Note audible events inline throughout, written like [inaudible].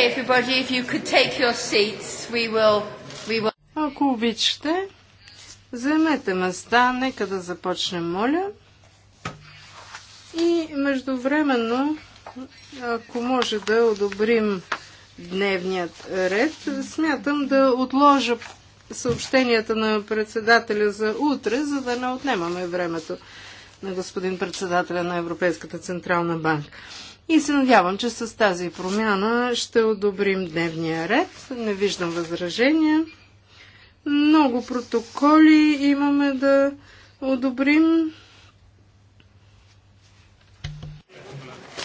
Okay, everybody, if you could take your seats, we will, we will... Ако обичате, вземете места, нека да започнем, моля. И междувременно, ако може да одобрим дневният ред, смятам да отложа съобщенията на председателя за утре, за да не отнемаме времето на господин председателя на Европейската Централна банка. И се надявам, че с тази промяна ще одобрим дневния ред. Не виждам възражения. Много протоколи имаме да одобрим.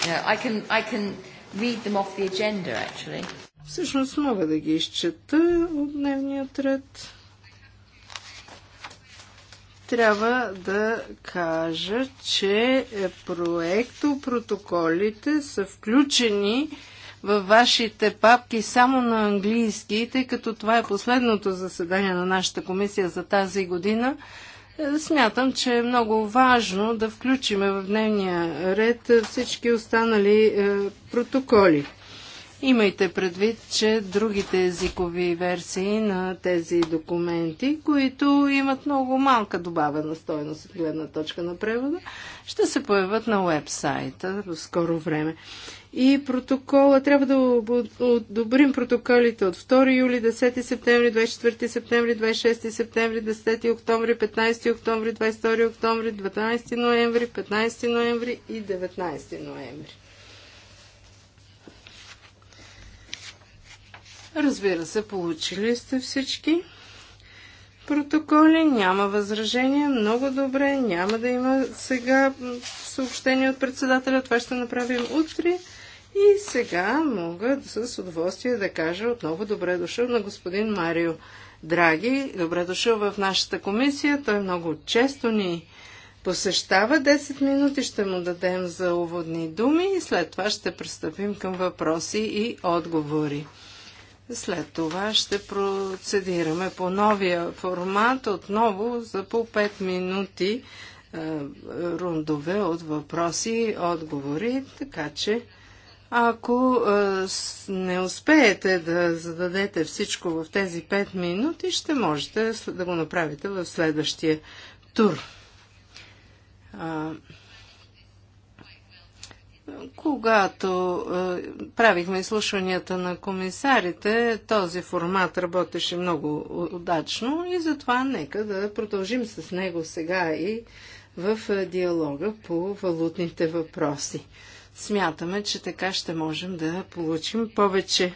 I can, I can read them off the agenda, actually. Всъщност мога да ги изчета от дневния ред трябва да кажа, че проекто протоколите са включени във вашите папки само на английски, тъй като това е последното заседание на нашата комисия за тази година. Е, смятам, че е много важно да включим в дневния ред всички останали е, протоколи. Имайте предвид, че другите езикови версии на тези документи, които имат много малка добавена стойност от гледна точка на превода, ще се появят на уебсайта в скоро време. И протокола, трябва да одобрим протоколите от 2 юли, 10 септември, 24 септември, 26 септември, 10 октомври, 15 октомври, 22 октомври, 12 ноември, 15 ноември и 19 ноември. Разбира се, получили сте всички протоколи, няма възражения, много добре, няма да има сега съобщение от председателя, това ще направим утре. И сега мога с удоволствие да кажа отново добре дошъл на господин Марио Драги. Добре дошъл в нашата комисия. Той много често ни посещава. 10 минути ще му дадем за уводни думи и след това ще пристъпим към въпроси и отговори. След това ще процедираме по новия формат отново за по 5 минути е, рундове от въпроси и отговори, така че ако е, не успеете да зададете всичко в тези 5 минути, ще можете да го направите в следващия тур. Когато е, правихме изслушванията на комисарите, този формат работеше много удачно и затова нека да продължим с него сега и в е, диалога по валутните въпроси. Смятаме, че така ще можем да получим повече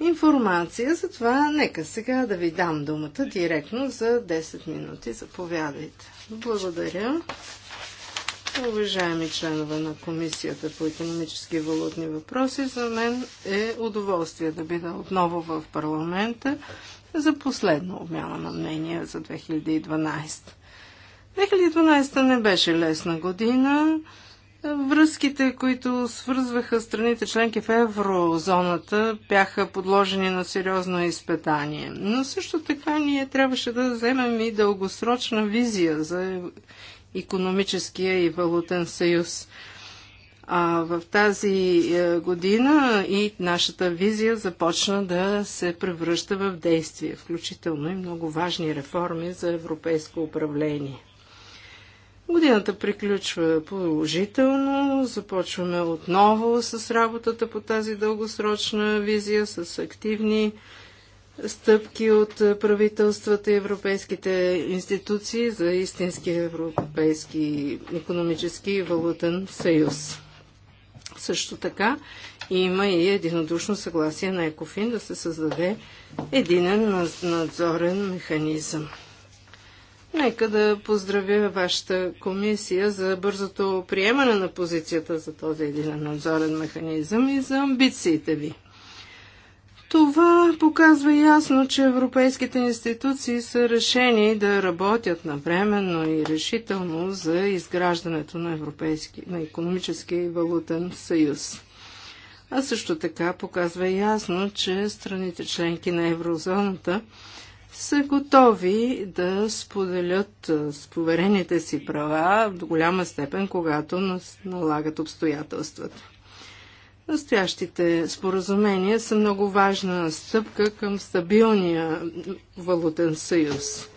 информация, затова нека сега да ви дам думата директно за 10 минути. Заповядайте. Благодаря уважаеми членове на Комисията по економически и валутни въпроси, за мен е удоволствие да бида отново в парламента за последна обмяна на мнения за 2012. 2012 не беше лесна година. Връзките, които свързваха страните членки в еврозоната, бяха подложени на сериозно изпитание. Но също така ние трябваше да вземем и дългосрочна визия за економическия и валутен съюз. А в тази е, година и нашата визия започна да се превръща в действие, включително и много важни реформи за европейско управление. Годината приключва положително, започваме отново с работата по тази дългосрочна визия, с активни стъпки от правителствата и европейските институции за истински европейски економически и валутен съюз. Също така има и единодушно съгласие на ЕКОФИН да се създаде единен надзорен механизъм. Нека да поздравя вашата комисия за бързото приемане на позицията за този един надзорен механизъм и за амбициите ви. Това показва ясно, че европейските институции са решени да работят навременно и решително за изграждането на, европейски, на економически и валутен съюз. А също така показва ясно, че страните членки на еврозоната са готови да споделят с поверените си права до голяма степен, когато налагат обстоятелствата. Настоящите споразумения са много важна стъпка към стабилния валутен съюз.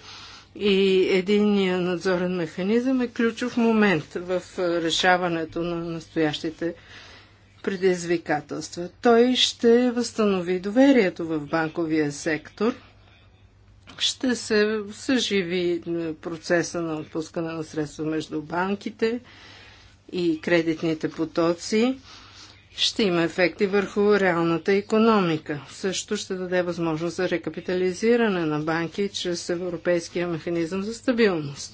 И единния надзорен механизъм е ключов момент в решаването на настоящите предизвикателства. Той ще възстанови доверието в банковия сектор, ще се съживи процеса на отпускане на средства между банките и кредитните потоци ще има ефекти върху реалната економика. Също ще даде възможност за рекапитализиране на банки чрез Европейския механизъм за стабилност.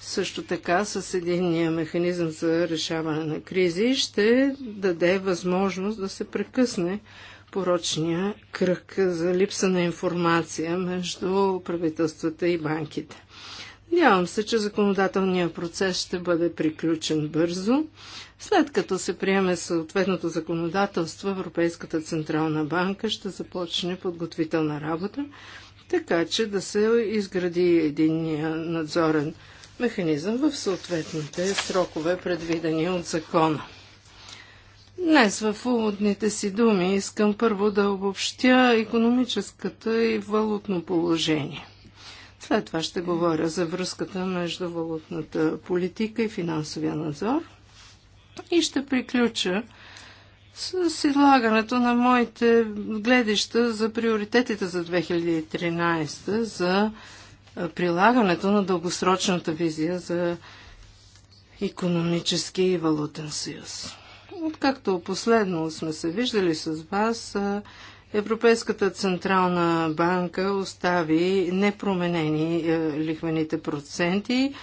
Също така с единния механизъм за решаване на кризи ще даде възможност да се прекъсне порочния кръг за липса на информация между правителствата и банките. Надявам се, че законодателният процес ще бъде приключен бързо. След като се приеме съответното законодателство, Европейската Централна банка ще започне подготвителна работа, така че да се изгради един надзорен механизъм в съответните срокове, предвидени от закона. Днес в уводните си думи искам първо да обобщя економическата и валутно положение – след това ще говоря за връзката между валутната политика и финансовия надзор. И ще приключа с излагането на моите гледища за приоритетите за 2013, за прилагането на дългосрочната визия за економически и валутен съюз. Откакто последно сме се виждали с вас, Европейската централна банка остави непроменени е, лихвените проценти,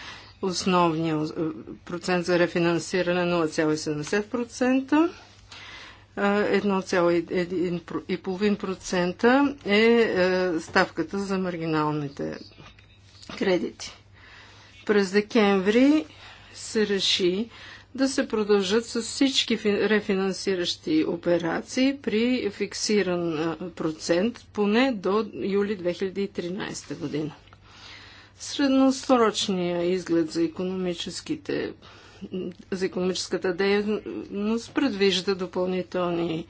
основния е, процент за рефинансиране 0,70%. Е 1,5% е ставката за маргиналните кредити. През декември се реши да се продължат с всички рефинансиращи операции при фиксиран процент поне до юли 2013 година. Средносрочния изглед за економическите за економическата дейност предвижда допълнителни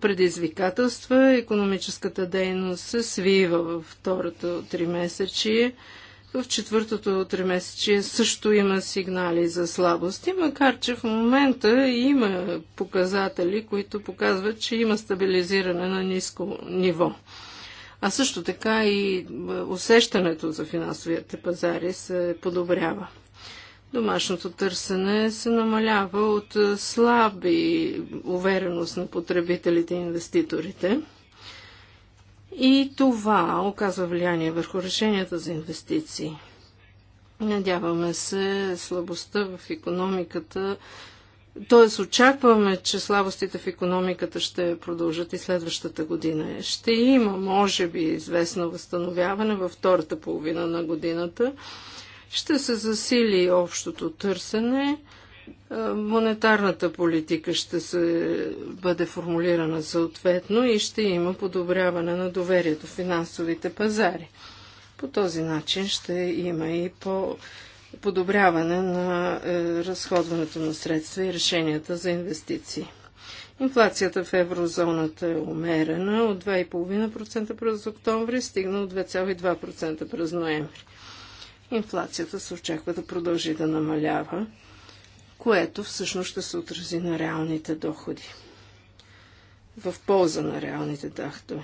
предизвикателства. Економическата дейност се свива във второто три месечие в четвъртото тримесечие също има сигнали за слабости, макар че в момента има показатели, които показват, че има стабилизиране на ниско ниво. А също така и усещането за финансовите пазари се подобрява. Домашното търсене се намалява от слаби увереност на потребителите и инвеститорите – и това оказва влияние върху решенията за инвестиции. Надяваме се слабостта в економиката, т.е. очакваме, че слабостите в економиката ще продължат и следващата година. Ще има, може би, известно възстановяване във втората половина на годината. Ще се засили общото търсене е, монетарната политика ще се бъде формулирана съответно и ще има подобряване на доверието в финансовите пазари. По този начин ще има и по подобряване на е, разходването на средства и решенията за инвестиции. Инфлацията в еврозоната е умерена от 2,5% през октомври, стигна от 2,2% през ноември. Инфлацията се очаква да продължи да намалява което всъщност ще се отрази на реалните доходи. В полза на реалните доходи.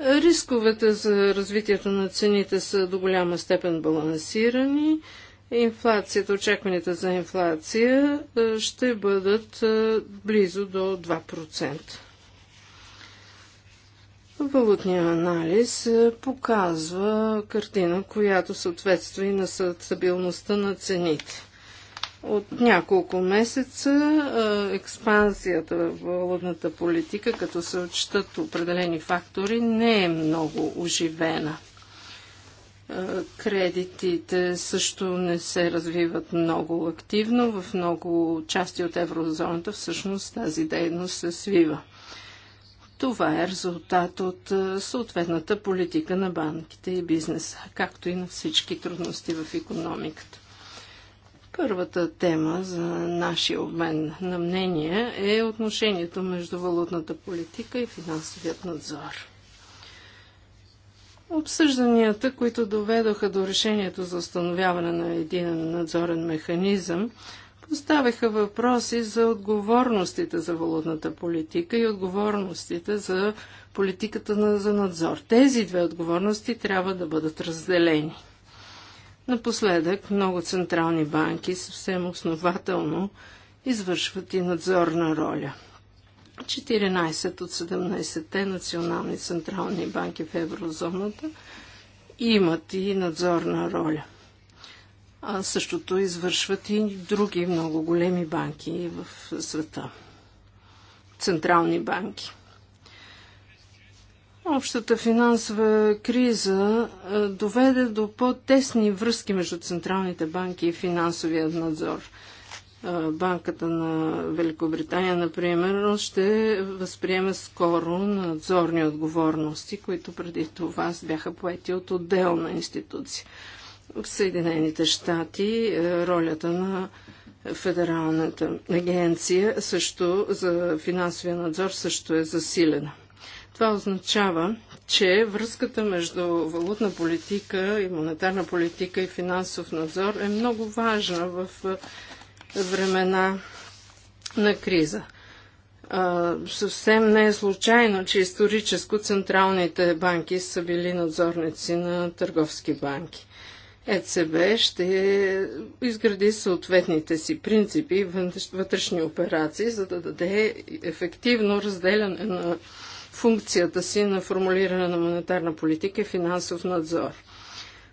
Рисковете за развитието на цените са до голяма степен балансирани. Инфлацията, очакванията за инфлация е, ще бъдат е, близо до 2%. Валутният анализ е, показва картина, която съответства и на стабилността на цените. От няколко месеца експанзията в валутната политика, като се отчитат определени фактори, не е много оживена. Кредитите също не се развиват много активно. В много части от еврозоната всъщност тази дейност се свива. Това е резултат от съответната политика на банките и бизнеса, както и на всички трудности в економиката. Първата тема за нашия обмен на мнение е отношението между валутната политика и финансовият надзор. Обсъжданията, които доведоха до решението за установяване на един надзорен механизъм, поставяха въпроси за отговорностите за валутната политика и отговорностите за политиката на, за надзор. Тези две отговорности трябва да бъдат разделени. Напоследък много централни банки съвсем основателно извършват и надзорна роля. 14 от 17-те национални централни банки в еврозоната имат и надзорна роля. А същото извършват и други много големи банки в света. Централни банки. Общата финансова криза е, доведе до по-тесни връзки между централните банки и финансовия надзор. Е, Банката на Великобритания, например, ще възприеме скоро надзорни отговорности, които преди това бяха поети от отделна институция. В Съединените щати е, ролята на Федералната агенция също за финансовия надзор също е засилена. Това означава, че връзката между валутна политика и монетарна политика и финансов надзор е много важна в времена на криза. А, съвсем не е случайно, че историческо централните банки са били надзорници на търговски банки. ЕЦБ ще изгради съответните си принципи вътрешни операции, за да даде ефективно разделяне на функцията си на формулиране на монетарна политика и финансов надзор.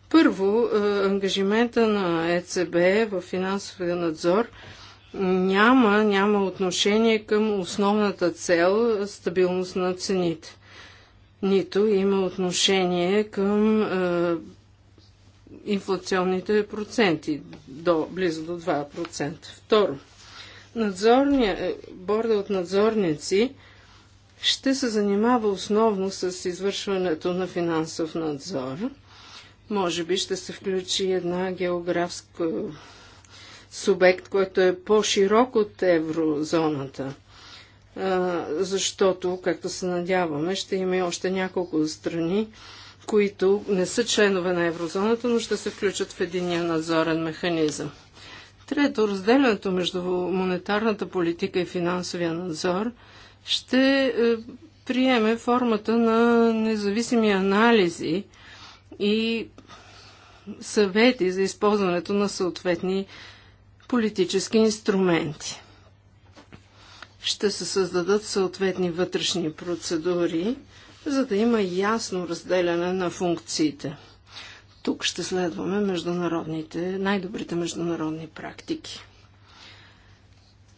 Първо, е, ангажимента на ЕЦБ в финансовия надзор няма, няма отношение към основната цел стабилност на цените. Нито има отношение към е, инфлационните проценти, до, близо до 2%. Второ, е, борда от надзорници – ще се занимава основно с извършването на финансов надзор. Може би ще се включи една географска е, субект, който е по-широк от еврозоната. Е, защото, както се надяваме, ще има и още няколко страни, които не са членове на еврозоната, но ще се включат в единия надзорен механизъм. Трето, разделянето между монетарната политика и финансовия надзор – ще е, приеме формата на независими анализи и съвети за използването на съответни политически инструменти. Ще се създадат съответни вътрешни процедури, за да има ясно разделяне на функциите. Тук ще следваме международните, най-добрите международни практики.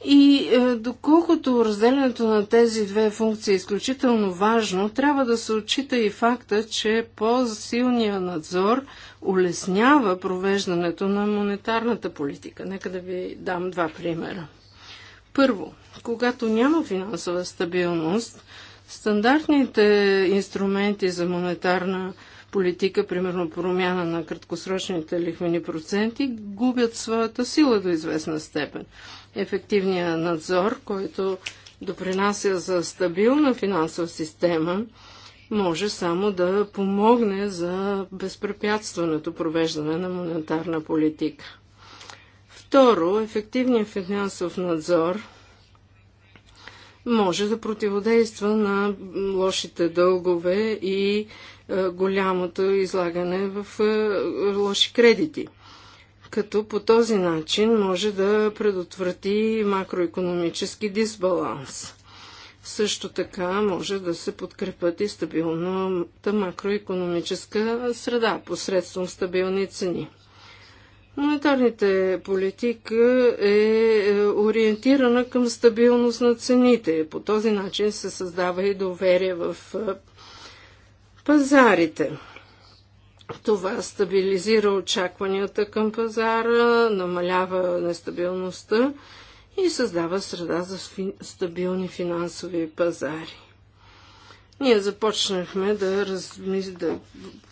И е, доколкото разделянето на тези две функции е изключително важно, трябва да се отчита и факта, че по силният надзор улеснява провеждането на монетарната политика. Нека да ви дам два примера. Първо, когато няма финансова стабилност, стандартните инструменти за монетарна политика, примерно промяна на краткосрочните лихвени проценти, губят своята сила до известна степен ефективния надзор, който допринася за стабилна финансова система, може само да помогне за безпрепятственото провеждане на монетарна политика. Второ, ефективният финансов надзор може да противодейства на лошите дългове и е, голямото излагане в е, лоши кредити като по този начин може да предотврати макроекономически дисбаланс. Също така може да се подкрепят и стабилната макроекономическа среда посредством стабилни цени. Монетарните политика е, е ориентирана към стабилност на цените. По този начин се създава и доверие в е, пазарите. Това стабилизира очакванията към пазара, намалява нестабилността и създава среда за стабилни финансови пазари. Ние започнахме да, размис... да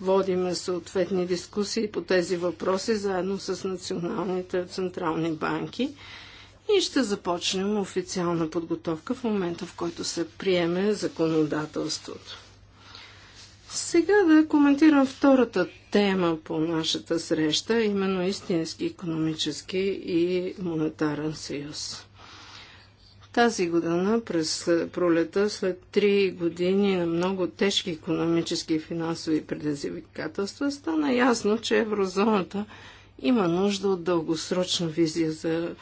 водиме съответни дискусии по тези въпроси заедно с националните централни банки и ще започнем официална подготовка в момента, в който се приеме законодателството. Сега да коментирам втората тема по нашата среща, именно истински економически и монетарен съюз. Тази година, през пролета, след три години на много тежки економически и финансови предизвикателства, стана ясно, че еврозоната има нужда от дългосрочна визия за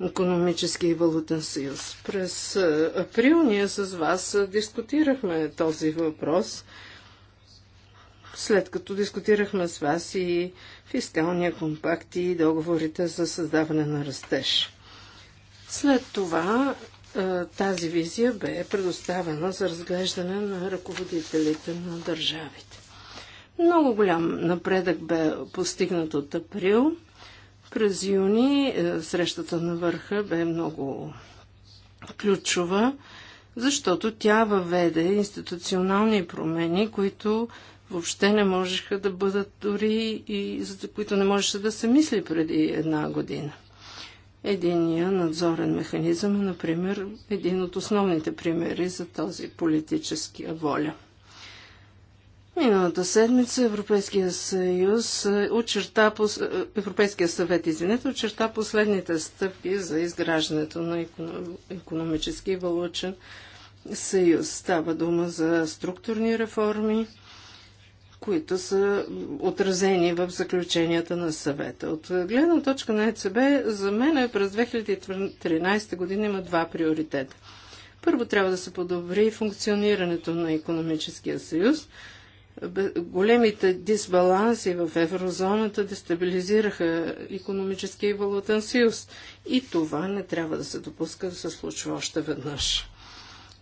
економически и валутен съюз. През април ние с вас дискутирахме този въпрос – след като дискутирахме с вас и фискалния компакт и договорите за създаване на растеж. След това е, тази визия бе предоставена за разглеждане на ръководителите на държавите. Много голям напредък бе постигнат от април. През юни е, срещата на върха бе много ключова, защото тя въведе институционални промени, които въобще не можеха да бъдат дори и за които не можеше да се мисли преди една година. Единия надзорен механизъм е, например, един от основните примери за този политически воля. Миналата седмица Европейския съюз е, очерта, е, Европейския съвет, извинете, очерта последните стъпки за изграждането на економически и валучен съюз. Става дума за структурни реформи, които са отразени в заключенията на съвета. От гледна точка на ЕЦБ, за мен е през 2013 година има два приоритета. Първо трябва да се подобри функционирането на економическия съюз. Големите дисбаланси в еврозоната дестабилизираха економическия и валутен съюз. И това не трябва да се допуска да се случва още веднъж.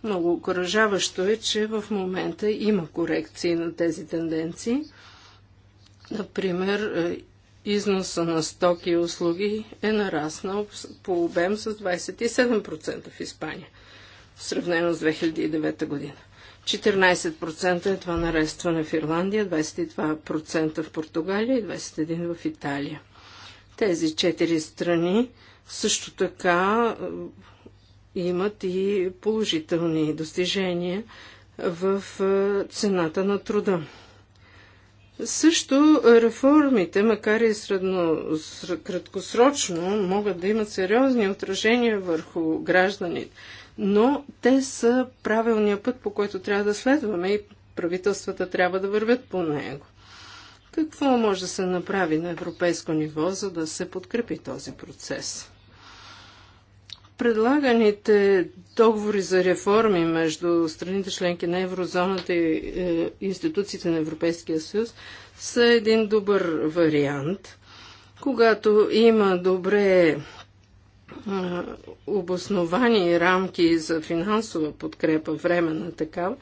Много окоръжаващо е, че в момента има корекции на тези тенденции. Например, е, износа на стоки и услуги е нараснал по обем с 27% в Испания, в сравнено с 2009 година. 14% е това нарества в Ирландия, 22% в Португалия и 21% в Италия. Тези четири страни също така е, имат и положителни достижения в цената на труда. Също реформите, макар и средно, краткосрочно, могат да имат сериозни отражения върху гражданите, но те са правилния път, по който трябва да следваме и правителствата трябва да вървят по него. Какво може да се направи на европейско ниво, за да се подкрепи този процес? Предлаганите договори за реформи между страните членки на еврозоната и е, институциите на Европейския съюз са един добър вариант. Когато има добре е, обосновани рамки за финансова подкрепа, време на такава,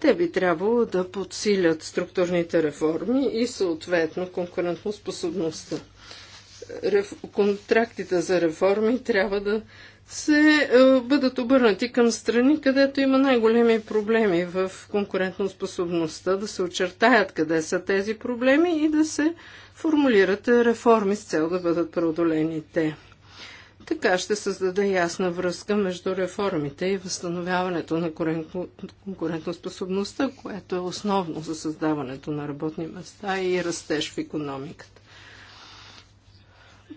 те би трябвало да подсилят структурните реформи и съответно конкурентоспособността. Реф... Контрактите за реформи трябва да се е, бъдат обърнати към страни, където има най-големи проблеми в конкурентоспособността, да се очертаят къде са тези проблеми и да се формулират реформи с цел да бъдат преодолени те. Така ще създаде ясна връзка между реформите и възстановяването на конкурентоспособността, което е основно за създаването на работни места и растеж в економиката.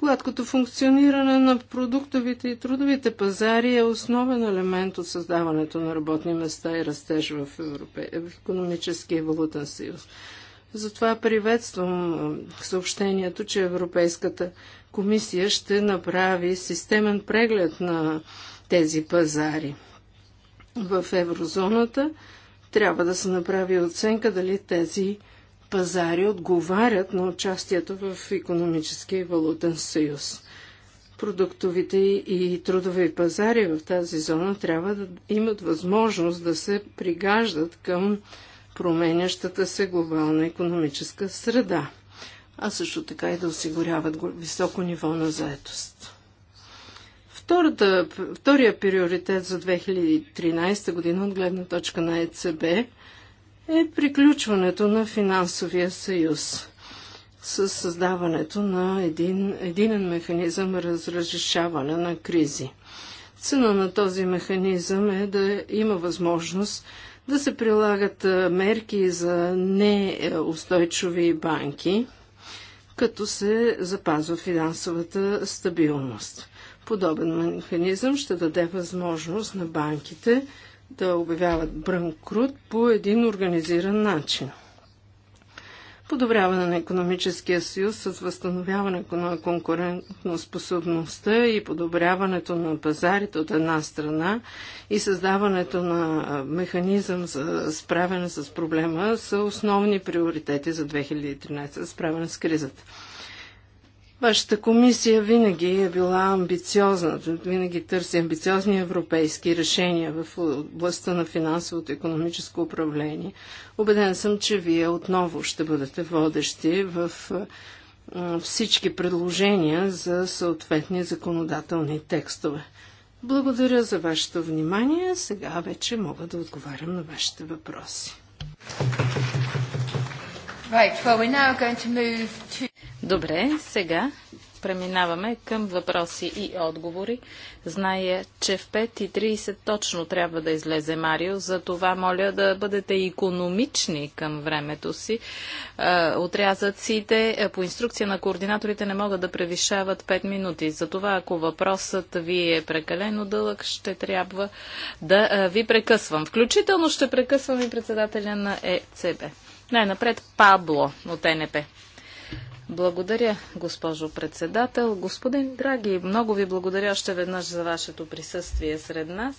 Гладкото функциониране на продуктовите и трудовите пазари е основен елемент от създаването на работни места и растеж в, Европе... в економическия и валутен съюз. Затова приветствам съобщението, че Европейската комисия ще направи системен преглед на тези пазари в еврозоната. Трябва да се направи оценка дали тези пазари отговарят на участието в економически и валутен съюз. Продуктовите и трудови пазари в тази зона трябва да имат възможност да се пригаждат към променящата се глобална економическа среда, а също така и да осигуряват високо ниво на заетост. Втората, втория приоритет за 2013 година от гледна точка на ЕЦБ е приключването на финансовия съюз с създаването на един единен механизъм разрешаване на кризи. Цена на този механизъм е да има възможност да се прилагат мерки за неустойчиви банки, като се запазва финансовата стабилност. Подобен механизъм ще даде възможност на банките да обявяват брънкрут по един организиран начин. Подобряване на економическия съюз с възстановяването на конкурентоспособността и подобряването на пазарите от една страна и създаването на механизъм за справяне с проблема са основни приоритети за 2013 за справяне с кризата. Вашата комисия винаги е била амбициозна, винаги търси амбициозни европейски решения в областта на финансовото и економическо управление. Обеден съм, че вие отново ще бъдете водещи в всички предложения за съответни законодателни текстове. Благодаря за вашето внимание. Сега вече мога да отговарям на вашите въпроси. Right, well, we're now going to move to... Добре, сега преминаваме към въпроси и отговори. Зная, че в 5.30 точно трябва да излезе Марио, за това моля да бъдете економични към времето си. Отрязъците по инструкция на координаторите не могат да превишават 5 минути. Затова, ако въпросът ви е прекалено дълъг, ще трябва да ви прекъсвам. Включително ще прекъсвам и председателя на ЕЦБ. Най-напред Пабло от НП. Благодаря, госпожо председател. Господин Драги, много ви благодаря още веднъж за вашето присъствие сред нас.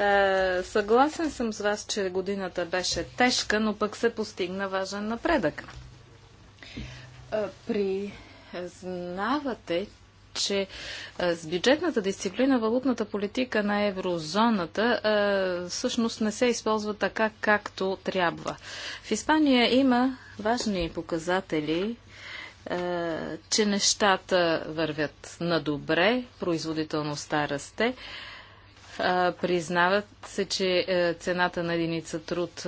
Е, съгласен съм с вас, че годината беше тежка, но пък се постигна важен напредък. Е, признавате, че е, с бюджетната дисциплина валутната политика на еврозоната е, всъщност не се използва така, както трябва. В Испания има важни показатели е, че нещата вървят на добре, производителността расте. Е, признават се, че е, цената на единица труд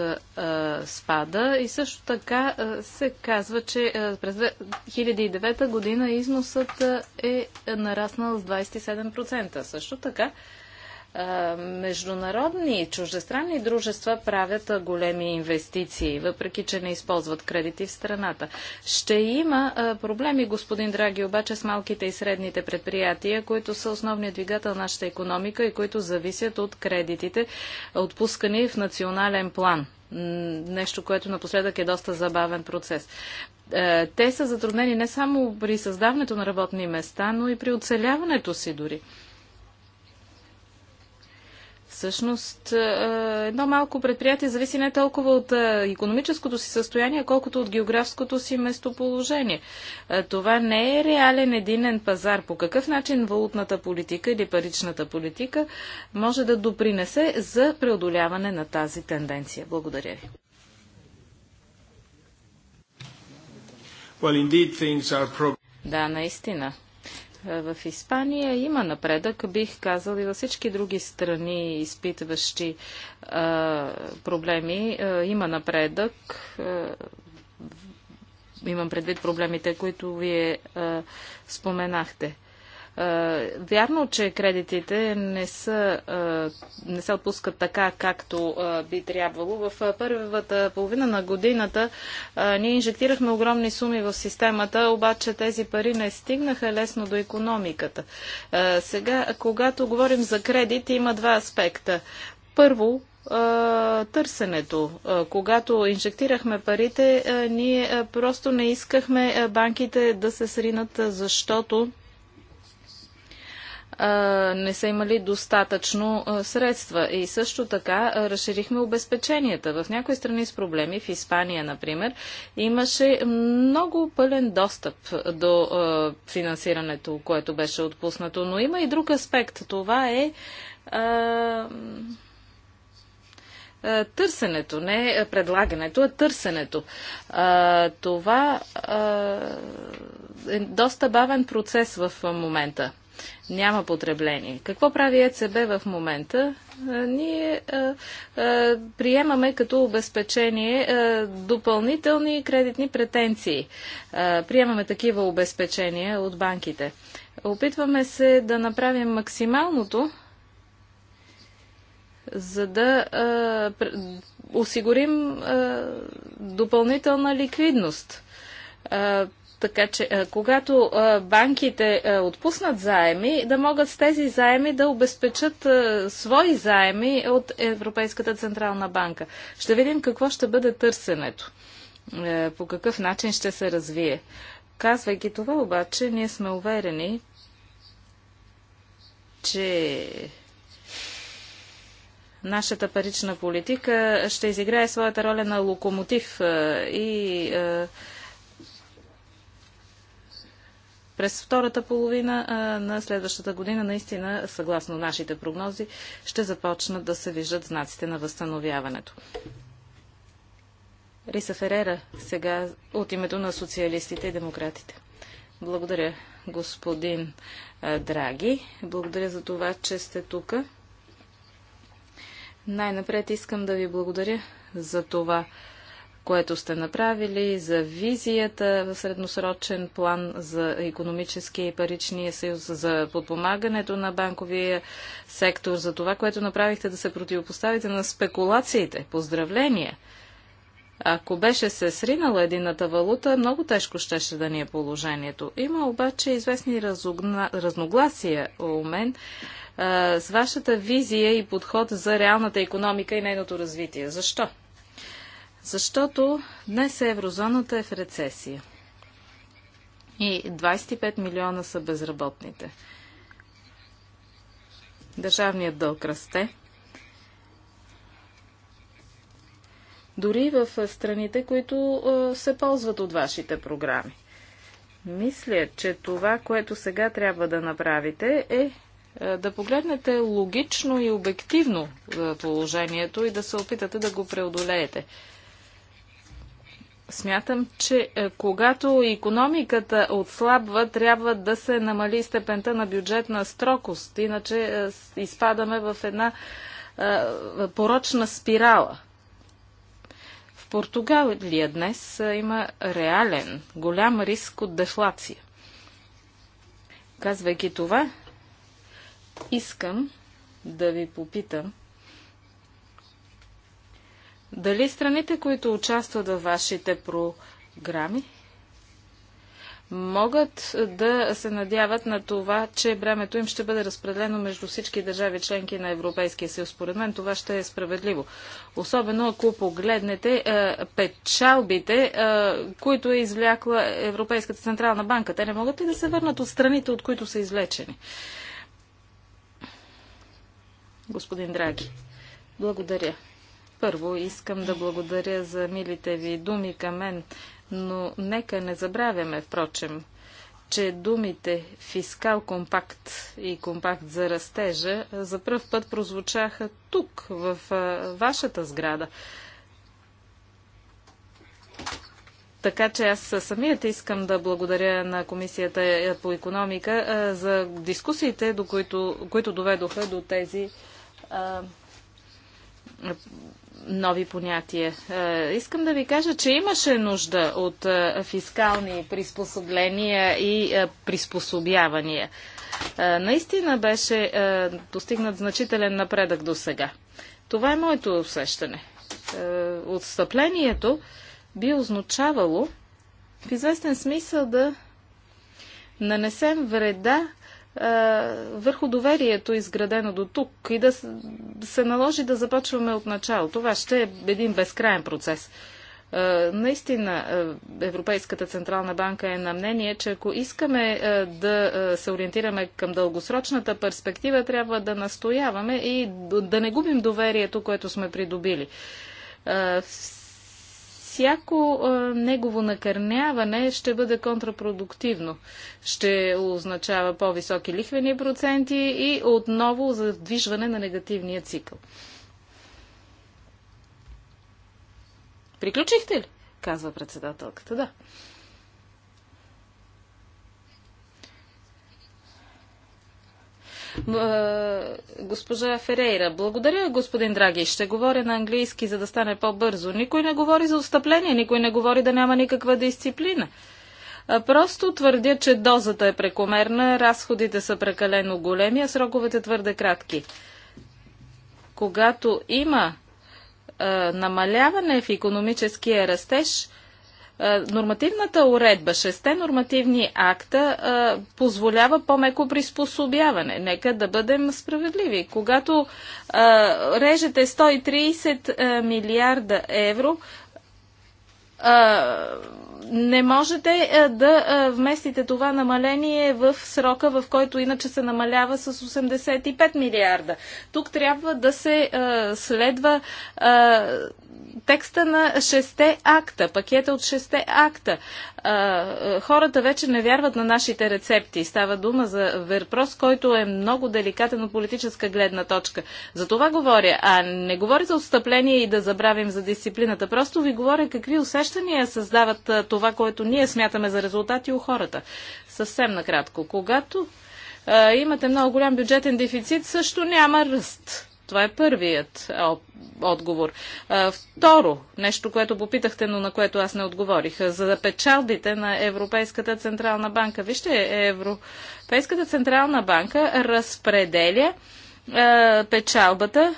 спада и също така се казва, че през 2009 година износът е нараснал с 27%. Също така е, международни и чуждестранни дружества правят големи инвестиции, въпреки че не използват кредити в страната. Ще има проблеми, господин Драги, обаче с малките и средните предприятия, които са основният двигател на нашата економика и които зависят от кредитите, отпускани в национален план. Нещо, което напоследък е доста забавен процес е, те са затруднени не само при създаването на работни места, но и при оцеляването си дори. Всъщност, е, е, едно малко предприятие зависи не толкова от економическото си състояние, колкото от географското си местоположение. Е, това не е реален единен пазар. По какъв начин валутната политика или паричната политика може да допринесе за преодоляване на тази тенденция? Благодаря ви. Well, indeed, things are... Да, наистина. Е, в Испания има напредък, бих казал и във всички други страни, изпитващи е, проблеми, е, има напредък. имам предвид проблемите, които вие споменахте. Е, вярно, че кредитите не, са, е, не се отпускат така, както е, би трябвало. В първата половина на годината ние инжектирахме огромни суми в системата, обаче тези пари не стигнаха лесно до економиката. Сега, когато говорим за кредит, има два аспекта. Първо, търсенето. Когато инжектирахме парите, ние просто не искахме банките да се сринат, защото не са имали достатъчно средства. И също така разширихме обезпеченията. В някои страни с проблеми, в Испания, например, имаше много пълен достъп до финансирането, което беше отпуснато. Но има и друг аспект. Това е търсенето, не предлагането, а търсенето. това е доста бавен процес в момента. Няма потребление. Какво прави ЕЦБ в момента? Ние приемаме като обезпечение допълнителни кредитни претенции. приемаме такива обезпечения от банките. Опитваме се да направим максималното, за да осигурим допълнителна ликвидност. Така че, е, когато е, банките е, отпуснат заеми, да могат с тези заеми да обезпечат свои заеми от Европейската Централна банка. Ще видим какво ще бъде търсенето, по какъв начин ще се развие. Казвайки това обаче, ние сме уверени, че нашата парична политика ще изиграе своята роля на локомотив и през втората половина на следващата година, наистина, съгласно нашите прогнози, ще започнат да се виждат знаците на възстановяването. Риса Ферера сега от името на социалистите и демократите. Благодаря, господин Драги. Благодаря за това, че сте тук. Най-напред искам да ви благодаря за това, което сте направили, за визията в средносрочен план за економическия и паричния съюз, за подпомагането на банковия сектор, за това, което направихте да се противопоставите на спекулациите. Поздравления! Ако беше се сринала едината валута, много тежко щеше да ни е положението. Има обаче известни разогна... разногласия у мен а, с вашата визия и подход за реалната економика и нейното развитие. Защо? Защото днес еврозоната е в рецесия. И 25 милиона са безработните. Държавният дълг расте. Дори в страните, които се ползват от вашите програми. Мисля, че това, което сега трябва да направите е да погледнете логично и обективно положението и да се опитате да го преодолеете. Смятам, че е, когато економиката отслабва, трябва да се намали степента на бюджетна строкост, иначе е, изпадаме в една е, порочна спирала. В Португалия днес има реален, голям риск от дефлация. Казвайки това, искам да ви попитам – дали страните, които участват във вашите програми, могат да се надяват на това, че бремето им ще бъде разпределено между всички държави членки на Европейския съюз. Според мен това ще е справедливо. Особено ако погледнете е, печалбите, е, които е извлякла Европейската централна банка. Те не могат ли да се върнат от страните, от които са извлечени? Господин Драги, благодаря. Първо искам да благодаря за милите ви думи към мен, но нека не забравяме, впрочем, че думите фискал компакт и компакт за растежа за пръв път прозвучаха тук, в вашата сграда. Така че аз самият искам да благодаря на Комисията по економика за дискусиите, до които, които доведоха до тези нови понятия. Е, искам да ви кажа, че имаше нужда от е, фискални приспособления и е, приспособявания. Наистина беше постигнат значителен напредък до сега. Това е моето усещане. Отстъплението би означавало в известен смисъл да нанесем вреда върху доверието, изградено до тук и да се наложи да започваме от начало. Това ще е един безкрайен процес. Наистина Европейската Централна банка е на мнение, че ако искаме да се ориентираме към дългосрочната перспектива, трябва да настояваме и да не губим доверието, което сме придобили всяко а, негово накърняване ще бъде контрапродуктивно. Ще означава по-високи лихвени проценти и отново задвижване на негативния цикъл. Приключихте ли? казва председателката. Да. Госпожа Ферейра, благодаря, господин Драги. Ще говоря на английски, за да стане по-бързо. Никой не говори за отстъпление, никой не говори да няма никаква дисциплина. Просто твърдя, че дозата е прекомерна, разходите са прекалено големи, а сроковете твърде кратки. Когато има намаляване в економическия растеж, е, нормативната уредба, шесте нормативни акта, е, позволява по-меко приспособяване. Нека да бъдем справедливи. Когато е, режете 130 милиарда евро, не можете да вместите това намаление в срока, в който иначе се намалява с 85 милиарда. Тук трябва да се следва текста на шесте акта, пакета от шесте акта. Хората вече не вярват на нашите рецепти. Става дума за въпрос, който е много деликатен от политическа гледна точка. За това говоря, а не говоря за отстъпление и да забравим за дисциплината. Просто ви говоря какви усещания създават това, което ние смятаме за резултати у хората. Съвсем накратко. Когато имате много голям бюджетен дефицит, също няма ръст. Това е първият отговор. Второ, нещо, което попитахте, но на което аз не отговорих, за печалбите на Европейската Централна банка. Вижте, Европейската Централна банка разпределя печалбата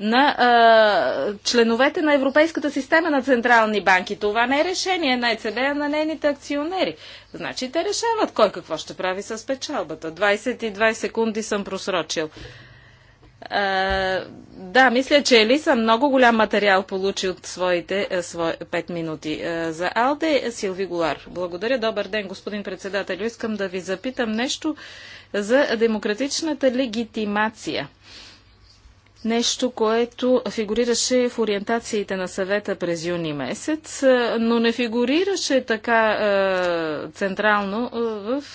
на а, членовете на Европейската система на централни банки. Това не е решение на ЕЦБ, а на нейните акционери. Значи те решават кой какво ще прави с печалбата. 22 секунди съм просрочил да, мисля, че Елиса много голям материал получи от своите е, свои, 5 минути. За Алде е, Силви Голар. Благодаря. Добър ден, господин председател. Искам да ви запитам нещо за демократичната легитимация. Нещо, което фигурираше в ориентациите на съвета през юни месец, но не фигурираше така е, централно в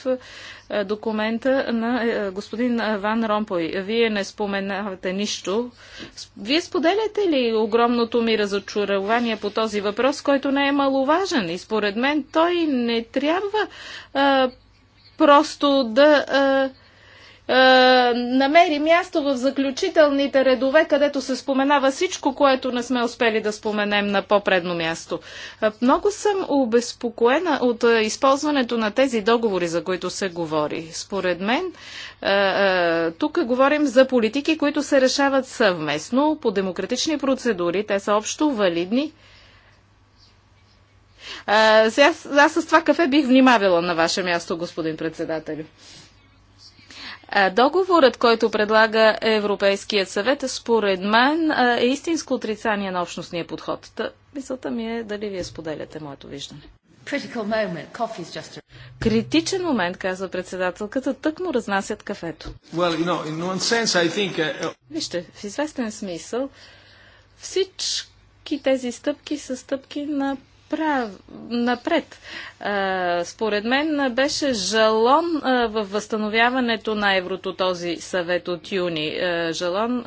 е, документа на е, господин Ван Ромпой. Вие не споменавате нищо. Вие споделяте ли огромното ми разочарование по този въпрос, който не е маловажен? И според мен той не трябва а, е, просто да а, е, намери място в заключителните редове, където се споменава всичко, което не сме успели да споменем на по-предно място. Е, много съм обезпокоена от е, използването на тези договори, за които се говори. Според мен, тук говорим за политики, които се решават съвместно по демократични процедури. Те са общо валидни. А, сега, аз с това кафе бих внимавила на ваше място, господин председателю. А договорът, който предлага Европейският съвет, според мен е истинско отрицание на общностния подход. Та, мисълта ми е дали вие споделяте моето виждане. Критичен момент, казва председателката, тък му разнасят кафето. Well, you know, sense, think... Uh, uh, Вижте, в известен смисъл всички тези стъпки са стъпки на прав... напред. Според мен беше жалон в възстановяването на еврото този съвет от юни. Жалон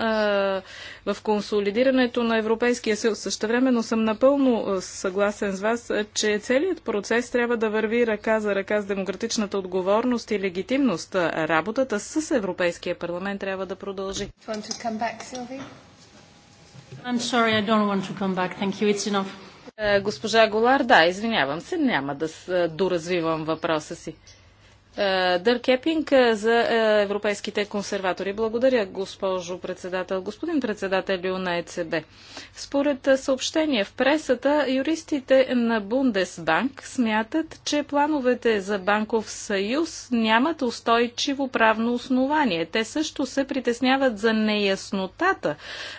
в консолидирането на Европейския съюз. също но съм напълно съгласен с вас, че целият процес трябва да върви ръка за ръка с демократичната отговорност и легитимност. Работата с Европейския парламент трябва да продължи. I'm sorry, I don't want to come back. Thank you. It's enough. Е, госпожа Голар, да, извинявам се, няма да е, доразвивам въпроса си. Е, Дър Кепинг е, за е, европейските консерватори. Благодаря, госпожо председател. Господин председател на ЕЦБ. Според съобщение в пресата, юристите на Бундесбанк смятат, че плановете за банков съюз нямат устойчиво правно основание. Те също се притесняват за неяснотата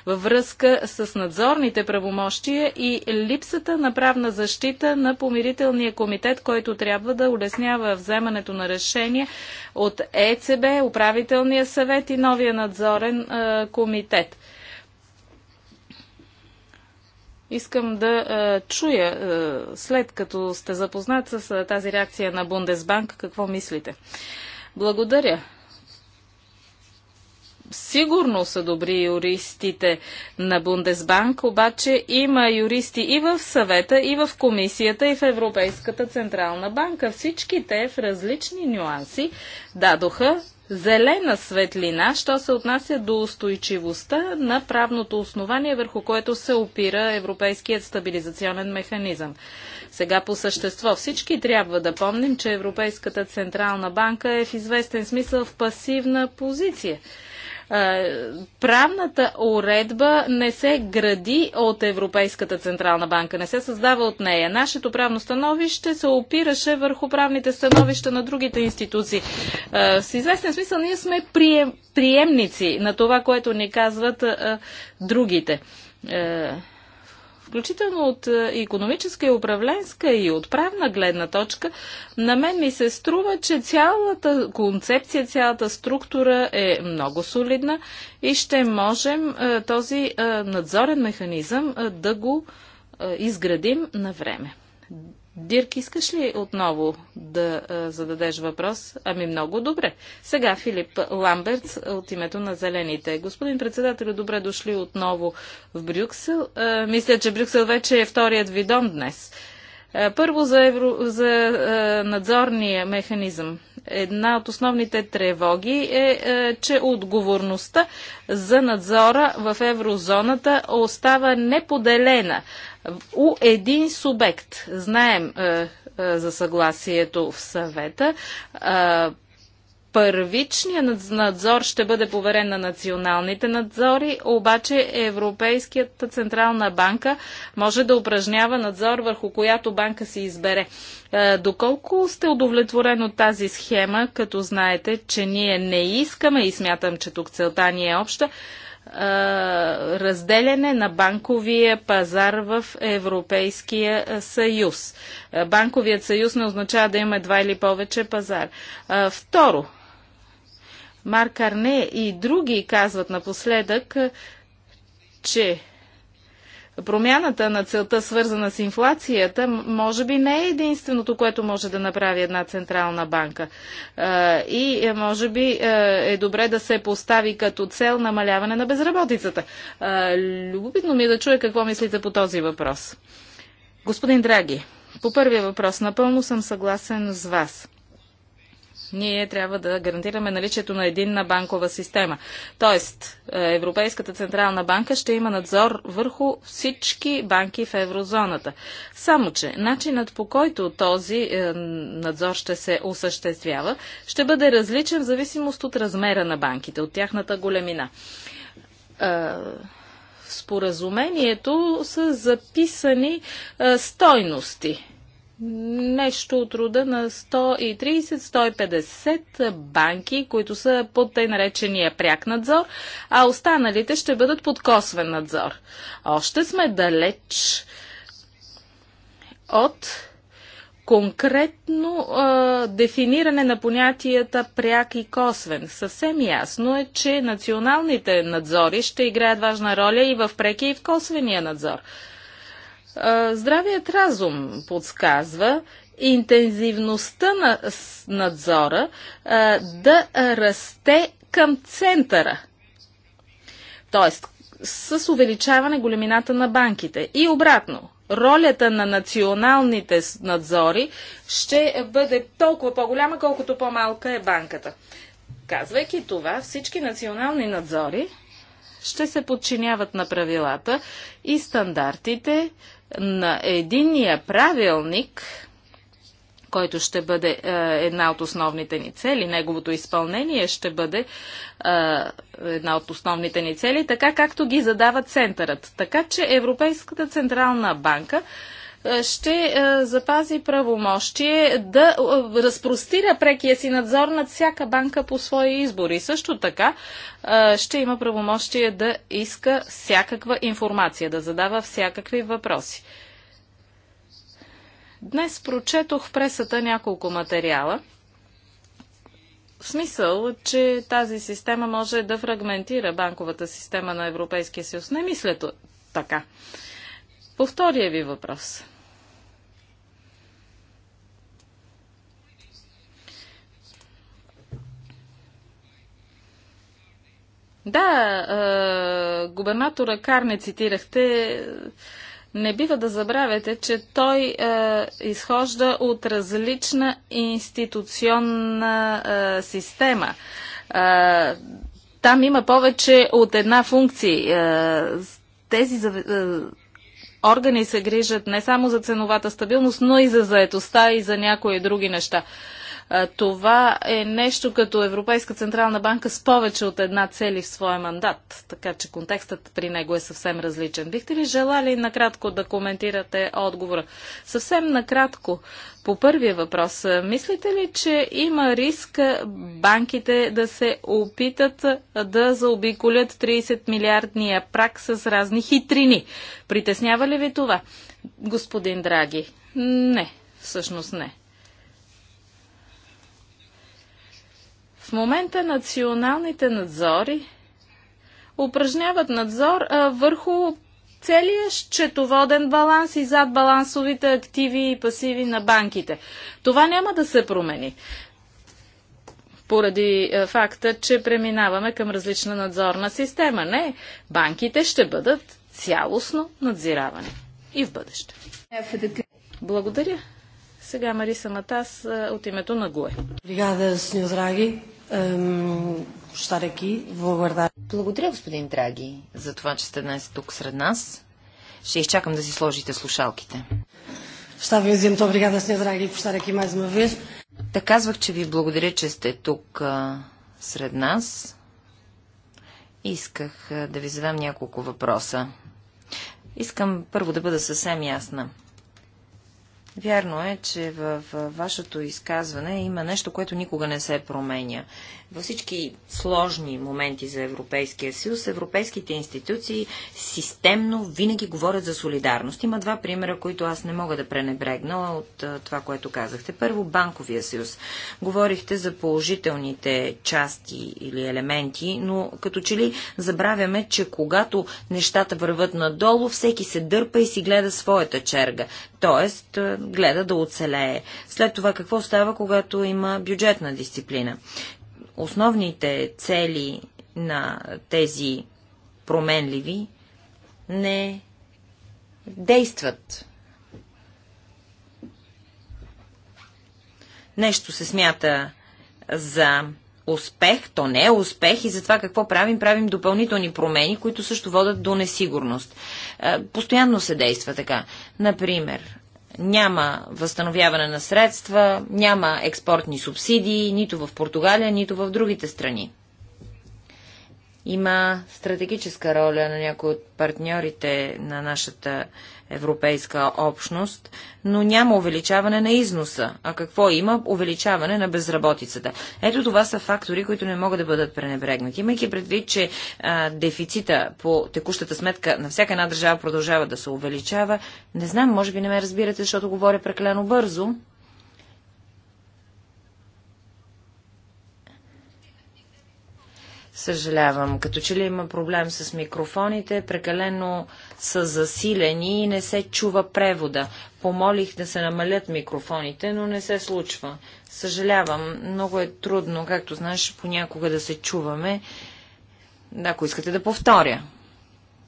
във връзка с надзорните правомощия и липсата на правна защита на помирителния комитет, който трябва да улеснява вземането на решение решения от ЕЦБ, управителния съвет и новия надзорен комитет. Искам да чуя, след като сте запознат с тази реакция на Бундесбанк, какво мислите. Благодаря сигурно са добри юристите на Бундесбанк, обаче има юристи и в съвета, и в комисията, и в Европейската централна банка. Всички те в различни нюанси дадоха зелена светлина, що се отнася до устойчивостта на правното основание, върху което се опира Европейският стабилизационен механизъм. Сега по същество всички трябва да помним, че Европейската Централна банка е в известен смисъл в пасивна позиция. Е, правната уредба не се гради от Европейската Централна банка, не се създава от нея. Нашето правно становище се опираше върху правните становища на другите институции. Е, с известен смисъл ние сме прием, приемници на това, което ни казват е, другите включително от економическа и управленска и от правна гледна точка, на мен ми се струва, че цялата концепция, цялата структура е много солидна и ще можем е, този е, надзорен механизъм е, да го изградим на време. Дирк, искаш ли отново да зададеш въпрос? Ами много добре. Сега Филип Ламберт от името на Зелените. Господин председател, добре дошли отново в Брюксел. мисля, че Брюксел вече е вторият ви дом днес. Първо за, евро, за надзорния механизъм. Една от основните тревоги е, е, че отговорността за надзора в еврозоната остава неподелена у един субект. Знаем е, е, за съгласието в съвета. Първичният надзор ще бъде поверен на националните надзори, обаче Европейската централна банка може да упражнява надзор върху която банка се избере. Е, доколко сте удовлетворен от тази схема, като знаете, че ние не искаме и смятам, че тук целта ни е обща, е, разделяне на банковия пазар в Европейския съюз. Е, банковият съюз не означава да има два или повече пазар. Второ, Марк Карне и други казват напоследък, че промяната на целта, свързана с инфлацията, може би не е единственото, което може да направи една централна банка. И е, може би е, е добре да се постави като цел намаляване на безработицата. Любопитно ми е да чуя какво мислите по този въпрос. Господин Драги, по първия въпрос напълно съм съгласен с вас ние трябва да гарантираме наличието на единна банкова система. Тоест, е, Европейската централна банка ще има надзор върху всички банки в еврозоната. Само, че начинът по който този е, надзор ще се осъществява, ще бъде различен в зависимост от размера на банките, от тяхната големина. Е, в споразумението са записани стойности нещо от рода на 130-150 банки, които са под тъй наречения пряк надзор, а останалите ще бъдат под косвен надзор. Още сме далеч от конкретно а, дефиниране на понятията пряк и косвен. Съвсем ясно е, че националните надзори ще играят важна роля и в прекия и в косвения надзор. Здравият разум подсказва интензивността на надзора да расте към центъра. Тоест, с увеличаване големината на банките. И обратно, ролята на националните надзори ще бъде толкова по-голяма, колкото по-малка е банката. Казвайки това, всички национални надзори ще се подчиняват на правилата и стандартите, на единия правилник, който ще бъде е, една от основните ни цели, неговото изпълнение ще бъде е, една от основните ни цели, така както ги задава центърът. Така че Европейската централна банка е, ще е, запази правомощие да е, разпростира прекия си надзор над всяка банка по свои избори. Също така ще има правомощие да иска всякаква информация, да задава всякакви въпроси. Днес прочетох в пресата няколко материала. В смисъл, че тази система може да фрагментира банковата система на Европейския съюз. Не мисля така. По втория ви въпрос. Да, губернатора Карне цитирахте. Не бива да забравяте, че той е, изхожда от различна институционна е, система. Е, там има повече от една функция. Е, тези е, органи се грижат не само за ценовата стабилност, но и за заетостта и за някои други неща. Това е нещо като Европейска Централна банка с повече от една цели в своя мандат, така че контекстът при него е съвсем различен. Бихте ли желали накратко да коментирате отговора? Съвсем накратко. По първия въпрос, мислите ли, че има риск банките да се опитат да заобиколят 30 милиардния прак с разни хитрини? Притеснява ли ви това, господин Драги? Не, всъщност не. момента националните надзори упражняват надзор а, върху целият счетоводен баланс и зад балансовите активи и пасиви на банките. Това няма да се промени поради факта, че преминаваме към различна надзорна система. Не, банките ще бъдат цялостно надзиравани и в бъдеще. Благодаря. Сега Мариса Матас от името на ГУЕ. Бригада, сеньор Драги. Благодаря, господин Драги, за това, че сте днес тук сред нас. Ще изчакам да си сложите слушалките. Ще ви взем obrigada, бригада с драги, estar aqui mais uma vez. казвах, че ви благодаря, че сте тук а, сред нас. Исках а, да ви задам няколко въпроса. Искам първо да бъда съвсем ясна. Вярно е, че в вашето изказване има нещо, което никога не се променя. Във всички сложни моменти за Европейския съюз, европейските институции системно винаги говорят за солидарност. Има два примера, които аз не мога да пренебрегна от това, което казахте. Първо, банковия съюз. Говорихте за положителните части или елементи, но като че ли забравяме, че когато нещата върват надолу, всеки се дърпа и си гледа своята черга. Тоест, гледа да оцелее. След това какво става, когато има бюджетна дисциплина? основните цели на тези променливи не действат. Нещо се смята за успех, то не е успех и затова какво правим? Правим допълнителни промени, които също водят до несигурност. Е, постоянно се действа така. Например, няма възстановяване на средства, няма експортни субсидии, нито в Португалия, нито в другите страни. Има стратегическа роля на някои от партньорите на нашата Европейска общност, но няма увеличаване на износа. А какво има? Увеличаване на безработицата. Ето това са фактори, които не могат да бъдат пренебрегнати. Имайки предвид, че а, дефицита по текущата сметка на всяка една държава продължава да се увеличава, не знам, може би не ме разбирате, защото говоря прекалено бързо. Съжалявам. Като че ли има проблем с микрофоните, прекалено са засилени и не се чува превода. Помолих да се намалят микрофоните, но не се случва. Съжалявам. Много е трудно, както знаеш, понякога да се чуваме. Ако искате да повторя.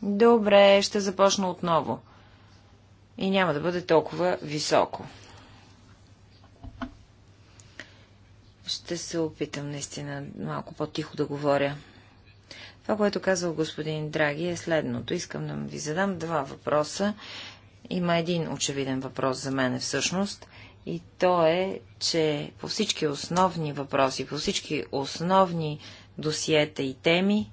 Добре, ще започна отново. И няма да бъде толкова високо. Ще се опитам наистина малко по-тихо да говоря. Това, което казал господин Драги е следното. Искам да ви задам два въпроса. Има един очевиден въпрос за мен всъщност и то е, че по всички основни въпроси, по всички основни досиета и теми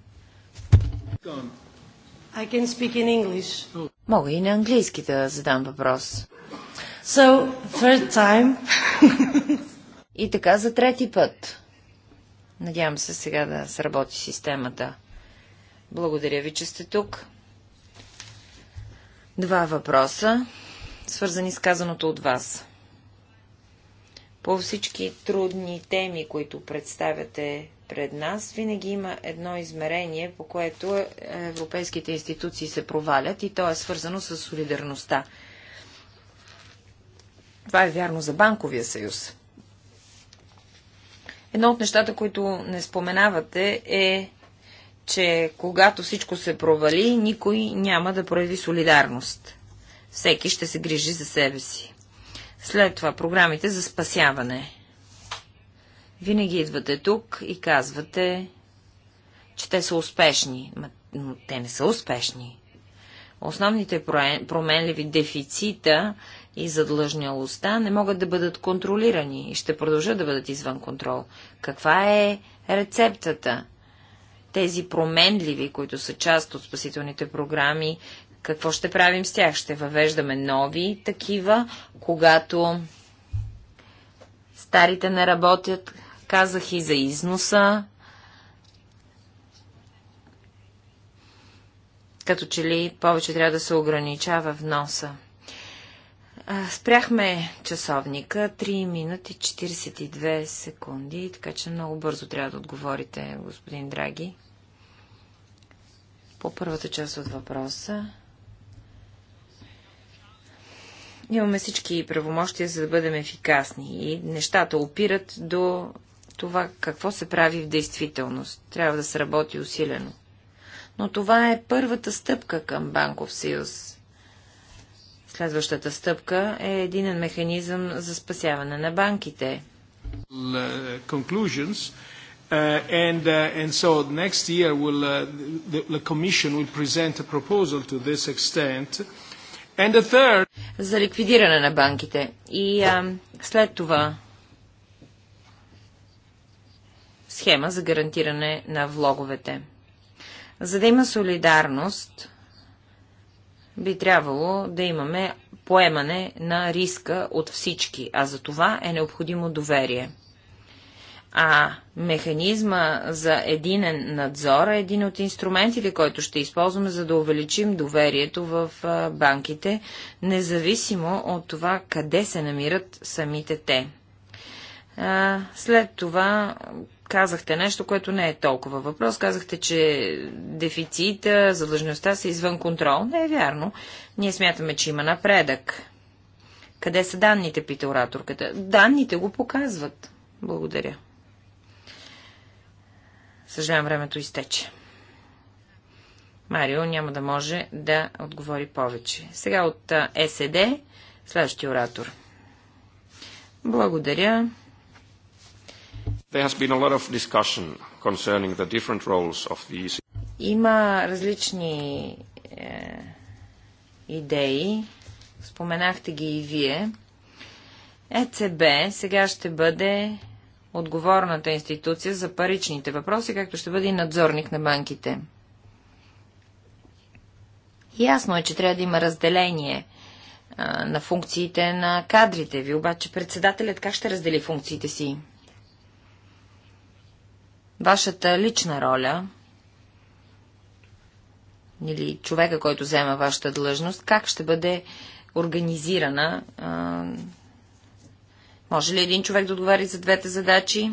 I can speak in English. Мога и на английски да задам въпрос. So, third time. [laughs] И така за трети път. Надявам се сега да сработи системата. Благодаря ви, че сте тук. Два въпроса, свързани с казаното от вас. По всички трудни теми, които представяте пред нас, винаги има едно измерение, по което е, европейските институции се провалят и то е свързано с солидарността. Това е вярно за Банковия съюз. Едно от нещата, които не споменавате е, че когато всичко се провали, никой няма да прояви солидарност. Всеки ще се грижи за себе си. След това програмите за спасяване. Винаги идвате тук и казвате, че те са успешни. Но те не са успешни. Основните променливи дефицита и задлъжнялостта не могат да бъдат контролирани и ще продължат да бъдат извън контрол. Каква е рецептата? Тези променливи, които са част от спасителните програми, какво ще правим с тях? Ще въвеждаме нови такива, когато старите не работят. Казах и за износа. Като че ли повече трябва да се ограничава в носа. Спряхме часовника 3 минути 42 секунди, така че много бързо трябва да отговорите, господин Драги. По първата част от въпроса. Имаме всички правомощия, за да бъдем ефикасни. И нещата опират до това какво се прави в действителност. Трябва да се работи усилено. Но това е първата стъпка към Банков съюз Следващата стъпка е един механизъм за спасяване на банките. За ликвидиране на банките. И а, след това схема за гарантиране на влоговете. За да има солидарност, би трябвало да имаме поемане на риска от всички, а за това е необходимо доверие. А механизма за единен надзор е един от инструментите, който ще използваме, за да увеличим доверието в банките, независимо от това къде се намират самите те. След това казахте нещо, което не е толкова въпрос. Казахте, че дефицита, задлъжността са извън контрол. Не е вярно. Ние смятаме, че има напредък. Къде са данните, пита ораторката. Данните го показват. Благодаря. Съжалявам, времето изтече. Марио няма да може да отговори повече. Сега от СД, е следващия оратор. Благодаря. Има различни е, идеи. Споменахте ги и вие. ЕЦБ сега ще бъде отговорната институция за паричните въпроси, както ще бъде и надзорник на банките. Ясно е, че трябва да има разделение а, е, на функциите на кадрите ви, обаче председателят как ще раздели функциите си? вашата лична роля или човека, който взема вашата длъжност, как ще бъде организирана? А, може ли един човек да отговаря за двете задачи?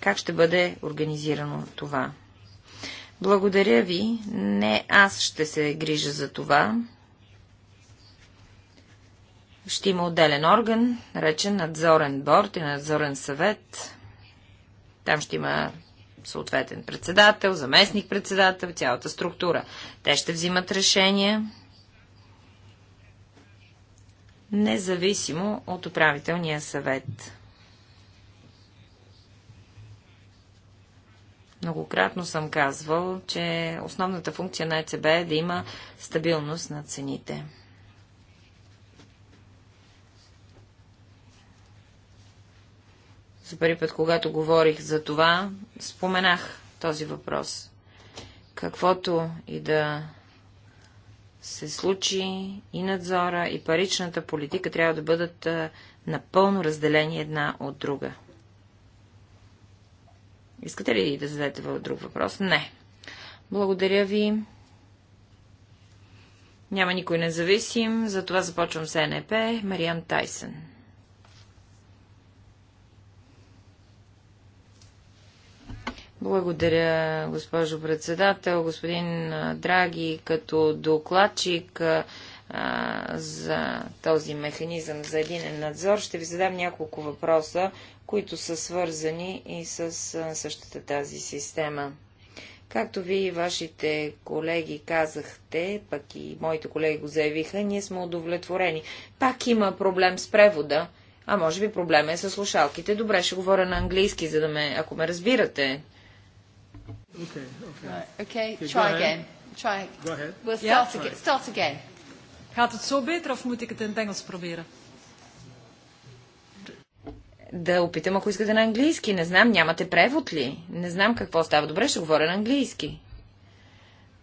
Как ще бъде организирано това? Благодаря ви. Не аз ще се грижа за това. Ще има отделен орган, речен надзорен борт и надзорен съвет. Там ще има съответен председател, заместник председател, цялата структура. Те ще взимат решения независимо от управителния съвет. Многократно съм казвал, че основната функция на ЕЦБ е да има стабилност на цените. За първи път, когато говорих за това, споменах този въпрос. Каквото и да се случи и надзора, и паричната политика трябва да бъдат напълно разделени една от друга. Искате ли да зададете друг въпрос? Не. Благодаря ви. Няма никой независим, затова започвам с НЕП. Мариан Тайсън. Благодаря, госпожо председател. Господин Драги, като докладчик за този механизъм за един надзор, ще ви задам няколко въпроса, които са свързани и с същата тази система. Както ви и вашите колеги казахте, пък и моите колеги го заявиха, ние сме удовлетворени. Пак има проблем с превода, а може би проблема е с слушалките. Добре, ще говоря на английски, за да ме, ако ме разбирате, Okay, okay. Right, okay, okay try again. Try. Go ahead. We'll start, yeah, again. start again. Gaat het zo beter of moet ik het in het Engels proberen? Да опитам, ако искате на английски. Не знам, нямате превод ли? Не знам какво става. Добре, ще говоря на английски.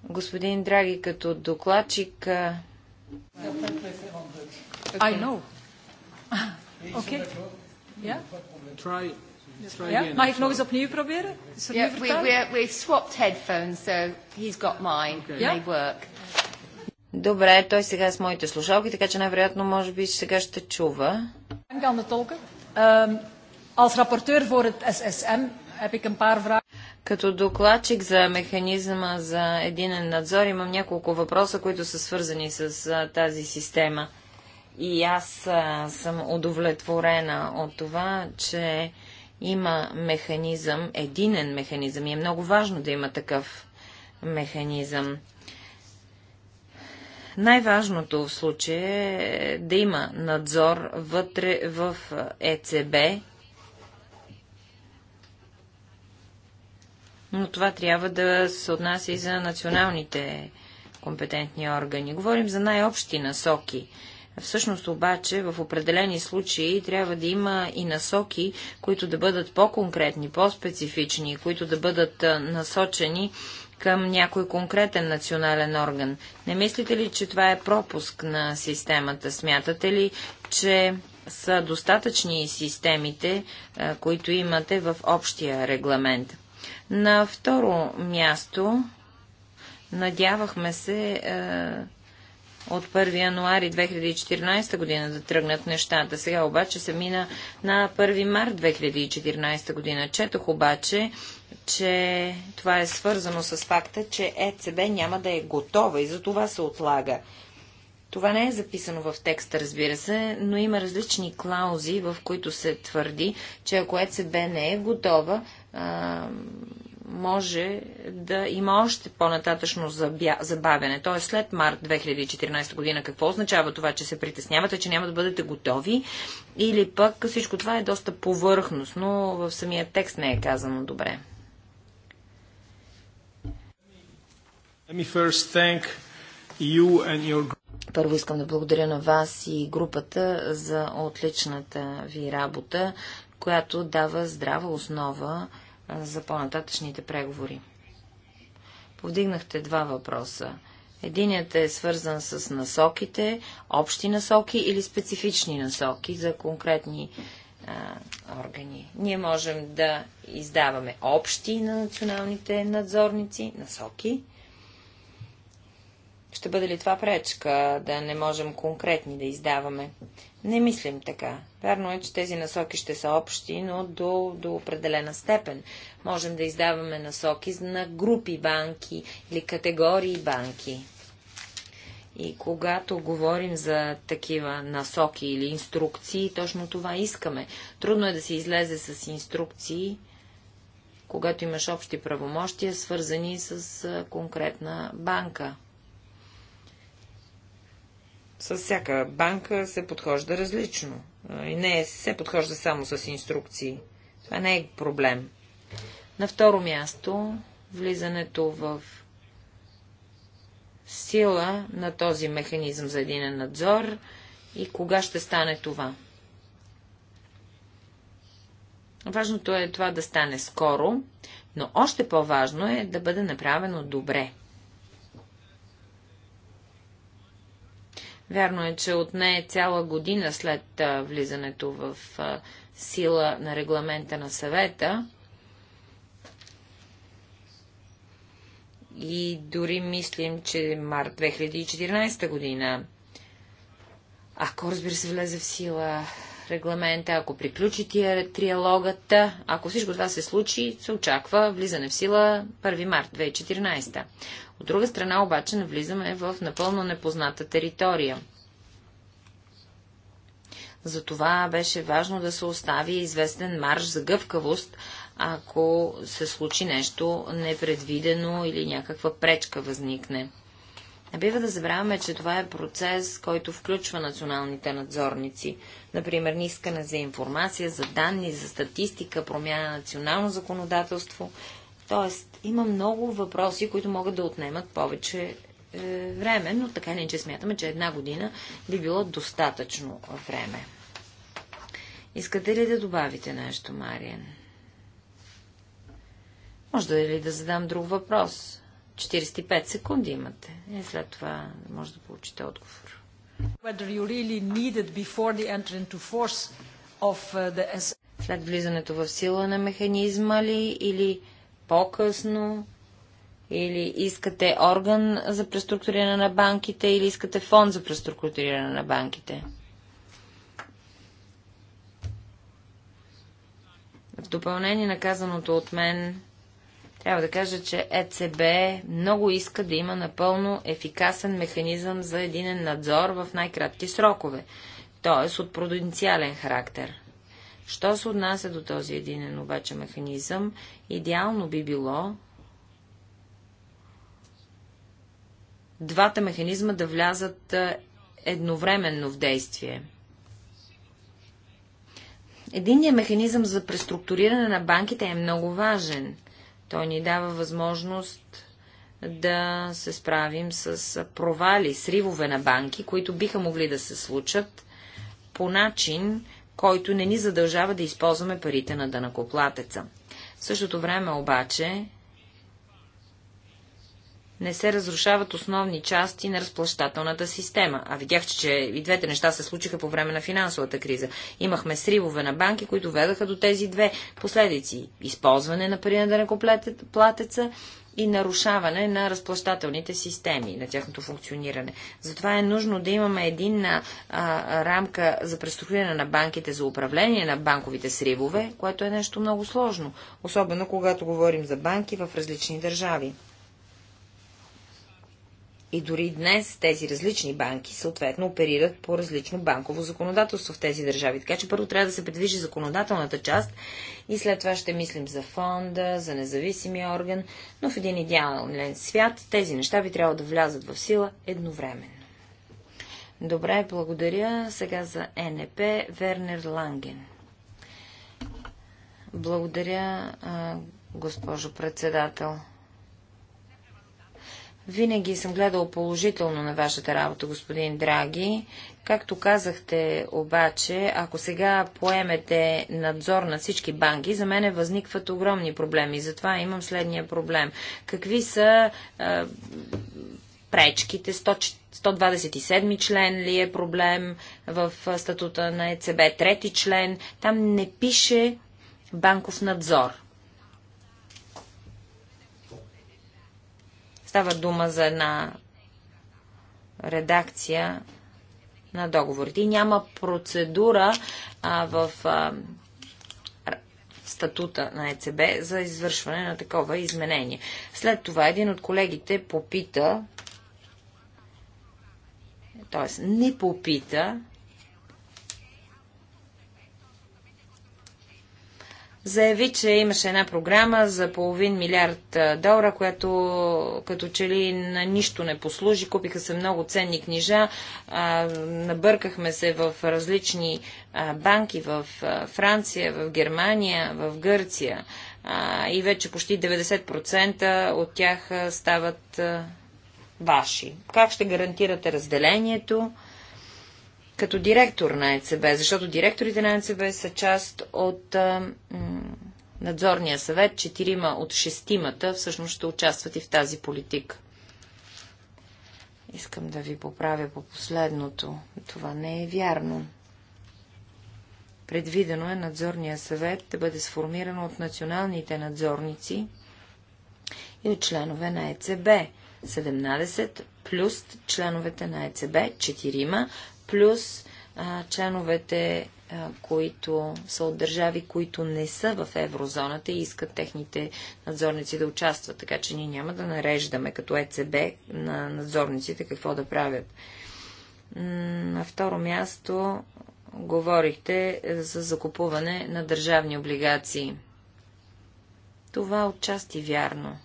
Господин Драги, като докладчик... I know. Okay. Yeah? Try Ja, mag ik nog eens opnieuw proberen? Is er yeah, we, we, we've swapped headphones, so he's got mine. Okay. Yeah? They work. Добре, той сега е с моите слушалки, така че най-вероятно може би сега ще чува. Като докладчик за механизма за единен надзор имам няколко въпроса, които са свързани с тази система. И аз съм удовлетворена от това, че има механизъм, единен механизъм и е много важно да има такъв механизъм. Най-важното в случая е да има надзор вътре в ЕЦБ, но това трябва да се отнася и за националните компетентни органи. Говорим за най-общи насоки Всъщност обаче в определени случаи трябва да има и насоки, които да бъдат по-конкретни, по-специфични, които да бъдат насочени към някой конкретен национален орган. Не мислите ли, че това е пропуск на системата? Смятате ли, че са достатъчни системите, които имате в общия регламент? На второ място надявахме се от 1 януари 2014 година да тръгнат нещата. Сега обаче се мина на 1 март 2014 година. Четох обаче, че това е свързано с факта, че ЕЦБ няма да е готова и за това се отлага. Това не е записано в текста, разбира се, но има различни клаузи, в които се твърди, че ако ЕЦБ не е готова, а, може да има още по-нататъчно забавяне, т.е. след март 2014 година. Какво означава това, че се притеснявате, че няма да бъдете готови? Или пък всичко това е доста повърхностно, в самия текст не е казано добре. Първо искам да благодаря на вас и групата за отличната ви работа, която дава здрава основа за по-нататъчните преговори. Повдигнахте два въпроса. Единият е свързан с насоките, общи насоки или специфични насоки за конкретни а, органи. Ние можем да издаваме общи на националните надзорници насоки, ще бъде ли това пречка да не можем конкретни да издаваме? Не мислим така. Вярно е, че тези насоки ще са общи, но до, до определена степен. Можем да издаваме насоки на групи банки или категории банки. И когато говорим за такива насоки или инструкции, точно това искаме. Трудно е да се излезе с инструкции, когато имаш общи правомощия, свързани с конкретна банка с всяка банка се подхожда различно. И не се подхожда само с инструкции. Това не е проблем. На второ място, влизането в сила на този механизъм за един надзор и кога ще стане това. Важното е това да стане скоро, но още по-важно е да бъде направено добре. Вярно е, че от нея цяла година след влизането в сила на регламента на съвета. И дори мислим, че март 2014 година, ако разбира се влезе в сила регламента, ако приключи тия триалогата, ако всичко това се случи, се очаква влизане в сила 1 март 2014. От друга страна обаче навлизаме в напълно непозната територия. Затова беше важно да се остави известен марш за гъвкавост, ако се случи нещо непредвидено или някаква пречка възникне. Не бива да забравяме, че това е процес, който включва националните надзорници. Например, искане за информация, за данни, за статистика, промяна на национално законодателство. Тоест, има много въпроси, които могат да отнемат повече е, време, но така не че смятаме, че една година би било достатъчно време. Искате ли да добавите нещо, Мариен? Може да ли да задам друг въпрос? 45 секунди имате. И е, след това може да получите отговор. Uh, след влизането в сила на механизма ли или по-късно? Или искате орган за преструктуриране на банките, или искате фонд за преструктуриране на банките? В допълнение на казаното от мен, трябва да кажа, че ЕЦБ много иска да има напълно ефикасен механизъм за единен надзор в най-кратки срокове, т.е. от проденциален характер. Що се отнася до този единен обаче механизъм, идеално би било двата механизма да влязат едновременно в действие. Единният механизъм за преструктуриране на банките е много важен. Той ни дава възможност да се справим с провали, сривове на банки, които биха могли да се случат по начин, който не ни задължава да използваме парите на дънакоплатеца. В същото време обаче не се разрушават основни части на разплащателната система. А видях, че и двете неща се случиха по време на финансовата криза. Имахме сривове на банки, които ведаха до тези две последици. Използване на пари на дънекоплатеца и нарушаване на разплащателните системи, на тяхното функциониране. Затова е нужно да имаме единна а, рамка за преструктуриране на банките за управление на банковите сривове, което е нещо много сложно, особено когато говорим за банки в различни държави. И дори днес тези различни банки съответно оперират по различно банково законодателство в тези държави. Така че първо трябва да се предвижи законодателната част и след това ще мислим за фонда, за независимия орган, но в един идеален свят тези неща би трябва да влязат в сила едновременно. Добре, благодаря. Сега за НП Вернер Ланген. Благодаря, госпожо председател. Винаги съм гледал положително на вашата работа, господин Драги. Както казахте обаче, ако сега поемете надзор на всички банки, за мен възникват огромни проблеми. Затова имам следния проблем. Какви са е, пречките? 100, 127 член ли е проблем в статута на ЕЦБ? Трети член? Там не пише банков надзор. Става дума за една редакция на договорите. И няма процедура а, в а, статута на ЕЦБ за извършване на такова изменение. След това един от колегите попита, т.е. не попита, заяви, че имаше една програма за половин милиард долара, която като че ли на нищо не послужи. Купиха се много ценни книжа, а, набъркахме се в различни а, банки в а, Франция, в Германия, в Гърция и вече почти 90% от тях стават ваши. Как ще гарантирате разделението? като директор на ЕЦБ, защото директорите на ЕЦБ са част от а, надзорния съвет, четирима от шестимата всъщност ще участват и в тази политика. Искам да ви поправя по последното. Това не е вярно. Предвидено е надзорния съвет да бъде сформиран от националните надзорници и от членове на ЕЦБ. 17 плюс членовете на ЕЦБ, 4, плюс а, членовете, а, които са от държави, които не са в еврозоната и искат техните надзорници да участват. Така че ние няма да нареждаме като ЕЦБ на надзорниците какво да правят. На второ място говорихте за закупуване на държавни облигации. Това отчасти вярно.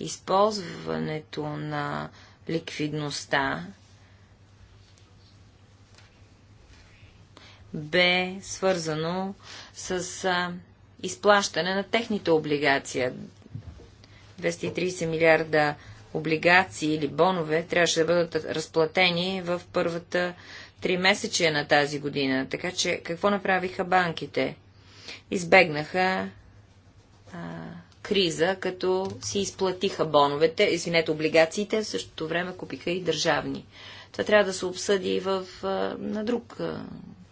Използването на ликвидността бе свързано с а, изплащане на техните облигации. 230 милиарда облигации или бонове трябваше да бъдат разплатени в първата три месече на тази година. Така че какво направиха банките? Избегнаха а, криза, като си изплатиха боновете, извинете, облигациите, в същото време купиха и държавни. Това трябва да се обсъди в, а, на друг а,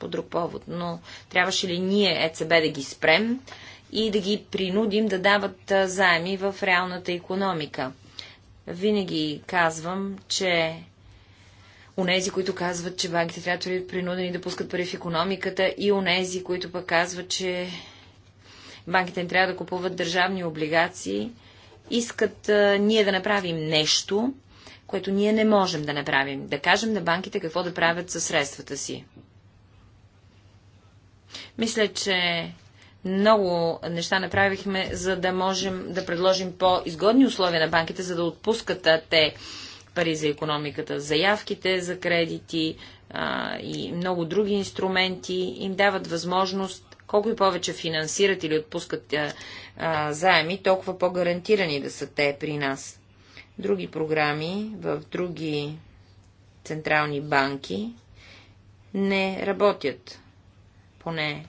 по друг повод, но трябваше ли ние, ЕЦБ, да ги спрем и да ги принудим да дават заеми в реалната економика? Винаги казвам, че Онези, които казват, че банките трябва да бъдат принудени да пускат пари в економиката и онези, които пък казват, че банките не трябва да купуват държавни облигации, искат а, ние да направим нещо, което ние не можем да направим. Да кажем на банките какво да правят със средствата си. Мисля, че много неща направихме, за да можем да предложим по-изгодни условия на банките, за да отпускат те пари за економиката, заявките за кредити а, и много други инструменти им дават възможност колко и повече финансират или отпускат а, а, заеми, толкова по-гарантирани да са те при нас. Други програми в други централни банки не работят поне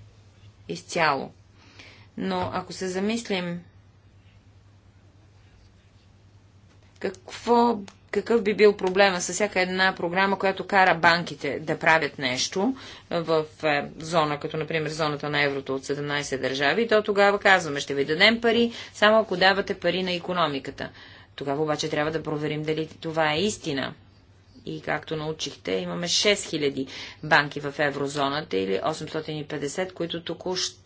изцяло. Но ако се замислим какво, какъв би бил проблема с всяка една програма, която кара банките да правят нещо в е, зона, като например зоната на еврото от 17 държави, то тогава казваме, ще ви дадем пари, само ако давате пари на економиката. Тогава обаче трябва да проверим дали това е истина и както научихте, имаме 6000 банки в еврозоната или 850, които току-що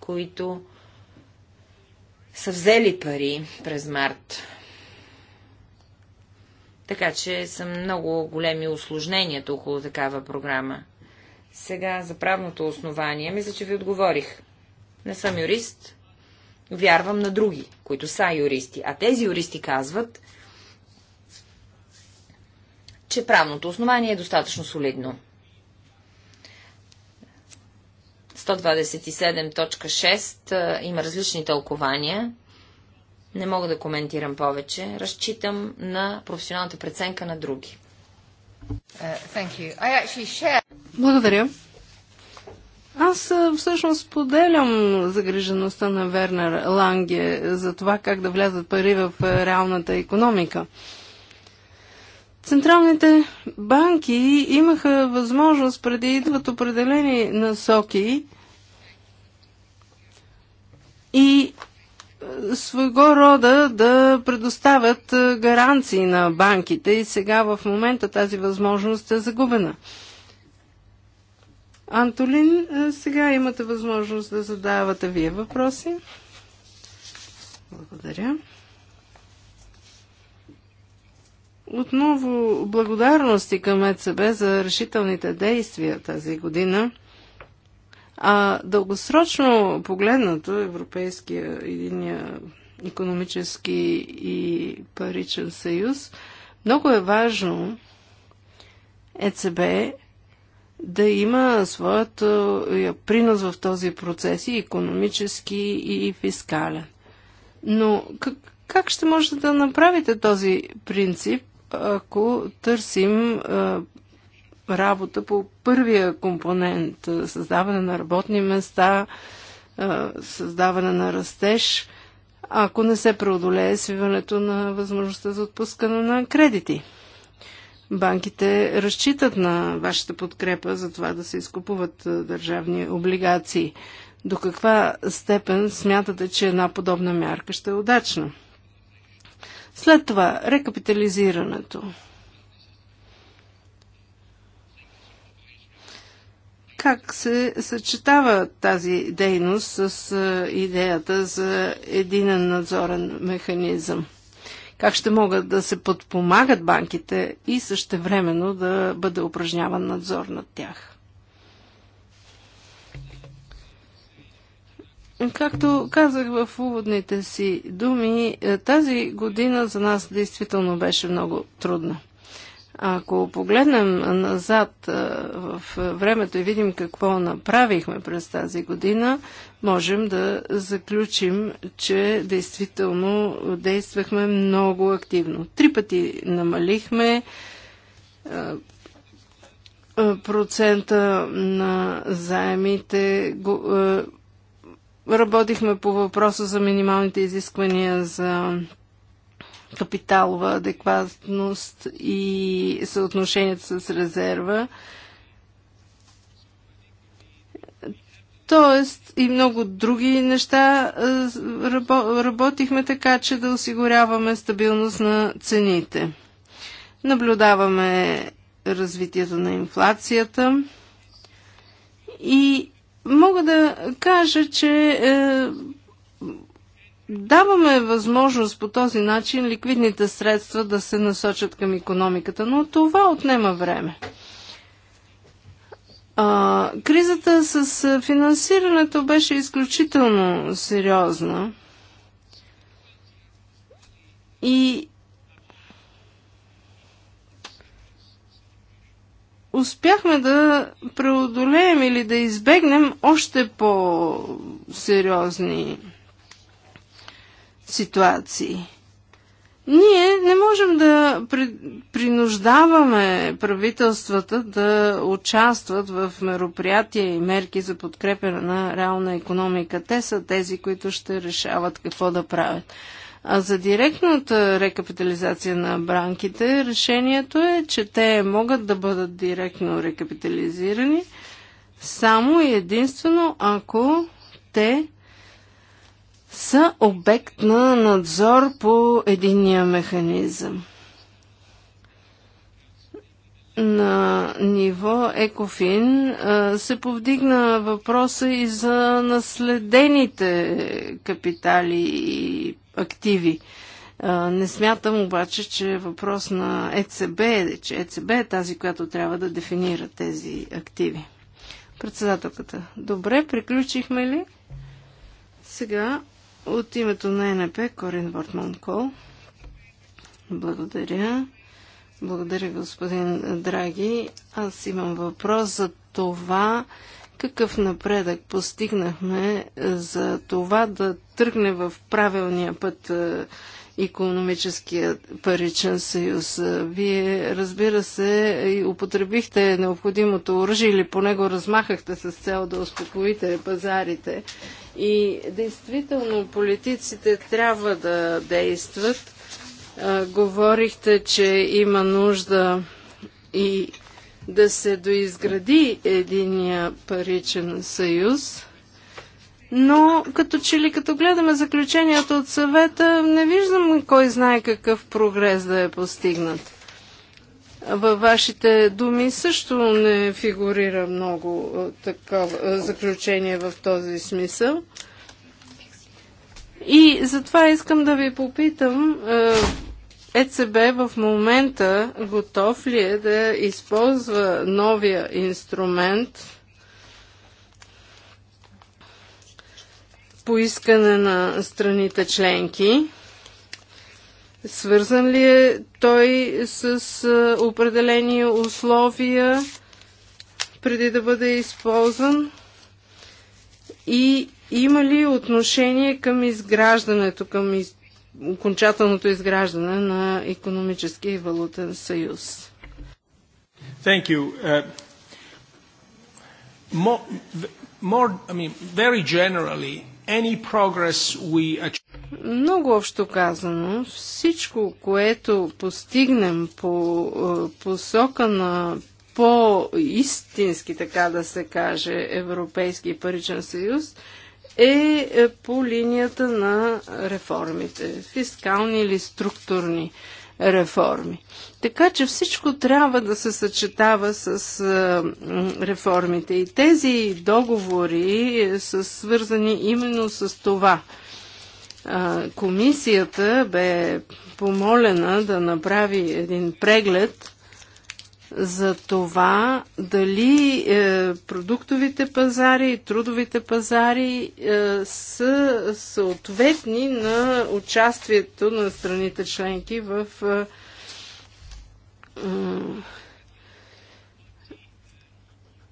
които са взели пари през март. Така че са много големи осложненията около такава програма. Сега за правното основание, мисля, че ви отговорих. Не съм юрист, вярвам на други, които са юристи. А тези юристи казват, че правното основание е достатъчно солидно. 127.6 има различни тълкования. Не мога да коментирам повече. Разчитам на професионалната преценка на други. Uh, Благодаря. Аз всъщност поделям загрижеността на Вернер Ланге за това как да влязат пари в реалната економика. Централните банки имаха възможност преди идват определени насоки и е, своего рода да предоставят е, гаранции на банките и сега в момента тази възможност е загубена. Антолин, е, сега имате възможност да задавате вие въпроси. Благодаря. Отново благодарности към ЕЦБ за решителните действия тази година. А дългосрочно погледнато Европейския единия економически и паричен съюз, много е важно ЕЦБ да има своят принос в този процес и економически и фискален. Но как, как ще можете да направите този принцип ако търсим работа по първия компонент създаване на работни места, създаване на растеж, ако не се преодолее свиването на възможността за отпускане на кредити. Банките разчитат на вашата подкрепа за това да се изкупуват държавни облигации. До каква степен смятате, че една подобна мярка ще е удачна? След това рекапитализирането. Как се съчетава тази дейност с идеята за единен надзорен механизъм? Как ще могат да се подпомагат банките и същевременно да бъде упражняван надзор над тях? Както казах в уводните си думи, е, тази година за нас действително беше много трудна. Ако погледнем назад е, в времето и видим какво направихме през тази година, можем да заключим, че действително действахме много активно. Три пъти намалихме е, процента на заемите, Работихме по въпроса за минималните изисквания за капиталова адекватност и съотношението с резерва. Тоест и много други неща работихме така, че да осигуряваме стабилност на цените. Наблюдаваме развитието на инфлацията и мога да кажа, че е, даваме възможност по този начин ликвидните средства да се насочат към економиката, но това отнема време. А, кризата с финансирането беше изключително сериозна. И успяхме да преодолеем или да избегнем още по-сериозни ситуации. Ние не можем да при, принуждаваме правителствата да участват в мероприятия и мерки за подкрепяне на реална економика. Те са тези, които ще решават какво да правят. А за директната рекапитализация на банките решението е, че те могат да бъдат директно рекапитализирани само и единствено ако те са обект на надзор по единия механизъм. На ниво Екофин се повдигна въпроса и за наследените капитали и активи. Не смятам обаче, че е въпрос на ЕЦБ, че ЕЦБ е тази, която трябва да дефинира тези активи. Председателката. Добре, приключихме ли? Сега от името на е НП Корин Вортман Кол. Благодаря. Благодаря, господин Драги. Аз имам въпрос за това, какъв напредък постигнахме за това да тръгне в правилния път економическия паричен съюз. Е, вие, разбира се, употребихте необходимото оръжие или поне го размахахте с цел да успокоите пазарите. И действително политиците трябва да действат. Е, говорихте, че има нужда и да се доизгради единия паричен съюз но като че ли като гледаме заключението от съвета, не виждам кой знае какъв прогрес да е постигнат. Във вашите думи също не фигурира много такова заключение в този смисъл. И затова искам да ви попитам, ЕЦБ в момента готов ли е да използва новия инструмент – по искане на страните членки? Свързан ли е той с определени условия преди да бъде използван? И има ли отношение към изграждането, към из... окончателното изграждане на економически и валутен съюз? Thank you. Uh, more, more, I mean, very generally, много общо казано, всичко, което постигнем по е, посока на по-истински, така да се каже, Европейски паричен съюз, е, е по линията на реформите, фискални или структурни реформи. Така че всичко трябва да се съчетава с реформите. И тези договори е, са свързани именно с това. Комисията бе помолена да направи един преглед за това дали е, продуктовите пазари и трудовите пазари е, са съответни на участието на страните членки в е, е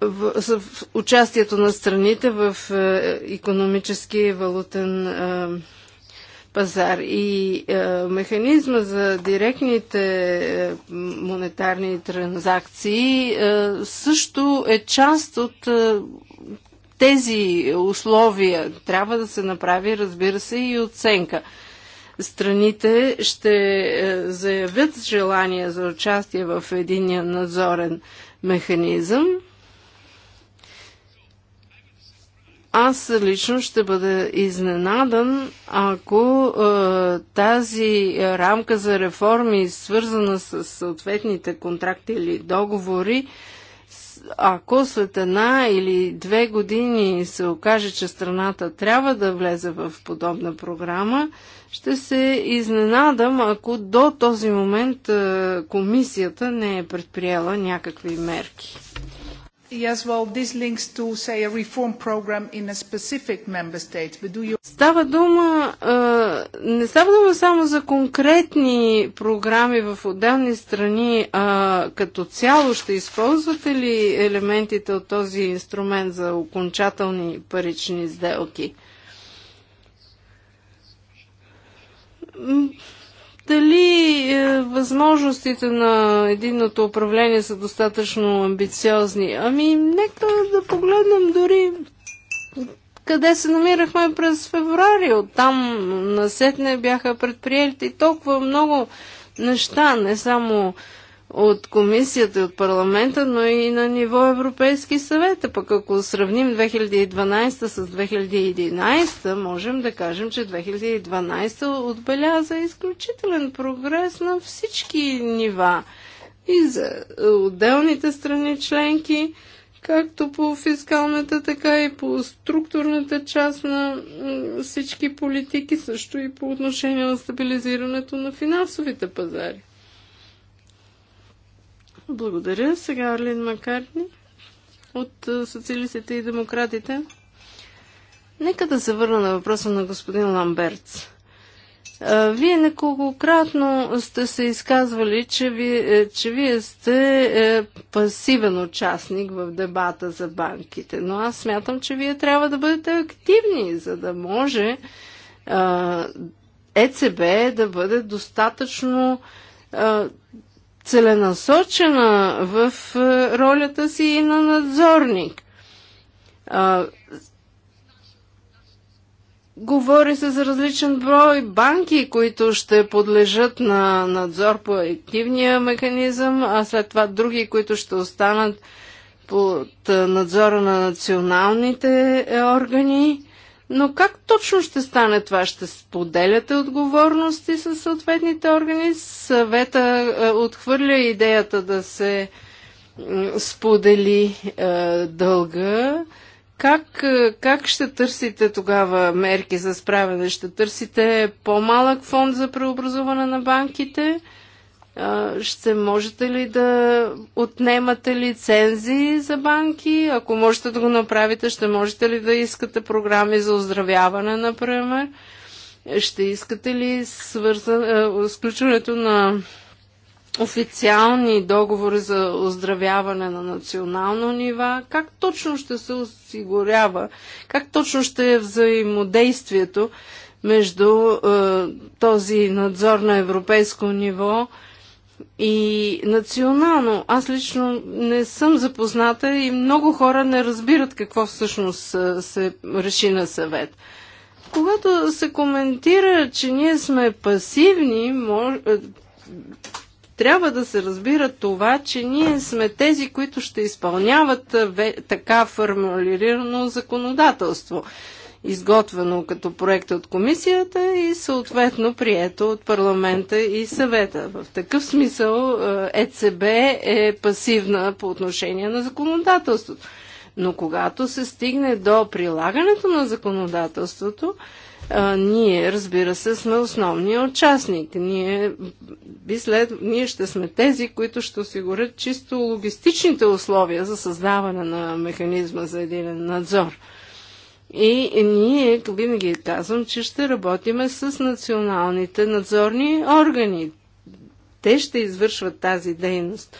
в, в участието на страните в е, економически и валутен е, пазар. И е, механизма за директните е, монетарни транзакции е, също е част от е, тези условия. Трябва да се направи, разбира се, и оценка. Страните ще е, заявят желание за участие в единия надзорен механизъм Аз лично ще бъда изненадан, ако е, тази рамка за реформи, свързана с съответните контракти или договори, ако след една или две години се окаже, че страната трябва да влезе в подобна програма, ще се изненадам, ако до този момент е, комисията не е предприела някакви мерки. Yes, well, this links to, say, a reform program in a specific member state. But do you... Става дума, а, не става дума само за конкретни програми в отделни страни, а като цяло ще използвате ли елементите от този инструмент за окончателни парични сделки? Дали е, възможностите на единното управление са достатъчно амбициозни? Ами, нека да погледнем дори къде се намирахме през феврари. Оттам насетне бяха предприели толкова много неща, не само от комисията и от парламента, но и на ниво Европейски съвет. А пък ако сравним 2012 с 2011, можем да кажем, че 2012 отбеляза изключителен прогрес на всички нива. И за отделните страни членки, както по фискалната, така и по структурната част на всички политики, също и по отношение на стабилизирането на финансовите пазари. Благодаря. Сега Орлин Макарни от Социалистите и Демократите. Нека да се върна на въпроса на господин Ламберц. Вие неколкократно сте се изказвали, че, ви, е, че вие сте е, пасивен участник в дебата за банките, но аз смятам, че вие трябва да бъдете активни, за да може ЕЦБ да бъде достатъчно целенасочена в е, ролята си и на надзорник. А, говори се за различен брой банки, които ще подлежат на надзор по активния механизъм, а след това други, които ще останат под надзора на националните е, органи. Но как точно ще стане това? Ще споделяте отговорности с съответните органи? Съвета е, отхвърля идеята да се сподели е, дълга. Как, е, как ще търсите тогава мерки за справяне? Ще търсите по-малък фонд за преобразуване на банките? ще можете ли да отнемате лицензии за банки? Ако можете да го направите, ще можете ли да искате програми за оздравяване, например? Ще искате ли свързан, сключването на официални договори за оздравяване на национално нива? Как точно ще се осигурява? Как точно ще е взаимодействието между е, този надзор на европейско ниво? и национално. Аз лично не съм запозната и много хора не разбират какво всъщност се реши на съвет. Когато се коментира, че ние сме пасивни, мож... трябва да се разбира това, че ние сме тези, които ще изпълняват така формулирано законодателство изготвено като проект от комисията и съответно прието от парламента и съвета. В такъв смисъл е, ЕЦБ е пасивна по отношение на законодателството. Но когато се стигне до прилагането на законодателството, ние, разбира се, сме основния участник. Ние, би след, ние ще сме тези, които ще осигурят чисто логистичните условия за създаване на механизма за един надзор. И ние, винаги казвам, че ще работиме с националните надзорни органи. Те ще извършват тази дейност.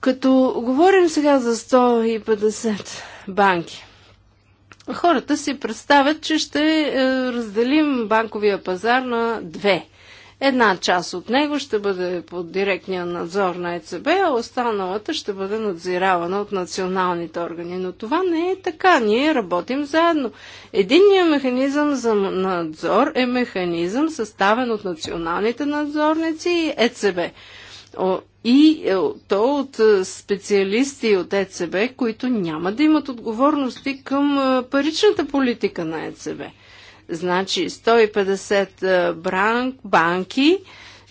Като говорим сега за 150 банки, хората си представят, че ще е, разделим банковия пазар на две – Една част от него ще бъде под директния надзор на ЕЦБ, а останалата ще бъде надзиравана от националните органи. Но това не е така. Ние работим заедно. Единният механизъм за надзор е механизъм съставен от националните надзорници и ЕЦБ. И е, то от е, специалисти от ЕЦБ, които няма да имат отговорности към е, паричната политика на ЕЦБ. Значи 150 е, бранк, банки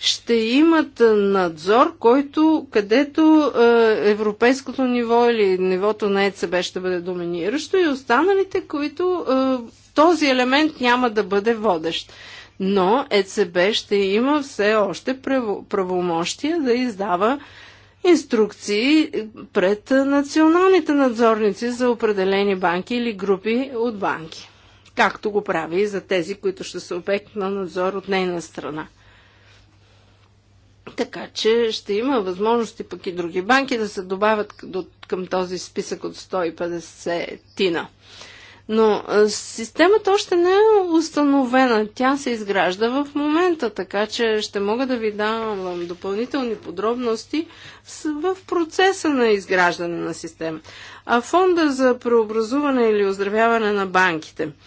ще имат е, надзор, който където е, европейското ниво или нивото на ЕЦБ ще бъде доминиращо и останалите, които е, този елемент няма да бъде водещ. Но ЕЦБ ще има все още правомощия да издава инструкции пред е, националните надзорници за определени банки или групи от банки както го прави и за тези, които ще са обект на надзор от нейна страна. Така че ще има възможности пък и други банки да се добавят към този списък от 150 тина. Но системата още не е установена. Тя се изгражда в момента, така че ще мога да ви давам допълнителни подробности в процеса на изграждане на система. А фонда за преобразуване или оздравяване на банките –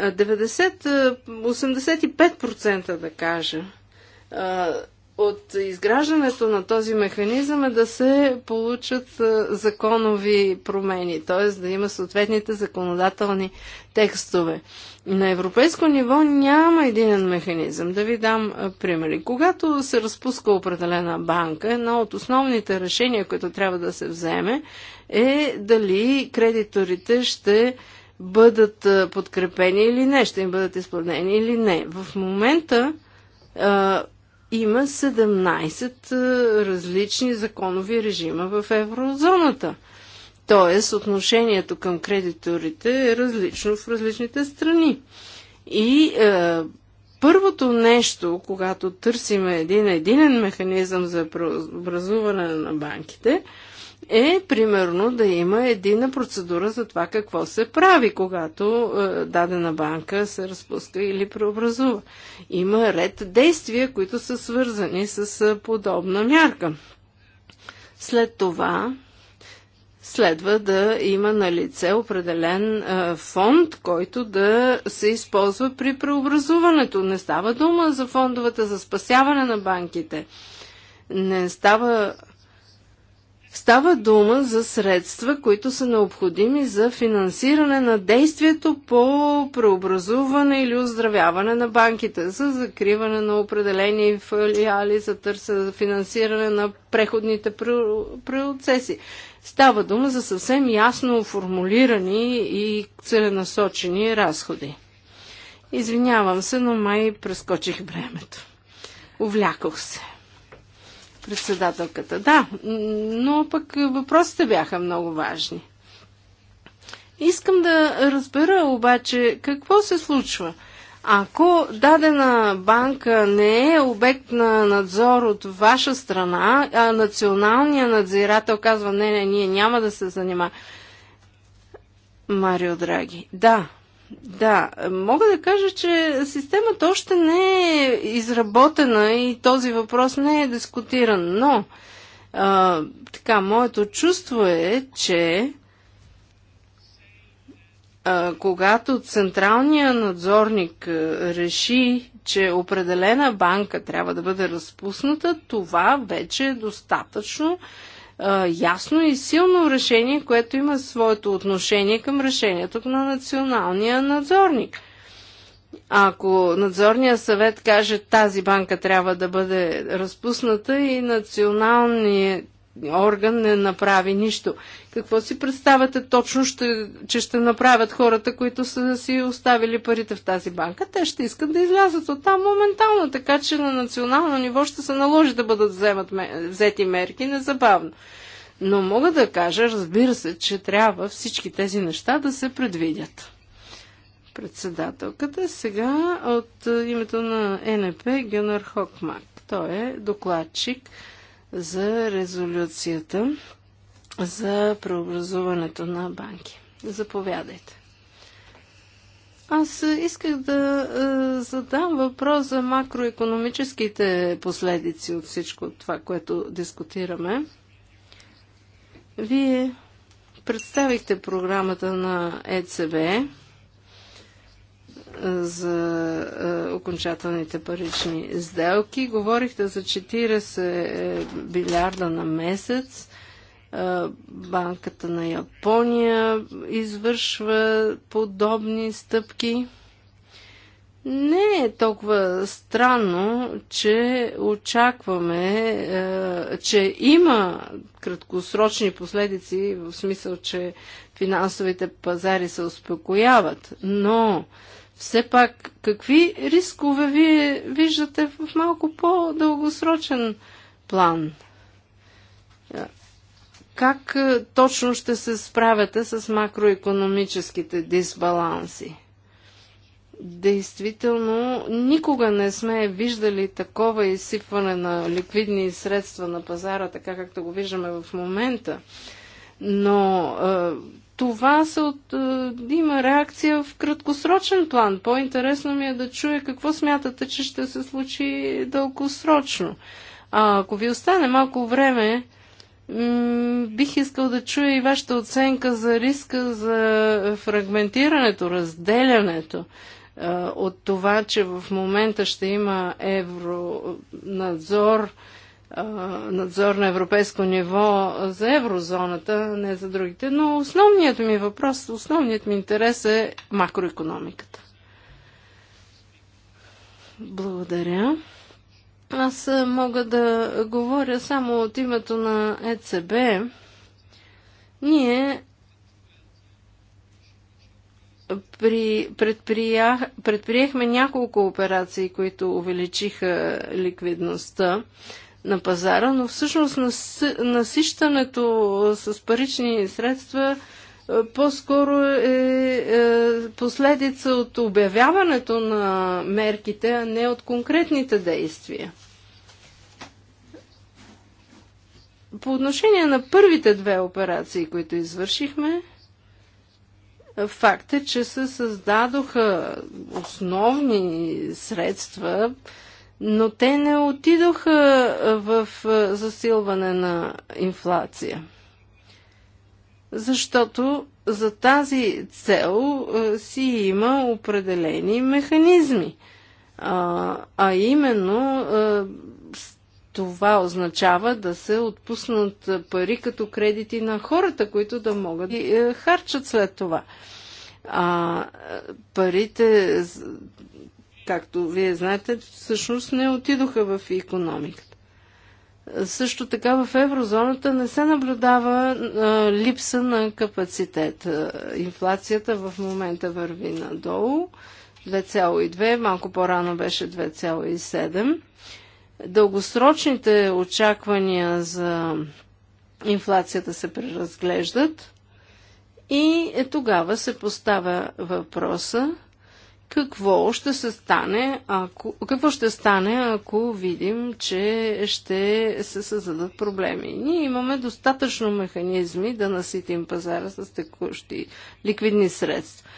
90-85% да кажа от изграждането на този механизъм е да се получат законови промени, т.е. да има съответните законодателни текстове. На европейско ниво няма един механизъм. Да ви дам примери. Когато се разпуска определена банка, едно от основните решения, които трябва да се вземе, е дали кредиторите ще бъдат подкрепени или не, ще им бъдат изпълнени или не. В момента а, има 17 различни законови режима в еврозоната. Тоест, отношението към кредиторите е различно в различните страни. И е, първото нещо, когато търсим един единен механизъм за преобразуване на банките, е, е, примерно, да има едина процедура за това какво се прави, когато е, дадена банка се разпуска или преобразува. Има ред действия, които са свързани с е, подобна мярка. След това следва да има на лице определен е, фонд, който да се използва при преобразуването. Не става дума за фондовата за спасяване на банките. Не става Става дума за средства, които са необходими за финансиране на действието по преобразуване или оздравяване на банките, за закриване на определени филиали, за търсене, финансиране на преходните процеси. Става дума за съвсем ясно формулирани и целенасочени разходи. Извинявам се, но май прескочих времето. Увлякох се. Председателката, да, но пък въпросите бяха много важни. Искам да разбера обаче какво се случва. Ако дадена банка не е обект на надзор от ваша страна, а националният надзирател казва, не, не, ние няма да се занимаваме. Марио Драги, да, да, мога да кажа, че системата още не е изработена и този въпрос не е дискутиран, но а, така, моето чувство е, че а, когато централният надзорник реши, че определена банка трябва да бъде разпусната, това вече е достатъчно, ясно и силно решение, което има своето отношение към решението на националния надзорник. Ако надзорният съвет каже тази банка трябва да бъде разпусната и националният орган не направи нищо. Какво си представяте точно, ще, че ще направят хората, които са си оставили парите в тази банка? Те ще искат да излязат от там моментално, така че на национално ниво ще се наложи да бъдат вземат, взети мерки незабавно. Но мога да кажа, разбира се, че трябва всички тези неща да се предвидят. Председателката сега от името на НП Гюнер Хокмак. Той е докладчик за резолюцията за преобразуването на банки. Заповядайте. Аз исках да е, задам въпрос за макроекономическите последици от всичко това, което дискутираме. Вие представихте програмата на ЕЦБ е, за е, окончателните парични сделки. Говорихте за 40 билиарда е, на месец. Банката на Япония извършва подобни стъпки. Не е толкова странно, че очакваме, че има краткосрочни последици, в смисъл, че финансовите пазари се успокояват, но все пак, какви рискове вие виждате в малко по-дългосрочен план? Как точно ще се справяте с макроекономическите дисбаланси? Действително, никога не сме виждали такова изсипване на ликвидни средства на пазара, така както го виждаме в момента. Но това се от, е, има реакция в краткосрочен план. По-интересно ми е да чуя какво смятате, че ще се случи дългосрочно. А ако ви остане малко време, бих искал да чуя и вашата оценка за риска за фрагментирането, разделянето е, от това, че в момента ще има евронадзор, надзор на европейско ниво за еврозоната, не за другите. Но основният ми въпрос, основният ми интерес е макроекономиката. Благодаря. Аз мога да говоря само от името на ЕЦБ. Ние при, предприях, предприехме няколко операции, които увеличиха ликвидността на пазара, но всъщност насищането с парични средства е, по-скоро е, е последица от обявяването на мерките, а не от конкретните действия. По отношение на първите две операции, които извършихме, факт е, че се създадоха основни средства, но те не отидоха в засилване на инфлация. Защото за тази цел си има определени механизми. А, а именно това означава да се отпуснат пари като кредити на хората, които да могат да харчат след това. А парите както вие знаете, всъщност не отидоха в економиката. Също така в еврозоната не се наблюдава а, липса на капацитет. Инфлацията в момента върви надолу. 2,2, малко по-рано беше 2,7. Дългосрочните очаквания за инфлацията се преразглеждат и е, тогава се поставя въпроса какво ще се стане, ако, какво ще стане, ако видим, че ще се създадат проблеми. Ние имаме достатъчно механизми да наситим пазара с текущи ликвидни средства.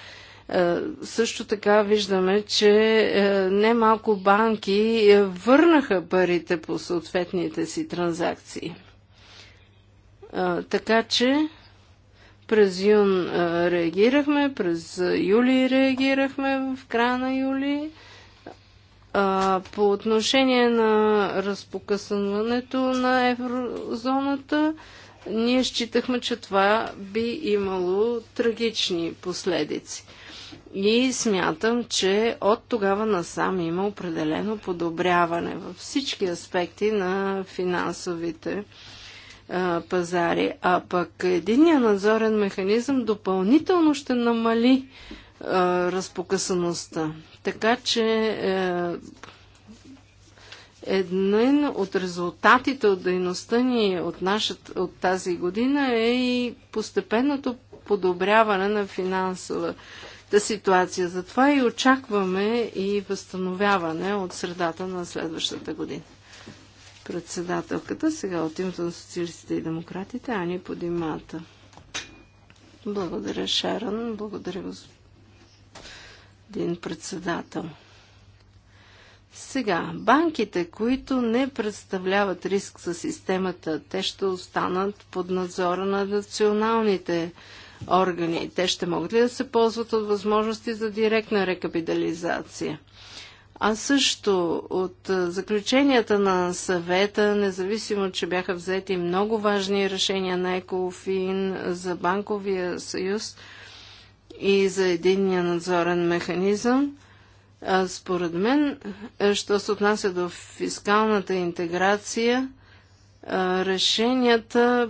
Е, също така виждаме, че е, немалко банки е, върнаха парите по съответните си транзакции. така че през юн реагирахме, през юли реагирахме, в края на юли. А, по отношение на разпокъсването на еврозоната, ние считахме, че това би имало трагични последици. И смятам, че от тогава насам има определено подобряване във всички аспекти на финансовите пазари, а пък единия надзорен механизъм допълнително ще намали а, разпокъсаността. Така че е, един от резултатите от дейността ни от, нашата, от тази година е и постепенното подобряване на финансовата ситуация. Затова и очакваме и възстановяване от средата на следващата година. Председателката сега от името на социалистите и демократите Ани Подимата. Благодаря, Шаран. Благодаря, господин председател. Сега, банките, които не представляват риск за системата, те ще останат под надзора на националните органи. Те ще могат ли да се ползват от възможности за директна рекапитализация? А също от заключенията на съвета, независимо, че бяха взети много важни решения на Екофин за банковия съюз и за единния надзорен механизъм, според мен, що се отнася до фискалната интеграция, решенията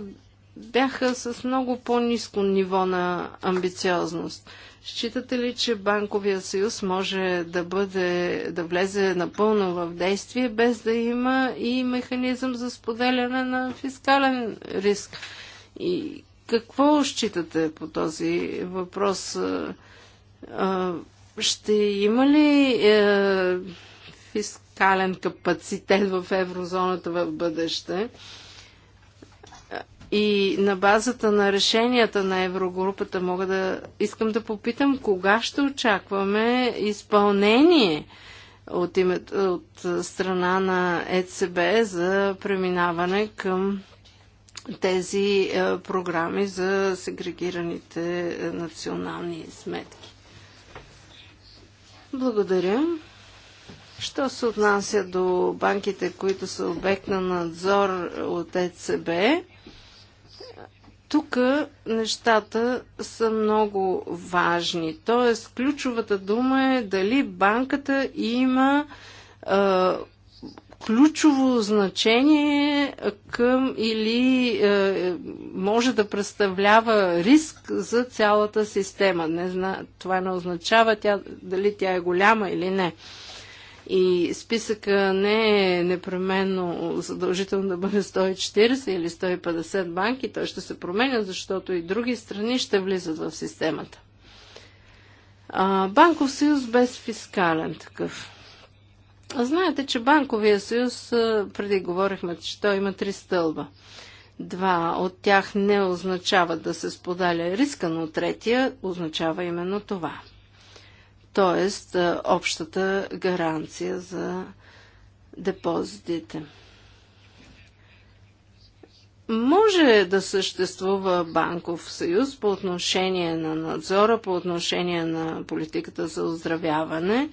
бяха с много по-низко ниво на амбициозност. Считате ли, че банковия съюз може да бъде, да влезе напълно в действие, без да има и механизъм за споделяне на фискален риск? И какво считате по този въпрос? Ще има ли е, фискален капацитет в еврозоната в бъдеще? И на базата на решенията на Еврогрупата мога да искам да попитам кога ще очакваме изпълнение от, името, от страна на ЕЦБ за преминаване към тези е, програми за сегрегираните е, национални сметки. Благодаря. Що се отнася до банките, които са обект на надзор от ЕЦБ, тук нещата са много важни. Тоест, ключовата дума е дали банката има а, ключово значение към или а, може да представлява риск за цялата система. Не зна, това не означава тя, дали тя е голяма или не. И списъка не е непременно задължително да бъде 140 или 150 банки, той ще се променя, защото и други страни ще влизат в системата. А, банков съюз без фискален такъв. Знаете, че банковия съюз, преди говорихме, че той има три стълба. Два от тях не означават да се споделя риска, но третия означава именно това – т.е. общата гаранция за депозитите. Може да съществува банков съюз по отношение на надзора, по отношение на политиката за оздравяване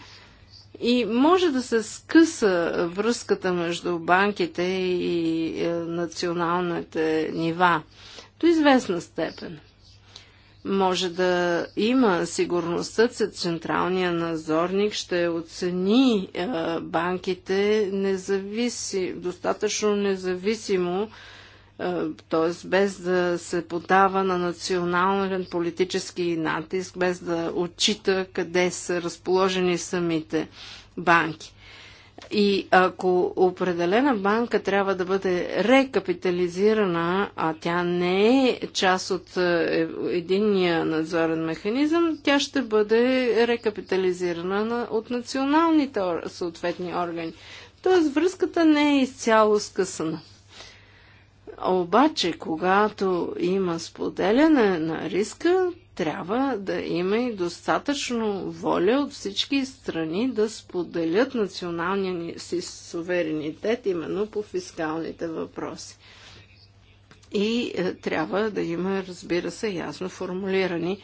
и може да се скъса връзката между банките и е, националните нива до известна степен може да има сигурността, че централния назорник ще оцени е, банките независи, достатъчно независимо, е, т.е. без да се подава на национален политически натиск, без да отчита къде са разположени самите банки. И ако определена банка трябва да бъде рекапитализирана, а тя не е част от е, единния надзорен механизъм, тя ще бъде рекапитализирана от националните съответни органи. Тоест връзката не е изцяло скъсана. Обаче, когато има споделяне на риска, трябва да има и достатъчно воля от всички страни да споделят националния си суверенитет именно по фискалните въпроси. И е, трябва да има, разбира се, ясно формулирани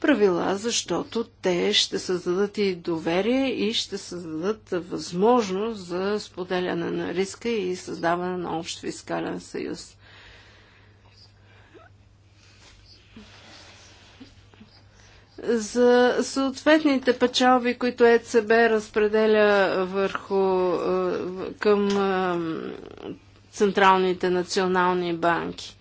правила, защото те ще създадат и доверие и ще създадат възможност за споделяне на риска и създаване на общ фискален съюз. за съответните печалби, които ЕЦБ разпределя върху е, към е, централните национални банки.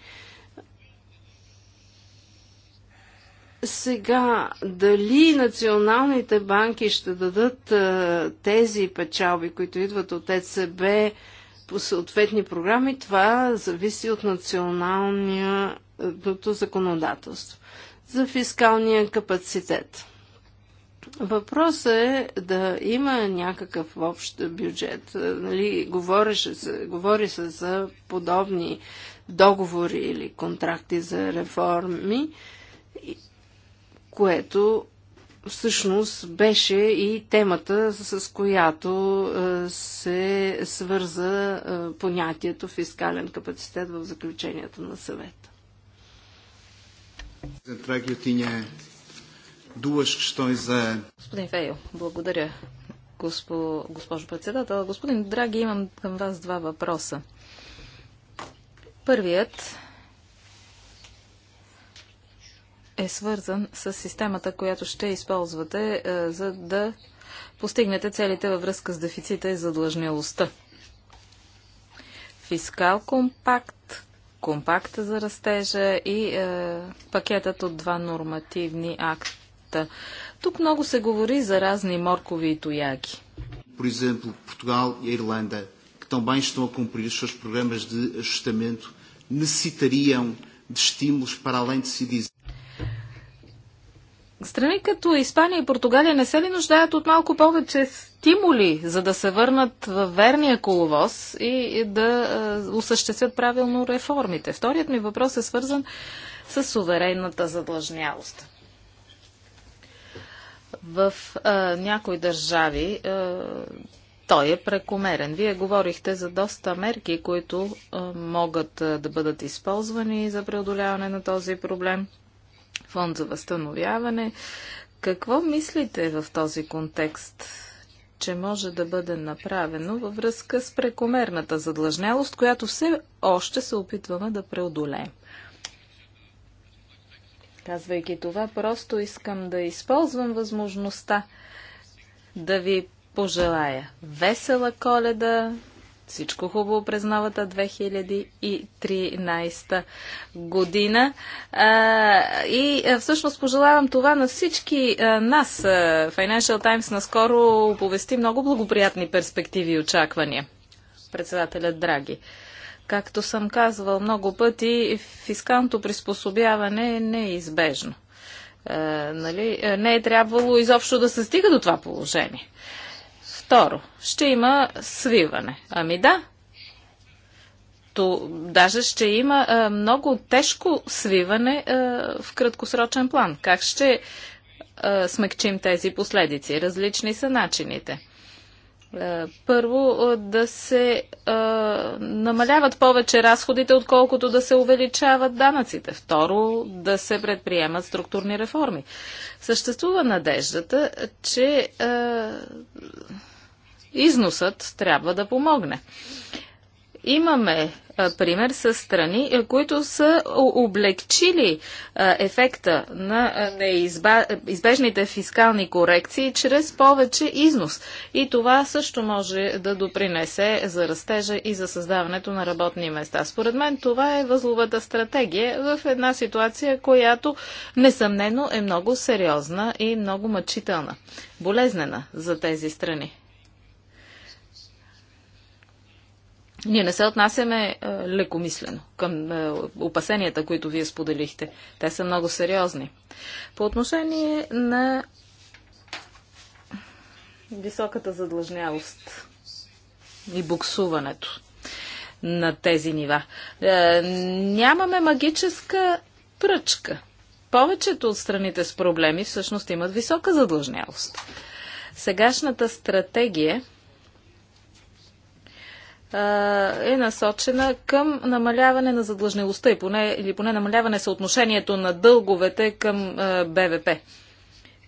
Сега, дали националните банки ще дадат е, тези печалби, които идват от ЕЦБ по съответни програми, това зависи от националния законодателство за фискалния капацитет. Въпросът е да има някакъв общ бюджет. Е, нали, говореше се, говори се за подобни договори или контракти за реформи, което всъщност беше и темата, с която е, се свърза е, понятието фискален капацитет в заключението на съвета. Господин Фейл, благодаря, госпо, госпожо председател. Господин Драги, имам към вас два въпроса. Първият е свързан с системата, която ще използвате, е, за да постигнете целите във връзка с дефицита и задлъжнялостта. Фискал компакт, компакта за растежа и е, пакетът от два нормативни акта. Тук много се говори за разни моркови и тояги. Por exemplo, Portugal e a Irlanda, que também estão a cumprir os seus programas de ajustamento, necessitariam de estímulos para além de se dizer. Страни като Испания и Португалия не се ли нуждаят от малко повече стимули, за да се върнат в верния коловоз и да е, осъществят правилно реформите? Вторият ми въпрос е свързан с суверенната задлъжнялост. В а, е, някои държави а, е, той е прекомерен. Вие говорихте за доста мерки, които а, могат а, да бъдат използвани за преодоляване на този проблем фонд за възстановяване. Какво мислите в този контекст, че може да бъде направено във връзка с прекомерната задлъжнялост, която все още се опитваме да преодолеем? Казвайки това, просто искам да използвам възможността да ви пожелая весела коледа, всичко хубаво през новата 2013 година. И всъщност пожелавам това на всички нас. Financial Times наскоро оповести много благоприятни перспективи и очаквания. Председателят Драги. Както съм казвал много пъти, фискалното приспособяване е неизбежно. Нали? Не е трябвало изобщо да се стига до това положение. Второ, ще има свиване. Ами да, то даже ще има а, много тежко свиване а, в краткосрочен план. Как ще а, смекчим тези последици? Различни са начините. А, първо, а, да се а, намаляват повече разходите, отколкото да се увеличават данъците. Второ, да се предприемат структурни реформи. Съществува надеждата, че а, износът трябва да помогне. Имаме пример с страни, които са облегчили ефекта на неизбежните фискални корекции чрез повече износ. И това също може да допринесе за растежа и за създаването на работни места. Според мен това е възловата стратегия в една ситуация, която несъмнено е много сериозна и много мъчителна, болезнена за тези страни. Ние не се отнасяме е, лекомислено към е, опасенията, които вие споделихте. Те са много сериозни. По отношение на високата задлъжнявост и буксуването на тези нива. Е, нямаме магическа пръчка. Повечето от страните с проблеми всъщност имат висока задлъжнявост. Сегашната стратегия е насочена към намаляване на задлъжнелостта и поне, или поне намаляване съотношението на дълговете към БВП.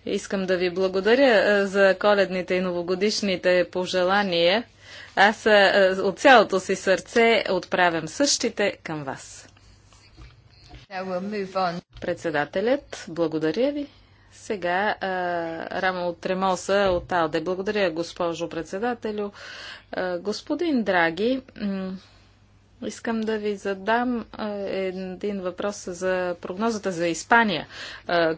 Искам да ви благодаря за коледните и новогодишните пожелания. Аз от цялото си сърце отправям същите към вас. Председателят, благодаря ви. Сега а, Рамо от Тремоса от Алде. Благодаря, госпожо председателю. А, господин Драги, Искам да ви задам един въпрос за прогнозата за Испания,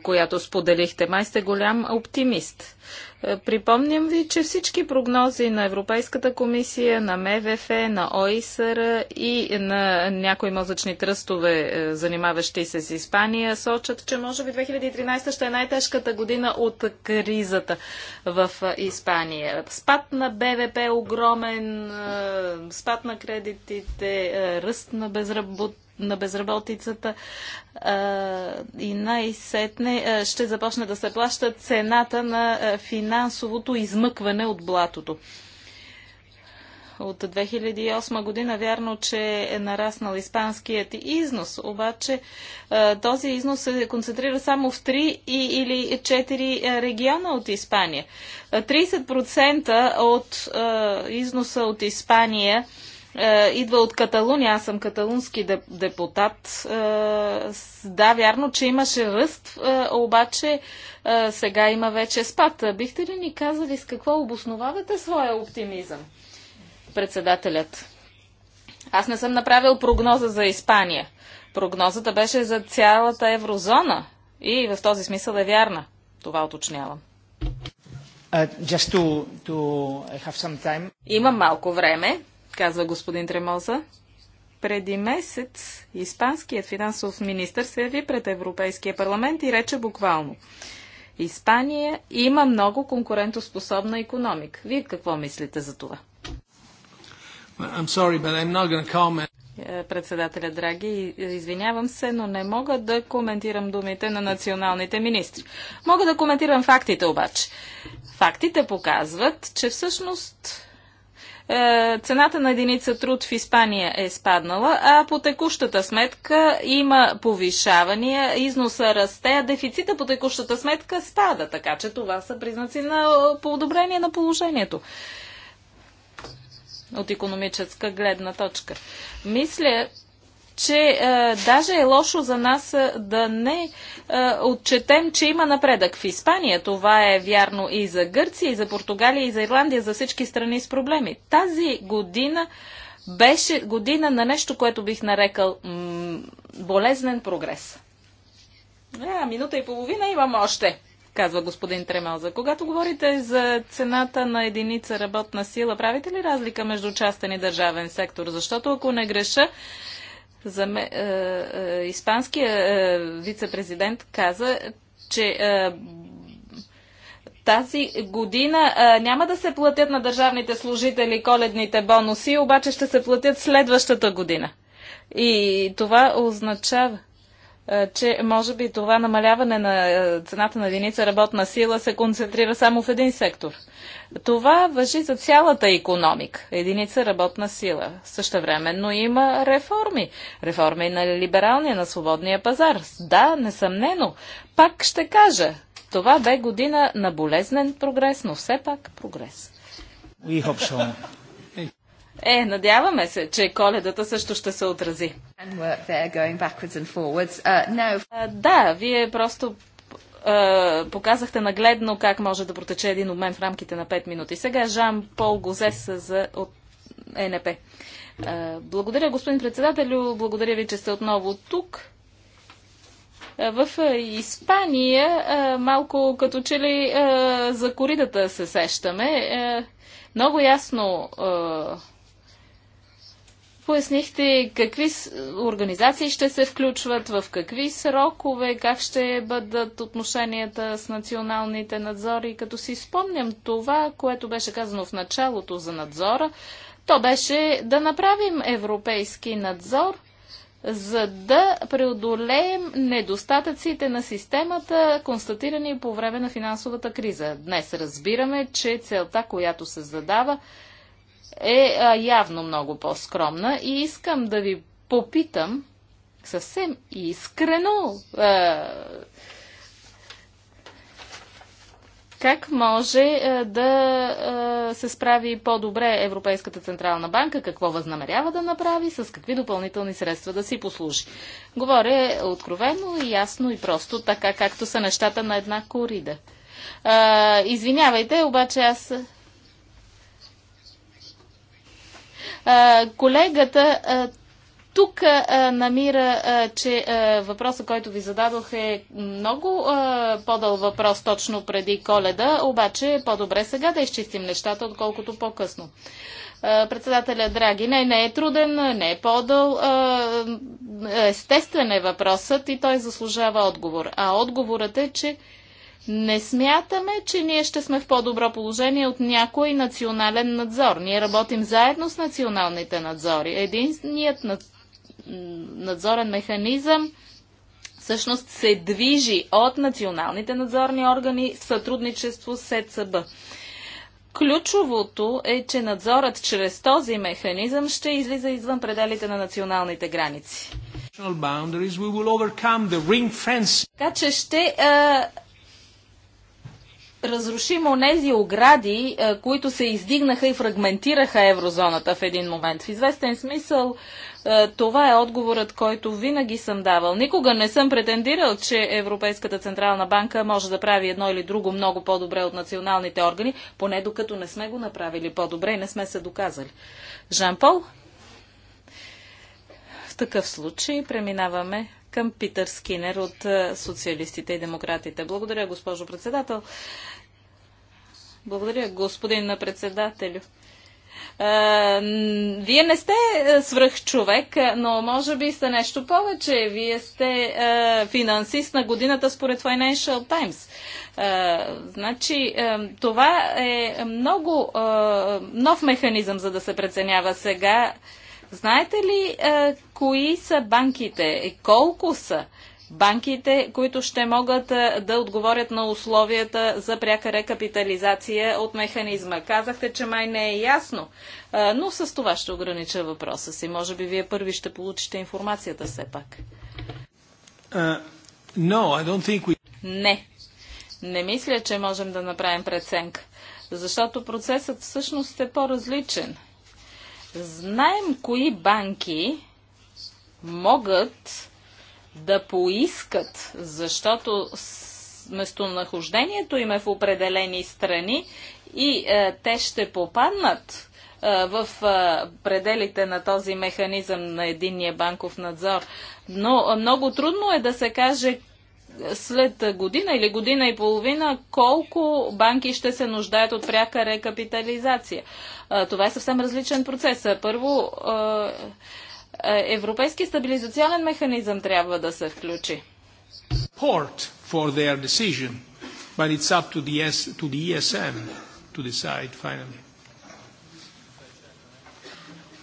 която споделихте. Май сте голям оптимист. Е, припомням ви, че всички прогнози на Европейската комисия, на МВФ, на ОИСР и на някои мозъчни тръстове, е, занимаващи се с Испания, сочат, че може би 2013 ще е най-тежката година от кризата в е, Испания. Спад на БВП огромен, спад на кредитите, ръст на безработица на безработицата и най-сетне ще започне да се плаща цената на финансовото измъкване от блатото от 2008 година. Вярно, че е нараснал испанският износ, обаче този износ се концентрира само в 3 или 4 региона от Испания. 30% от износа от Испания е, идва от Каталуния. Аз съм каталунски депутат. Е, да, вярно, че имаше ръст, е, обаче сега има вече спад. Бихте ли ни казали с какво обосновавате своя оптимизъм, председателят? Аз не съм направил прогноза за Испания. Прогнозата беше за цялата еврозона. И в този смисъл е вярна. Това уточнявам. Uh, to, to Имам малко време, казва господин Тремоза. Преди месец испанският финансов министр се яви пред Европейския парламент и рече буквално. Испания има много конкурентоспособна економика. Вие какво мислите за това? Sorry, е, Председателя, драги, извинявам се, но не мога да коментирам думите на националните министри. Мога да коментирам фактите обаче. Фактите показват, че всъщност е, цената на единица труд в Испания е спаднала, а по текущата сметка има повишавания, износа расте, а дефицита по текущата сметка спада. Така че това са признаци на е, подобрение на положението от економическа гледна точка. Мисля, че е, даже е лошо за нас е, да не е, отчетем, че има напредък в Испания. Това е вярно и за Гърция, и за Португалия, и за Ирландия, за всички страни с проблеми. Тази година беше година на нещо, което бих нарекал болезнен прогрес. А, минута и половина имам още, казва господин Тремалза. Когато говорите за цената на единица работна сила, правите ли разлика между частен и държавен сектор? Защото ако не греша, за ме, е, е, испанския е, вице-президент каза, че е, тази година е, няма да се платят на държавните служители коледните бонуси, обаче ще се платят следващата година. И това означава, е, че може би това намаляване на е, цената на единица работна сила се концентрира само в един сектор. Това въжи за цялата економика, единица работна сила. Също но има реформи. Реформи на либералния, на свободния пазар. Да, несъмнено. Пак ще кажа, това бе година на болезнен прогрес, но все пак прогрес. We hope so. Е, надяваме се, че коледата също ще се отрази. Uh, да, вие просто показахте нагледно как може да протече един обмен в рамките на 5 минути. Сега Жан Пол Гозес за от ЕНП. Благодаря, господин председателю. Благодаря ви, че сте отново тук. В Испания малко като че ли за коридата се сещаме много ясно е, Пояснихте какви организации ще се включват, в какви срокове, как ще бъдат отношенията с националните надзори. Като си спомням това, което беше казано в началото за надзора, то беше да направим европейски надзор, за да преодолеем недостатъците на системата, констатирани по време на финансовата криза. Днес разбираме, че целта, която се задава, е а, явно много по-скромна и искам да ви попитам съвсем искрено а, как може а, да се справи по-добре Европейската Централна банка, какво възнамерява да направи, с какви допълнителни средства да си послужи. Говоря откровено и ясно и просто, така както са нещата на една корида. извинявайте, обаче аз Колегата тук намира, че въпроса, който ви зададох е много подъл въпрос точно преди коледа, обаче е по-добре сега да изчистим нещата, отколкото по-късно. председателя Драги, не, не е труден, не е подъл. естествен е въпросът и той заслужава отговор. А отговорът е, че не смятаме, че ние ще сме в по-добро положение от някой национален надзор. Ние работим заедно с националните надзори. Единият надзорен механизъм всъщност се движи от националните надзорни органи в сътрудничество с ЕЦБ. Ключовото е, че надзорът чрез този механизъм ще излиза извън пределите на националните граници. Така че ще а, разрушим онези огради, е, които се издигнаха и фрагментираха еврозоната в един момент. В известен смисъл е, това е отговорът, който винаги съм давал. Никога не съм претендирал, че Европейската Централна банка може да прави едно или друго много по-добре от националните органи, поне докато не сме го направили по-добре и не сме се доказали. Жан-Пол? В такъв случай преминаваме към Питър Скинер от Социалистите и Демократите. Благодаря, госпожо председател. Благодаря, господин председателю. Вие не сте свръхчовек, но може би сте нещо повече. Вие сте финансист на годината според Financial Times. Значи, това е много нов механизъм, за да се преценява сега Знаете ли е, кои са банките? Колко са банките, които ще могат е, да отговорят на условията за пряка рекапитализация от механизма? Казахте, че май не е ясно, е, но с това ще огранича въпроса си. Може би вие първи ще получите информацията все пак. Uh, no, I don't think we... Не. Не мисля, че можем да направим преценка, защото процесът всъщност е по-различен Знаем кои банки могат да поискат, защото местонахождението им е в определени страни и е, те ще попаднат е, в е, пределите на този механизъм на единния банков надзор. Но е, много трудно е да се каже след година или година и половина колко банки ще се нуждаят от пряка рекапитализация. Това е съвсем различен процес. Първо, Европейски стабилизационен механизъм трябва да се включи.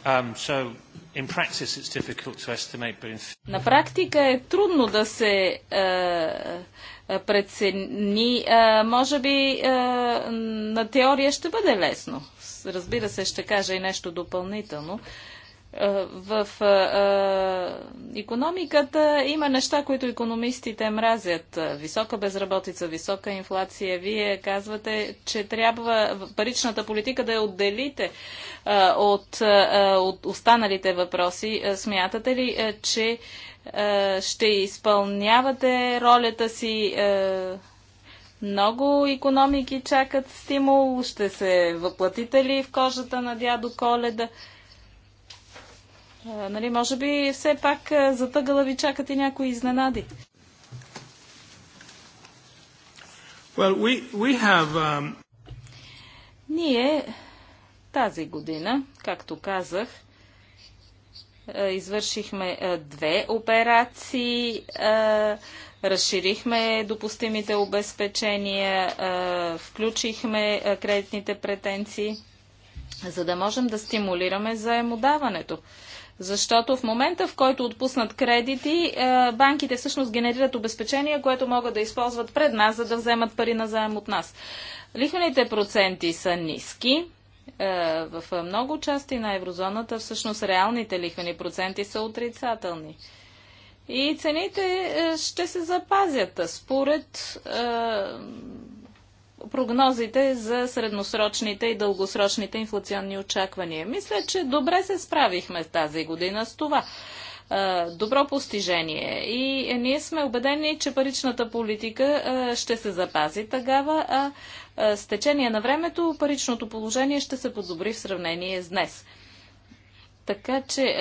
Um, so на практика е трудно да се е, е, прецени. Е, може би е, на теория ще бъде лесно. Разбира се, ще кажа и нещо допълнително. Е, е, в економиката е, има неща, които економистите мразят. Висока безработица, висока инфлация. Вие казвате, че трябва паричната политика да я отделите е, от, от останалите въпроси. Смятате ли, че ще изпълнявате ролята си много економики чакат стимул. Ще се въплатите ли в кожата на дядо Коледа? Е, нали, може би все пак е, затъгала ви чакат и някои изненади. Well, we, we have, um... Ние тази година, както казах, е, извършихме две операции, разширихме допустимите обезпечения, включихме кредитните претенции, за да можем да стимулираме заемодаването. Защото в момента, в който отпуснат кредити, е, банките всъщност генерират обезпечения, което могат да използват пред нас, за да вземат пари на заем от нас. Лихвените проценти са ниски. Е, в много части на еврозоната всъщност реалните лихвени проценти са отрицателни. И цените е, ще се запазят според прогнозите за средносрочните и дългосрочните инфлационни очаквания. Мисля, че добре се справихме тази година с това добро постижение. И ние сме убедени, че паричната политика ще се запази тогава, а с течение на времето паричното положение ще се подобри в сравнение с днес. Така че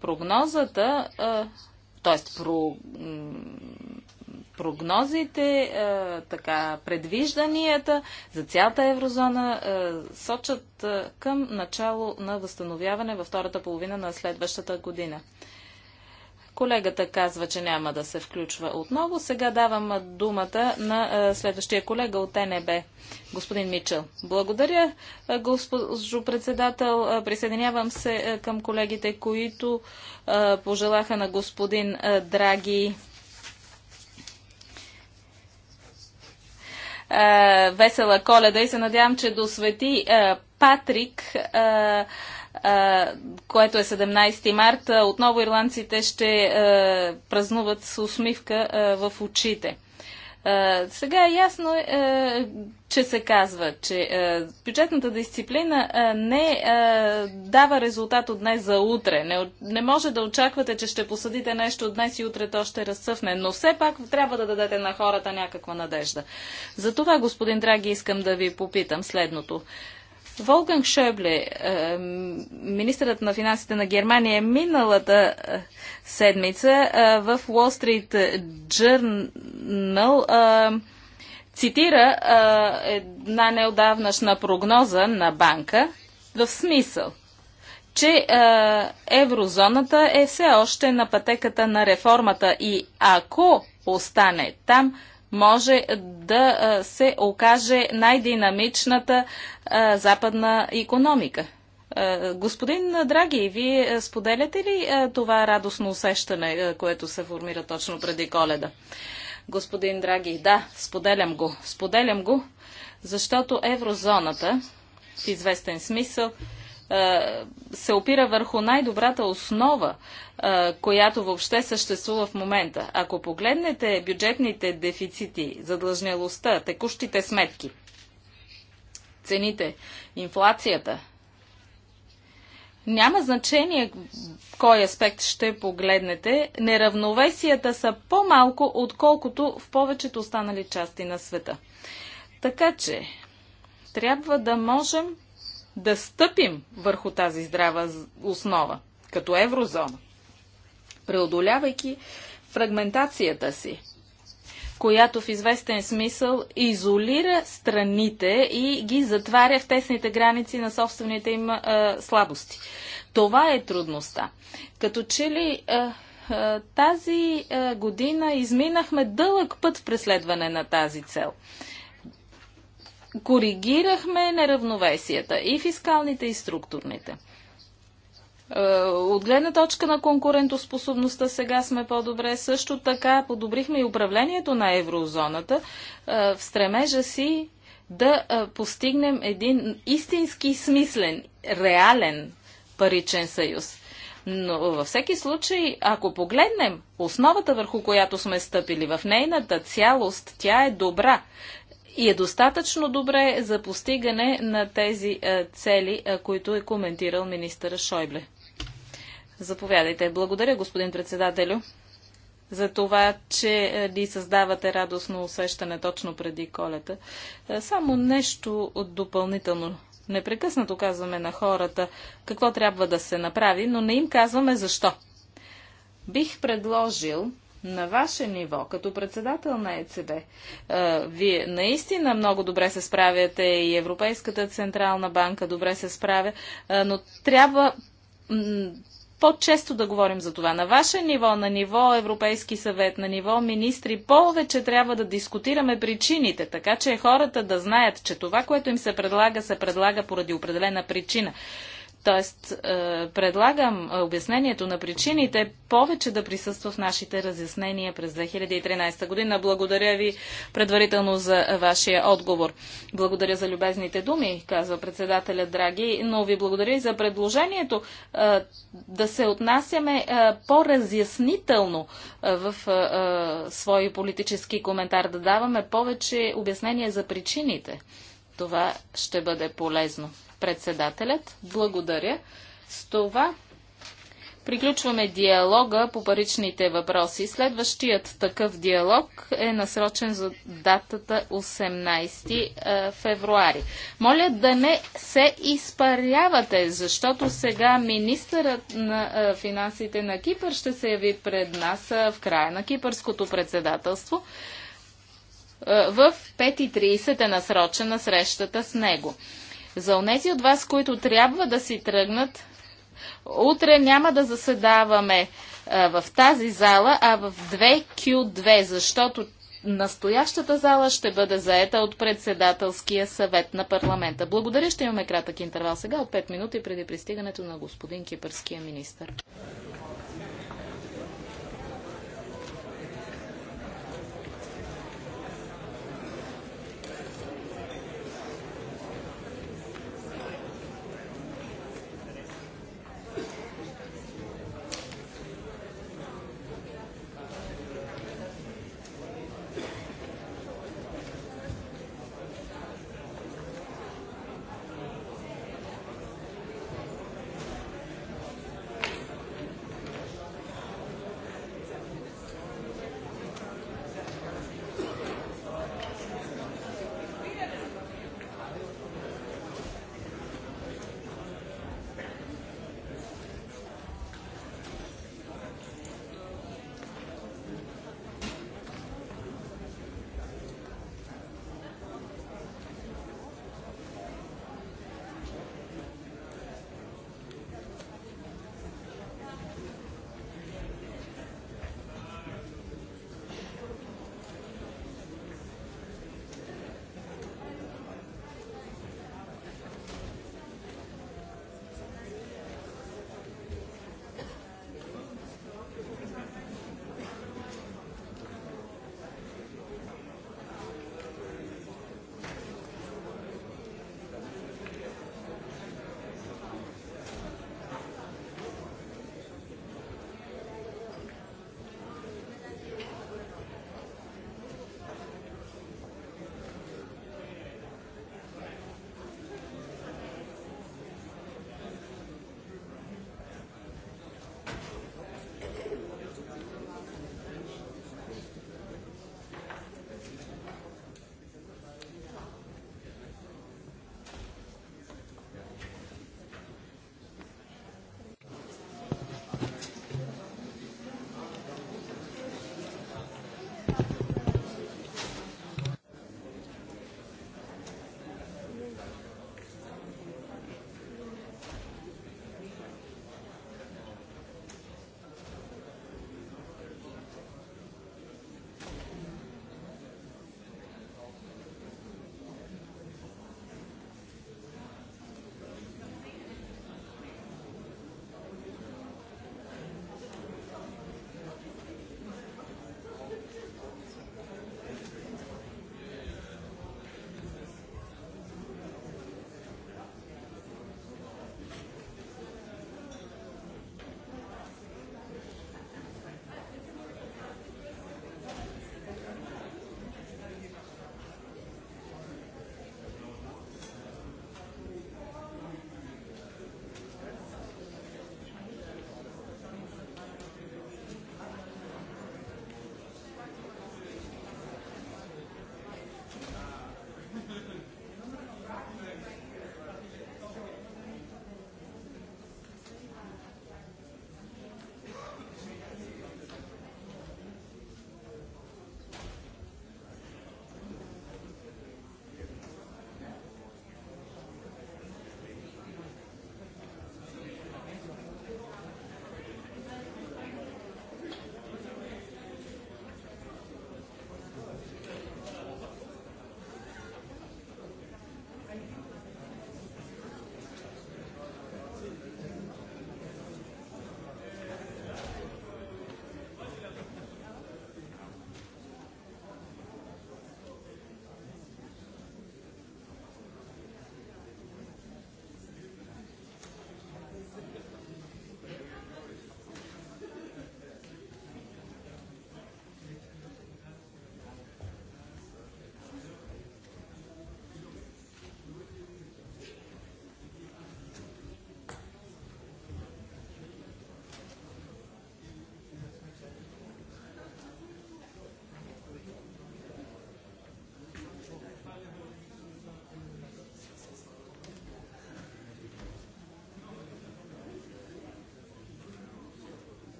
прогнозата, т.е прогнозите, е, така предвижданията за цялата еврозона е, сочат е, към начало на възстановяване във втората половина на следващата година. Колегата казва, че няма да се включва отново. Сега давам думата на следващия колега от НБ, господин Мичел. Благодаря, госпожо председател. Присъединявам се към колегите, които пожелаха на господин Драги Е, весела коледа и се надявам, че до свети е, Патрик, а, е, което е 17 марта, отново ирландците ще празнуват с усмивка в очите. Е, сега е ясно, е, че се казва, че е, бюджетната дисциплина не дава резултат от днес за утре. Не, не може да очаквате, че ще посадите нещо от днес и утре то ще разсъфне, но все пак трябва да дадете на хората някаква надежда. За това, господин Драги, искам да ви попитам следното. Волган Шъбле, е, министърът на финансите на Германия, миналата е, седмица е, в Wall Street Journal цитира една неодавнашна прогноза на банка в смисъл – че еврозоната е все още на пътеката на реформата и ако остане там, може да се окаже най-динамичната западна економика. Господин Драги, вие споделяте ли това радостно усещане, което се формира точно преди коледа? Господин Драги, да, споделям го. Споделям го, защото еврозоната в известен смисъл е, се опира върху най-добрата основа, е, която въобще съществува в момента. Ако погледнете бюджетните дефицити, задлъжнялостта, текущите сметки, цените, инфлацията, няма значение кой аспект ще погледнете, неравновесията са по-малко, отколкото в повечето останали части на света. Така че, трябва да можем да стъпим върху тази здрава основа, като еврозона, преодолявайки фрагментацията си, която в известен смисъл изолира страните и ги затваря в тесните граници на собствените им а, слабости. Това е трудността. Като че ли а, а, тази а, година изминахме дълъг път в преследване на тази цел. А, коригирахме неравновесията и фискалните, и структурните. Е, от гледна точка на конкурентоспособността сега сме по-добре. Също така подобрихме и управлението на еврозоната е, в стремежа си да е, постигнем един истински смислен, реален паричен съюз. Но във всеки случай, ако погледнем основата върху която сме стъпили в нейната цялост, тя е добра и е достатъчно добре за постигане на тези е, цели, е, които е коментирал министър Шойбле. Заповядайте. Благодаря, господин председателю, за това, че е, ни създавате радостно усещане точно преди колета. Само нещо допълнително. Непрекъснато казваме на хората какво трябва да се направи, но не им казваме защо. Бих предложил на ваше ниво, като председател на ЕЦБ, е, вие наистина много добре се справяте и Европейската Централна банка добре се справя, е, но трябва по-често да говорим за това. На ваше ниво, на ниво Европейски съвет, на ниво министри, повече трябва да дискутираме причините, така че хората да знаят, че това, което им се предлага, се предлага поради определена причина. Тоест, е, предлагам е, обяснението на причините повече да присъства в нашите разяснения през 2013 година. Благодаря ви предварително за вашия отговор. Благодаря за любезните думи, казва председателя Драги, но ви благодаря и за предложението е, да се отнасяме по-разяснително в свои политически коментар, да даваме повече обяснения за причините. Това ще бъде полезно. Председателят, благодаря. С това приключваме диалога по паричните въпроси. Следващият такъв диалог е насрочен за датата 18 февруари. Моля да не се изпарявате, защото сега министърът на финансите на Кипър ще се яви пред нас в края на кипърското председателство в 5.30 е насрочена срещата с него. За онези от вас, които трябва да си тръгнат, утре няма да заседаваме а, е, в тази зала, а в 2Q2, защото настоящата зала ще бъде заета от председателския съвет на парламента. Благодаря, ще имаме кратък интервал сега от 5 минути преди пристигането на господин кипърския министр.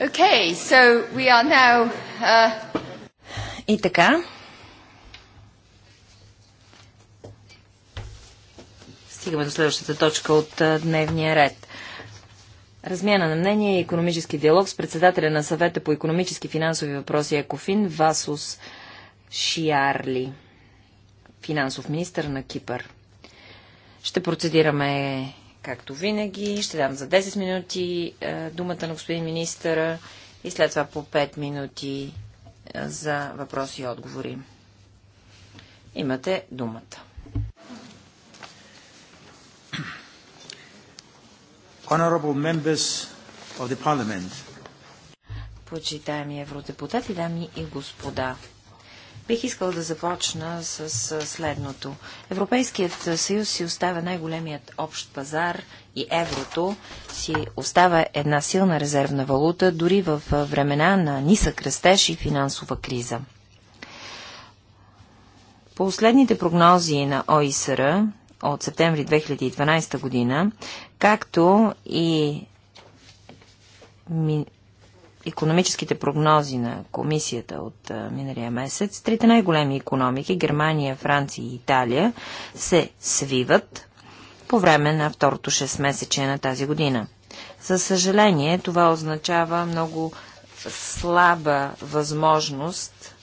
Okay, so we are now, uh... И така. Стигаме до следващата точка от дневния ред. Размяна на мнение и економически диалог с председателя на съвета по економически финансови въпроси Екофин Васус Шиарли, финансов министр на Кипър. Ще процедираме както винаги. Ще дам за 10 минути е, думата на господин министъра и след това по 5 минути е, за въпроси и отговори. Имате думата. Honorable members of the Parliament. Почитаеми евродепутати, дами и господа. Бих искал да започна с следното. Европейският съюз си остава най-големият общ пазар и еврото си остава една силна резервна валута, дори в времена на нисък растеж и финансова криза. По последните прогнози на ОИСР от септември 2012 година, както и економическите прогнози на комисията от миналия месец, трите най-големи економики Германия, Франция и Италия се свиват по време на второто 6 месече на тази година. За съжаление, това означава много слаба възможност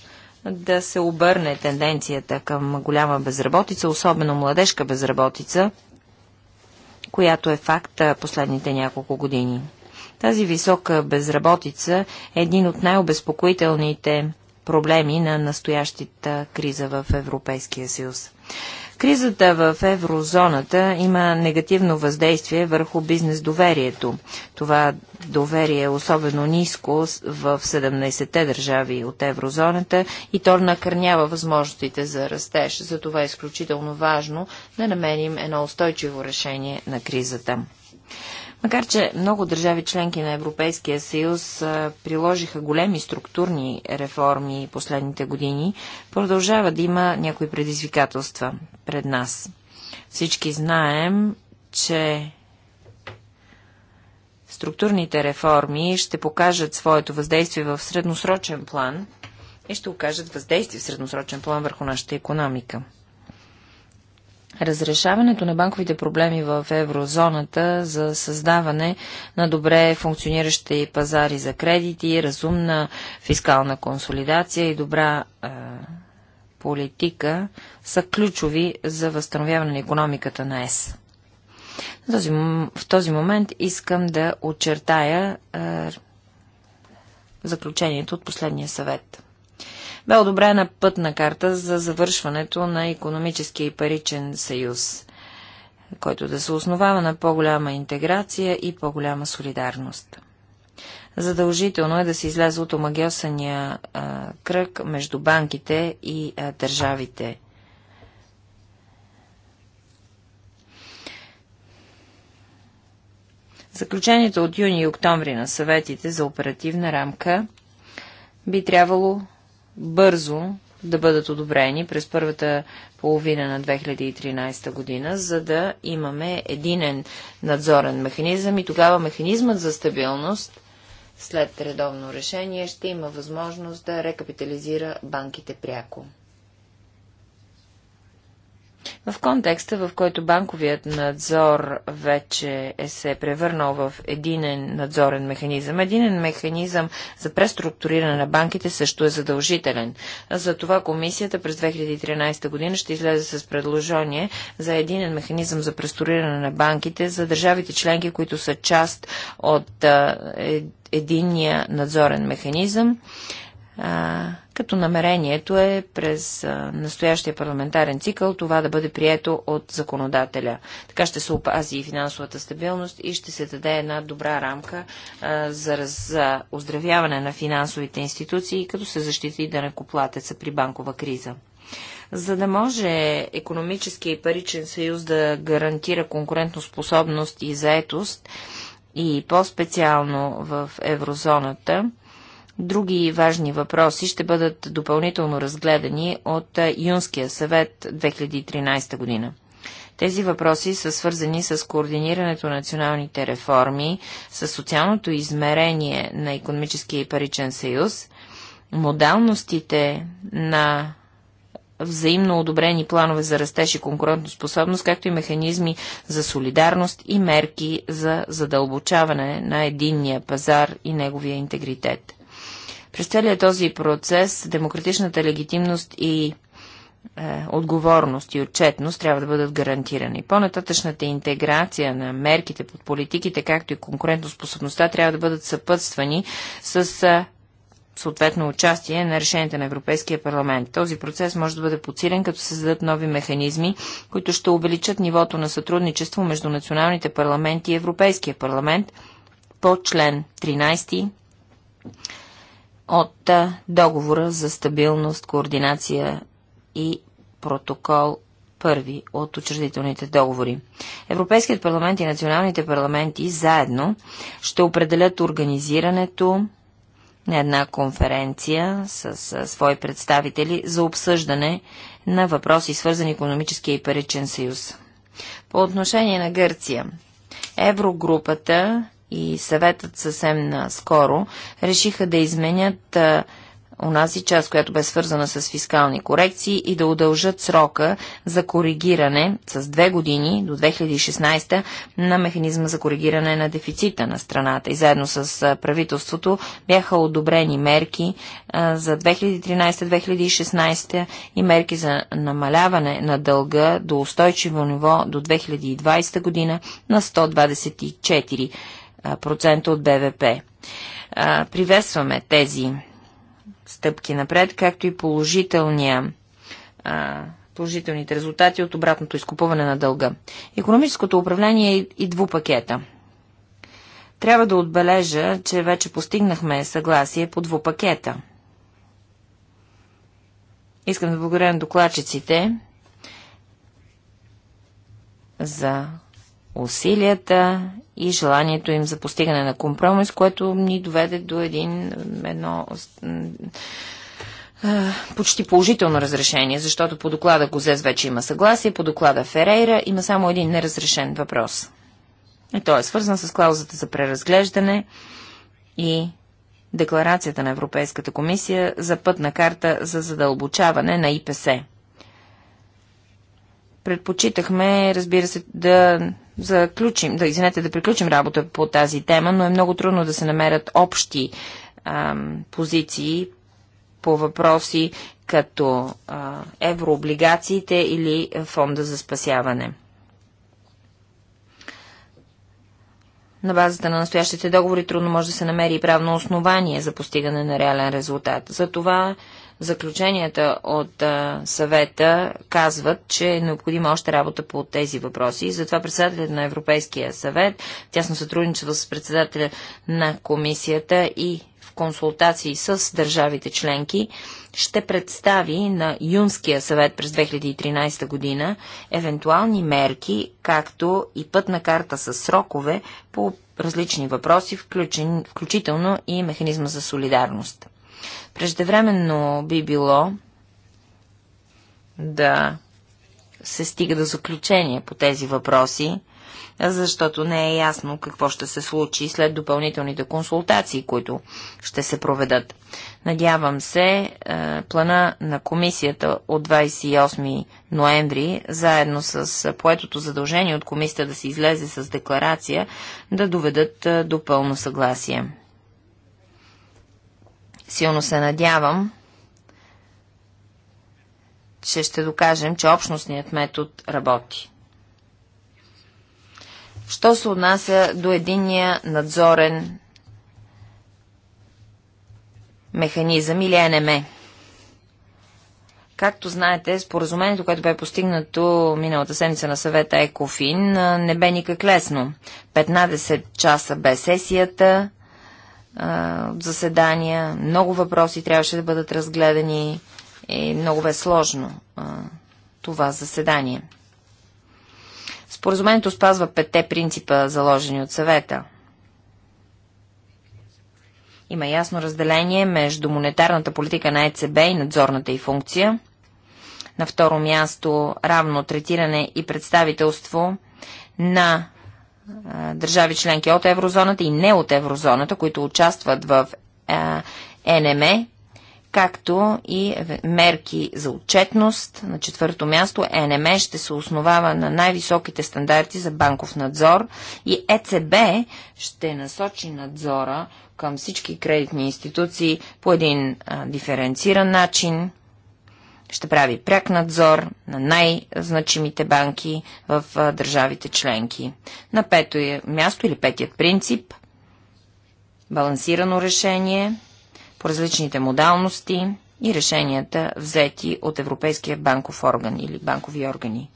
да се обърне тенденцията към голяма безработица, особено младежка безработица, която е факт последните няколко години. Тази висока безработица е един от най-обезпокоителните проблеми на настоящата криза в Европейския съюз. Кризата в еврозоната има негативно въздействие върху бизнес доверието. Това доверие е особено ниско в 17-те държави от еврозоната и то накърнява възможностите за растеж. Затова е изключително важно да намерим едно устойчиво решение на кризата. Макар, че много държави членки на Европейския съюз приложиха големи структурни реформи последните години, продължава да има някои предизвикателства пред нас. Всички знаем, че структурните реформи ще покажат своето въздействие в средносрочен план и ще окажат въздействие в средносрочен план върху нашата економика разрешаването на банковите проблеми в еврозоната за създаване на добре функциониращи пазари за кредити, разумна фискална консолидация и добра е, политика са ключови за възстановяване на економиката на ЕС. В този момент искам да очертая е, заключението от последния съвет бе одобрена пътна карта за завършването на економическия и паричен съюз, който да се основава на по-голяма интеграция и по-голяма солидарност. Задължително е да се излезе от омагиосания кръг между банките и а, държавите – Заключението от юни и октомври на съветите за оперативна рамка би трябвало бързо да бъдат одобрени през първата половина на 2013 година, за да имаме единен надзорен механизъм и тогава механизмът за стабилност след редовно решение ще има възможност да рекапитализира банките пряко. В контекста, в който банковият надзор вече е се превърнал в единен надзорен механизъм, единен механизъм за преструктуриране на банките също е задължителен. Затова комисията през 2013 година ще излезе с предложение за единен механизъм за преструктуриране на банките за държавите членки, които са част от е, единния надзорен механизъм а, като намерението е през а, настоящия парламентарен цикъл това да бъде прието от законодателя. Така ще се опази и финансовата стабилност и ще се даде една добра рамка а, за, за оздравяване на финансовите институции, като се защити да накоплатеца при банкова криза. За да може економическия и паричен съюз да гарантира конкурентоспособност и заетост, и по-специално в еврозоната, Други важни въпроси ще бъдат допълнително разгледани от Юнския съвет 2013 година. Тези въпроси са свързани с координирането на националните реформи, с социалното измерение на економическия и паричен съюз, модалностите на взаимно одобрени планове за растеж и конкурентоспособност, както и механизми за солидарност и мерки за задълбочаване на единния пазар и неговия интегритет. През целият този процес демократичната легитимност и е, отговорност и отчетност трябва да бъдат гарантирани. По-нататъчната интеграция на мерките под политиките, както и конкурентоспособността, трябва да бъдат съпътствани с е, съответно участие на решенията на Европейския парламент. Този процес може да бъде подсилен, като се създадат нови механизми, които ще увеличат нивото на сътрудничество между националните парламенти и Европейския парламент по член 13 от договора за стабилност, координация и протокол първи от учредителните договори. Европейският парламент и националните парламенти заедно ще определят организирането на една конференция с, с свои представители за обсъждане на въпроси, свързани економическия и паричен съюз. По отношение на Гърция, Еврогрупата и съветът съвсем наскоро решиха да изменят унази онази част, която бе свързана с фискални корекции и да удължат срока за коригиране с две години до 2016 на механизма за коригиране на дефицита на страната. И заедно с правителството бяха одобрени мерки за 2013-2016 и мерки за намаляване на дълга до устойчиво ниво до 2020 година на 124 процента от БВП. Приветстваме тези стъпки напред, както и положителния положителните резултати от обратното изкупуване на дълга. Економическото управление е и двупакета. Трябва да отбележа, че вече постигнахме съгласие по двупакета. Искам да благодаря на докладчиците за усилията и желанието им за постигане на компромис, което ни доведе до един, едно почти положително разрешение, защото по доклада Гозес вече има съгласие, по доклада Ферейра има само един неразрешен въпрос. И той е свързан с клаузата за преразглеждане и декларацията на Европейската комисия за пътна карта за задълбочаване на ИПС. Предпочитахме, разбира се, да заключим, да, извинете, да приключим работа по тази тема, но е много трудно да се намерят общи ам, позиции по въпроси като а, еврооблигациите или фонда за спасяване. На базата на настоящите договори трудно може да се намери и правно основание за постигане на реален резултат. Затова Заключенията от а, съвета казват, че е необходима още работа по тези въпроси. затова председателят на Европейския съвет, тясно сътрудничество с председателя на комисията и в консултации с държавите членки, ще представи на Юнския съвет през 2013 година евентуални мерки, както и пътна карта с срокове по различни въпроси, включен, включително и механизма за солидарност. Преждевременно би било да се стига до заключение по тези въпроси, защото не е ясно какво ще се случи след допълнителните консултации, които ще се проведат. Надявам се, е, плана на комисията от 28 ноември, заедно с е, поетото задължение от комисията да се излезе с декларация, да доведат е, до пълно съгласие. Силно се надявам, че ще докажем, че общностният метод работи. Що се отнася до единия надзорен механизъм или НМЕ? Както знаете, споразумението, което бе постигнато миналата седмица на съвета ЕКОФИН, не бе никак лесно. 15 часа бе сесията, заседания, много въпроси трябваше да бъдат разгледани и много бе сложно а, това заседание. Споразумението спазва петте принципа, заложени от съвета. Има ясно разделение между монетарната политика на ЕЦБ и надзорната й функция. На второ място равно третиране и представителство на държави членки от еврозоната и не от еврозоната, които участват в НМЕ, както и мерки за отчетност. На четвърто място НМЕ ще се основава на най-високите стандарти за банков надзор и ЕЦБ ще насочи надзора към всички кредитни институции по един диференциран начин, ще прави пряк надзор на най-значимите банки в държавите членки. На пето е място или петият принцип – балансирано решение по различните модалности и решенията взети от Европейския банков орган или банкови органи.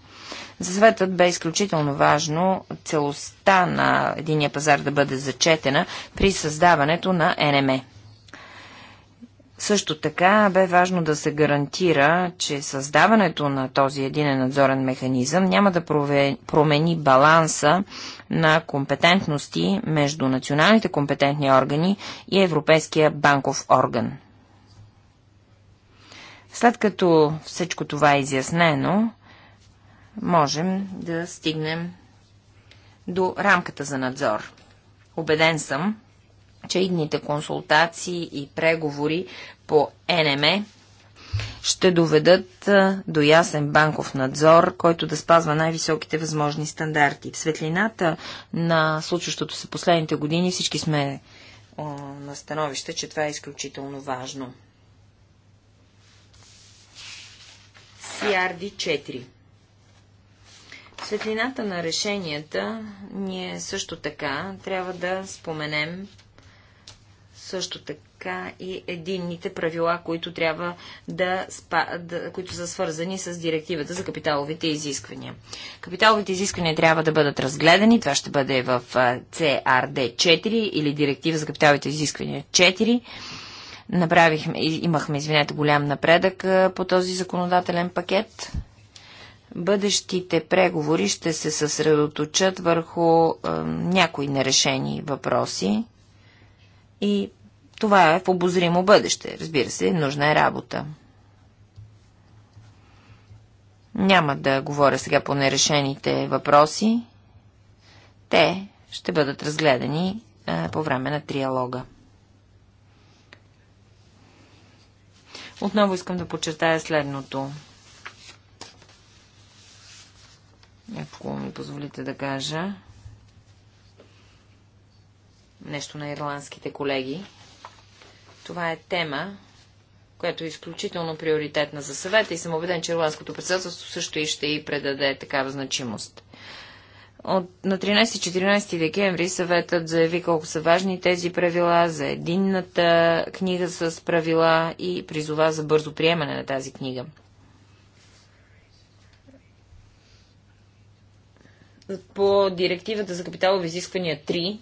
За светът бе изключително важно целостта на единия пазар да бъде зачетена при създаването на НМЕ. Също така бе важно да се гарантира, че създаването на този единен надзорен механизъм няма да промени баланса на компетентности между националните компетентни органи и Европейския банков орган. След като всичко това е изяснено, можем да стигнем до рамката за надзор. Обеден съм, че идните консултации и преговори по НМЕ ще доведат до ясен банков надзор, който да спазва най-високите възможни стандарти. В светлината на случващото се последните години всички сме на становище, че това е изключително важно. CRD 4 светлината на решенията ние също така трябва да споменем също така и единните правила, които трябва да, спа, да които са свързани с директивата за капиталовите изисквания. Капиталовите изисквания трябва да бъдат разгледани. Това ще бъде в CRD 4 или директива за капиталовите изисквания 4. Направихме, имахме, извинете, голям напредък по този законодателен пакет. Бъдещите преговори ще се съсредоточат върху е, някои нерешени въпроси и това е в обозримо бъдеще. Разбира се, нужна е работа. Няма да говоря сега по нерешените въпроси. Те ще бъдат разгледани а, по време на триалога. Отново искам да подчертая следното. Ако ми позволите да кажа нещо на ирландските колеги. Това е тема, която е изключително приоритетна за съвета и съм убеден, че ирландското председателство също и ще и предаде такава значимост. От, на 13-14 декември съветът заяви колко са важни тези правила за единната книга с правила и призова за бързо приемане на тази книга. По директивата за капиталови изисквания 3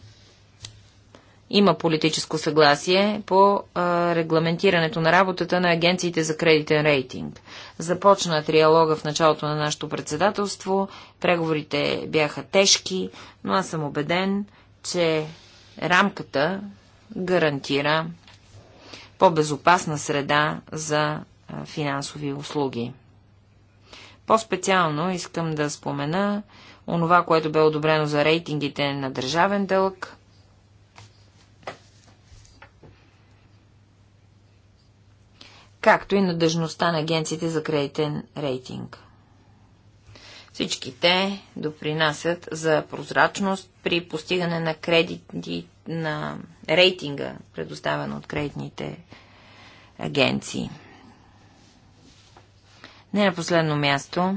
има политическо съгласие по а, регламентирането на работата на агенциите за кредитен рейтинг. Започна триалога в началото на нашето председателство, преговорите бяха тежки, но аз съм убеден, че рамката гарантира по-безопасна среда за финансови услуги. По-специално искам да спомена онова, което бе одобрено за рейтингите на държавен дълг, както и надъжността на агенциите за кредитен рейтинг. Всички те допринасят за прозрачност при постигане на кредити, на рейтинга, предоставен от кредитните агенции. Не на последно място,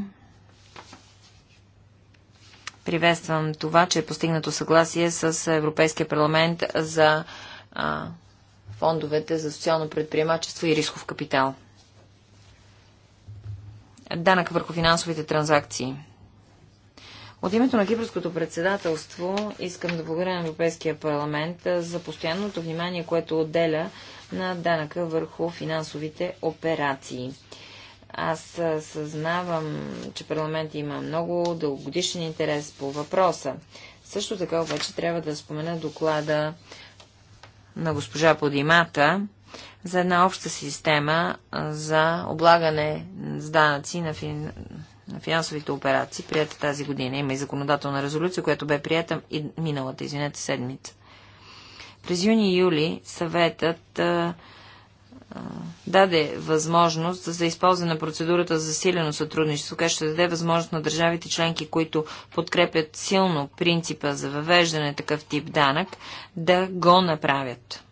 приветствам това, че е постигнато съгласие с Европейския парламент за а, фондовете за социално предприемачество и рисков капитал. Данък върху финансовите транзакции. От името на Кипрското председателство искам да благодаря на Европейския парламент за постоянното внимание, което отделя на данъка върху финансовите операции. Аз съзнавам, че парламент има много дългогодишен интерес по въпроса. Също така обаче трябва да спомена доклада на госпожа Подимата за една обща система за облагане с данъци на, фин... на финансовите операции, прията тази година. Има и законодателна резолюция, която бе прията и миналата, извинете, седмица. През юни и юли съветът даде възможност за използване на процедурата за силено сътрудничество, което ще даде възможност на държавите членки, които подкрепят силно принципа за въвеждане на такъв тип данък, да го направят.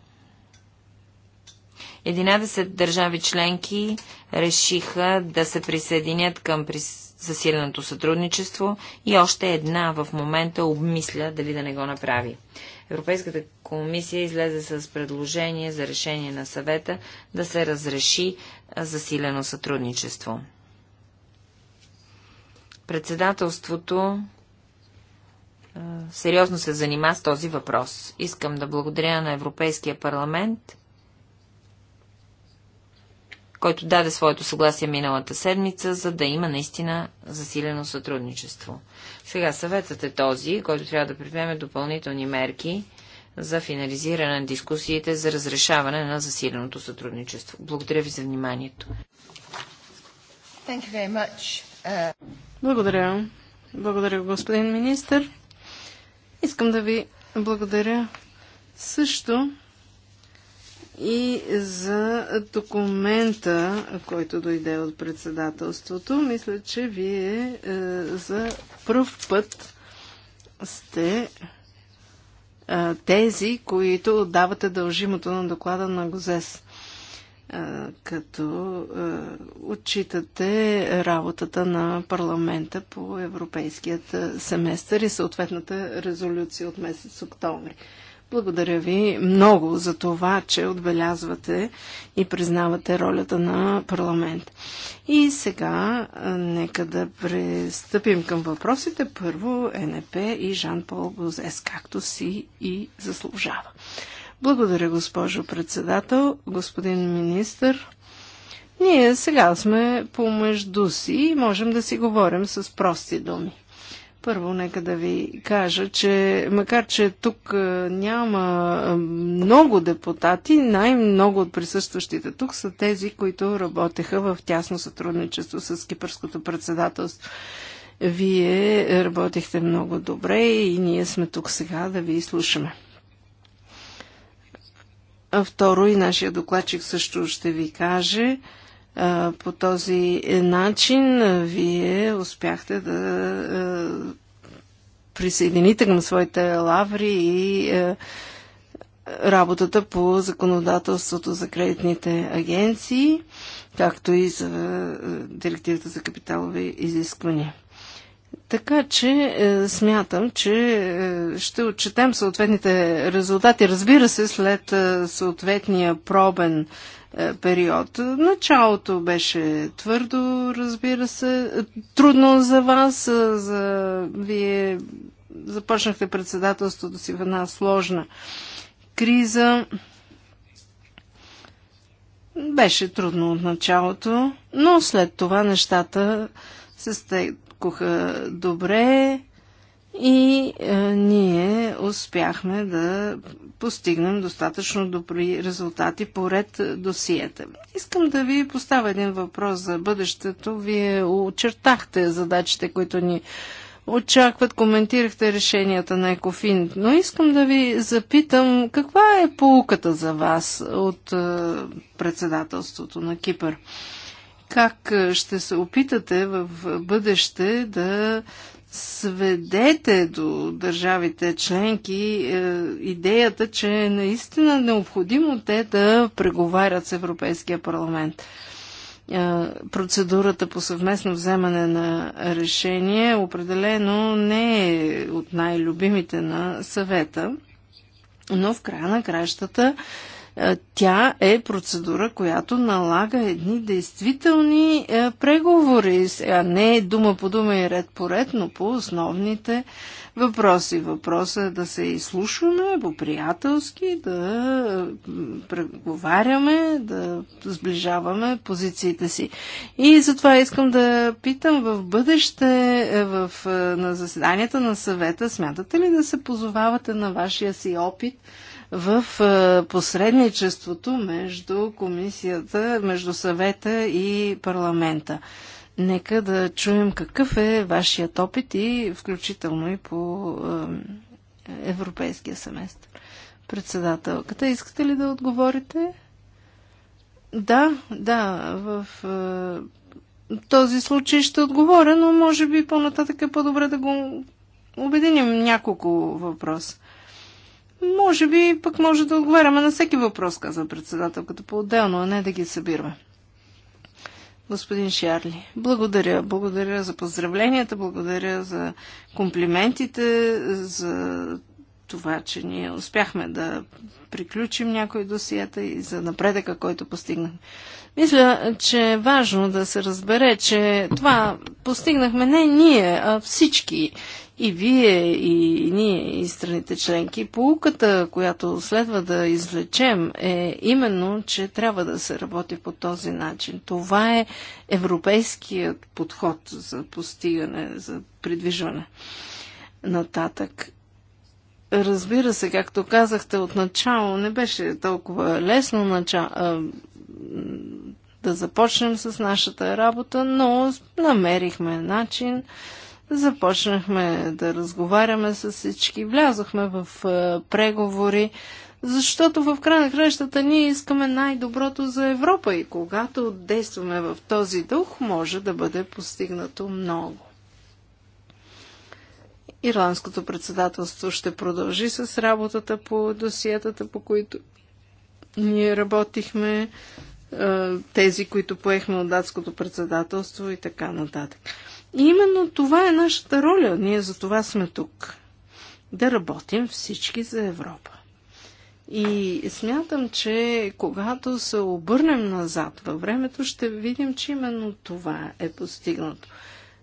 11 държави членки решиха да се присъединят към засиленото сътрудничество и още една в момента обмисля дали да не го направи. Европейската комисия излезе с предложение за решение на съвета да се разреши засилено сътрудничество. Председателството сериозно се занима с този въпрос. Искам да благодаря на Европейския парламент, който даде своето съгласие миналата седмица, за да има наистина засилено сътрудничество. Сега съветът е този, който трябва да предприеме допълнителни мерки за финализиране на дискусиите за разрешаване на засиленото сътрудничество. Благодаря ви за вниманието. Uh, благодаря. Благодаря, господин министр. Искам да ви благодаря също и за документа, който дойде от председателството. Мисля, че вие е, за пръв път сте тези, които отдавате дължимото на доклада на ГОЗЕС като отчитате работата на парламента по европейският семестър и съответната резолюция от месец октомври. Благодаря ви много за това, че отбелязвате и признавате ролята на парламент. И сега нека да пристъпим към въпросите. Първо НП и Жан-Пол Бозес, както си и заслужава. Благодаря, госпожо председател, господин министър. Ние сега сме помежду си и можем да си говорим с прости думи. Първо, нека да ви кажа, че макар, че тук няма много депутати, най-много от присъстващите тук са тези, които работеха в тясно сътрудничество с Кипърското председателство. Вие работихте много добре и ние сме тук сега да ви слушаме. А второ и нашия докладчик също ще ви каже – по този начин вие успяхте да присъедините към своите лаври и работата по законодателството за кредитните агенции, както и за директивата за капиталови изисквания. Така че е, смятам, че е, ще отчетем съответните резултати. Разбира се, след е, съответния пробен е, период. Началото беше твърдо, разбира се, трудно за вас, е, за... вие започнахте председателството си в една сложна криза. Беше трудно от началото, но след това нещата се стекоха добре и е, ние успяхме да постигнем достатъчно добри резултати по ред досиета. Искам да ви поставя един въпрос за бъдещето. Вие очертахте задачите, които ни очакват, коментирахте решенията на Екофин, но искам да ви запитам каква е полуката за вас от е, председателството на Кипър? Как е, ще се опитате в бъдеще да сведете до държавите членки е, идеята, че е наистина необходимо те да преговарят с Европейския парламент. Е, процедурата по съвместно вземане на решение определено не е от най-любимите на съвета, но в края на кращата е, е, тя е процедура, която налага едни действителни е, преговори, а не дума по дума и ред по ред, но по основните въпроси. Въпросът е да се изслушваме по-приятелски, да преговаряме, да сближаваме позициите си. И затова искам да питам в бъдеще, е, в, на заседанията на съвета, смятате ли да се позовавате на вашия си опит? в е, посредничеството между комисията, между съвета и парламента. Нека да чуем какъв е вашият опит и включително и по е, европейския семестър. Председателката, искате ли да отговорите? Да, да, в е, този случай ще отговоря, но може би по-нататък е по-добре да го обединим няколко въпроса. Може би пък може да отговаряме на всеки въпрос, казва председателката по-отделно, а не да ги събираме. Господин Шарли, благодаря. Благодаря за поздравленията, благодаря за комплиментите, за това, че ние успяхме да приключим някои досията и за напредъка, който постигнахме. Мисля, че е важно да се разбере, че това постигнахме не ние, а всички и вие, и ние, и страните членки, полуката, която следва да извлечем е именно, че трябва да се работи по този начин. Това е европейският подход за постигане, за придвижване нататък. Разбира се, както казахте отначало, не беше толкова лесно начало, а, да започнем с нашата работа, но намерихме начин. Започнахме да разговаряме с всички, влязохме в е, преговори, защото в край на кращата ние искаме най-доброто за Европа и когато действаме в този дух, може да бъде постигнато много. Ирландското председателство ще продължи с работата по досиетата, по които ние работихме, е, тези, които поехме от датското председателство и така нататък. И именно това е нашата роля. Ние за това сме тук. Да работим всички за Европа. И смятам, че когато се обърнем назад във времето, ще видим, че именно това е постигнато.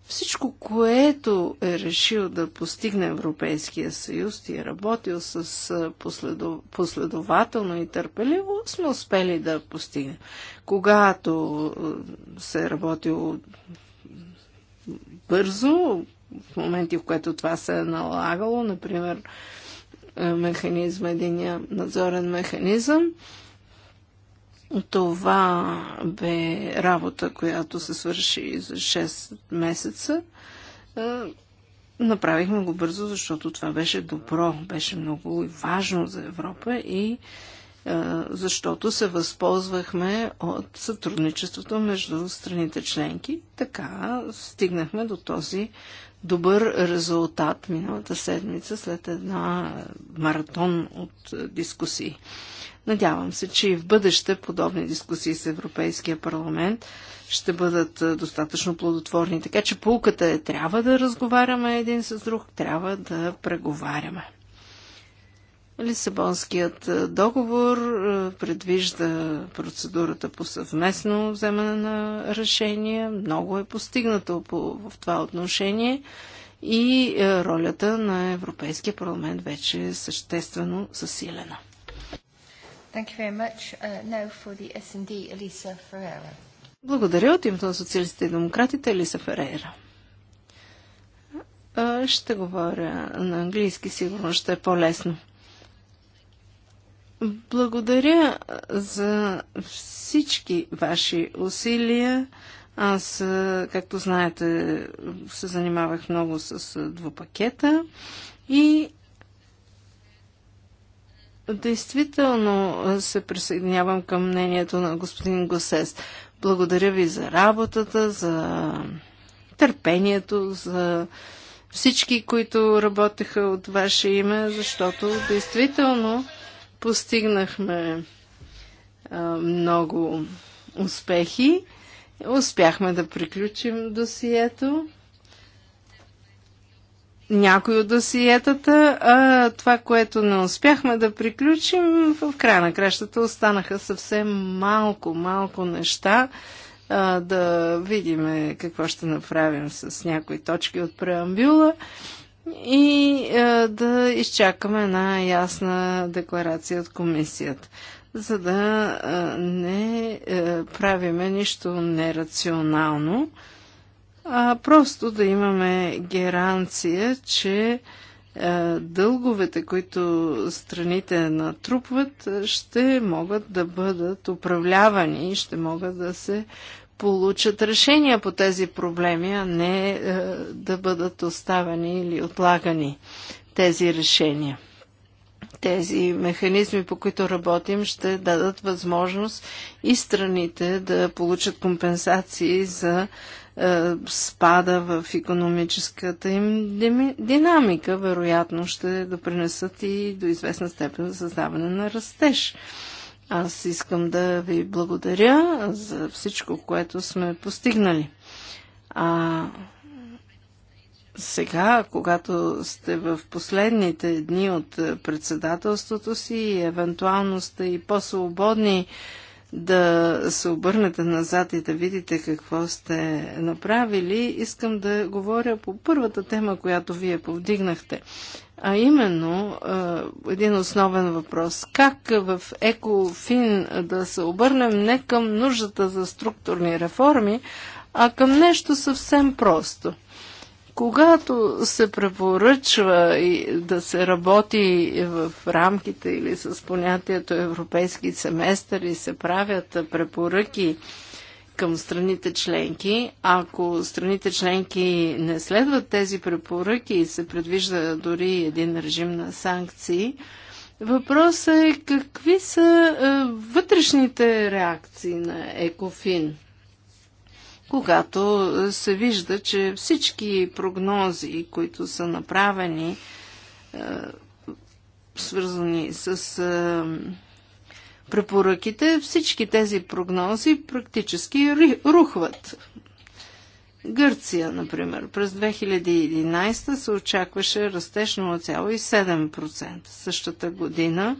Всичко, което е решил да постигне Европейския съюз и е работил с последов... последователно и търпеливо, сме успели да постигнем. Когато се е работил бързо, в моменти, в което това се е налагало, например е, механизъм, единия надзорен механизъм. Това бе работа, която се свърши за 6 месеца. Е, направихме го бързо, защото това беше добро, беше много важно за Европа и защото се възползвахме от сътрудничеството между страните членки. Така стигнахме до този добър резултат миналата седмица след една маратон от дискусии. Надявам се, че и в бъдеще подобни дискусии с Европейския парламент ще бъдат достатъчно плодотворни. Така че полката е трябва да разговаряме един с друг, трябва да преговаряме. Лисабонският е, договор е, предвижда процедурата по съвместно вземане на решения. Много е постигнато в това отношение и е, ролята на Европейския парламент вече е съществено засилена. Uh, Благодаря от името на социалистите и демократите Елиса Ферейра. Ще говоря на английски, сигурно ще е по-лесно. Благодаря за всички ваши усилия. Аз, както знаете, се занимавах много с двупакета и действително се присъединявам към мнението на господин Госес. Благодаря ви за работата, за търпението, за всички, които работеха от ваше име, защото действително Постигнахме много успехи. Успяхме да приключим досието. Някои от досиетата, а това, което не успяхме да приключим, в края на кращата останаха съвсем малко, малко неща. А, да видим какво ще направим с някои точки от преамбюла и е, да изчакаме една ясна декларация от комисията, за да е, не е, правиме нищо нерационално, а просто да имаме гаранция, че е, дълговете, които страните натрупват, ще могат да бъдат управлявани и ще могат да се получат решения по тези проблеми, а не е, да бъдат оставени или отлагани тези решения. Тези механизми, по които работим, ще дадат възможност и страните да получат компенсации за е, спада в економическата им динамика. Вероятно ще допринесат и до известна степен за създаване на растеж. Аз искам да ви благодаря за всичко, което сме постигнали. А сега, когато сте в последните дни от председателството си и евентуално сте и по-свободни да се обърнете назад и да видите какво сте направили, искам да говоря по първата тема, която вие повдигнахте а именно, един основен въпрос. Как в Екофин да се обърнем не към нуждата за структурни реформи, а към нещо съвсем просто – когато се препоръчва и да се работи в рамките или с понятието европейски семестър и се правят препоръки към страните членки. Ако страните членки не следват тези препоръки и се предвижда дори един режим на санкции, въпросът е какви са е, вътрешните реакции на Екофин, когато се вижда, че всички прогнози, които са направени, е, свързани с. Е, препоръките, всички тези прогнози практически рухват. Гърция, например, през 2011 се очакваше растеж 0,7%. Същата година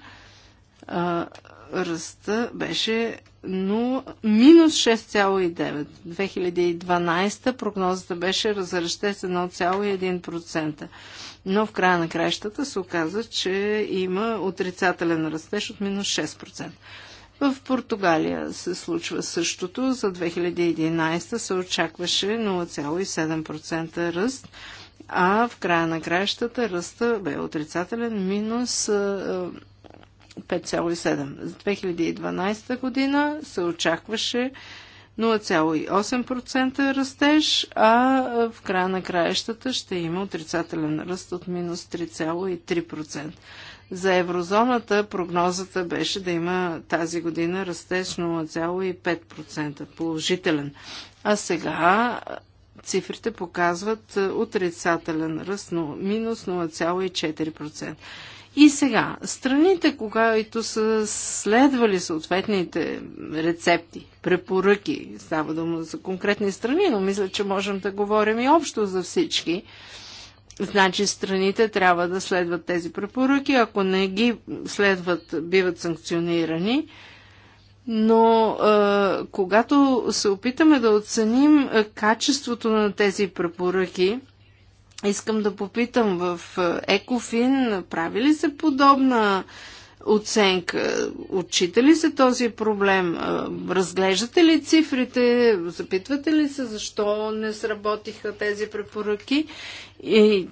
а, ръста беше 0, минус 6,9%. 2012 прогнозата беше за растеж 1,1% но в края на краищата се оказа, че има отрицателен растеж от минус 6%. В Португалия се случва същото. За 2011 се очакваше 0,7% ръст, а в края на краищата ръста бе отрицателен минус 5,7. За 2012 година се очакваше 0,8% растеж, а в края на краищата ще има отрицателен ръст от минус 3,3%. За еврозоната прогнозата беше да има тази година растеж 0,5% положителен. А сега цифрите показват отрицателен ръст, но минус 0,4%. И сега, страните, когато са следвали съответните рецепти, препоръки, става дума за конкретни страни, но мисля, че можем да говорим и общо за всички, Значи страните трябва да следват тези препоръки, ако не ги следват, биват санкционирани. Но е, когато се опитаме да оценим качеството на тези препоръки, Искам да попитам в е, Екофин, прави ли се подобна оценка? Отчита ли се този проблем? Е, разглеждате ли цифрите? Запитвате ли се защо не сработиха тези препоръки? И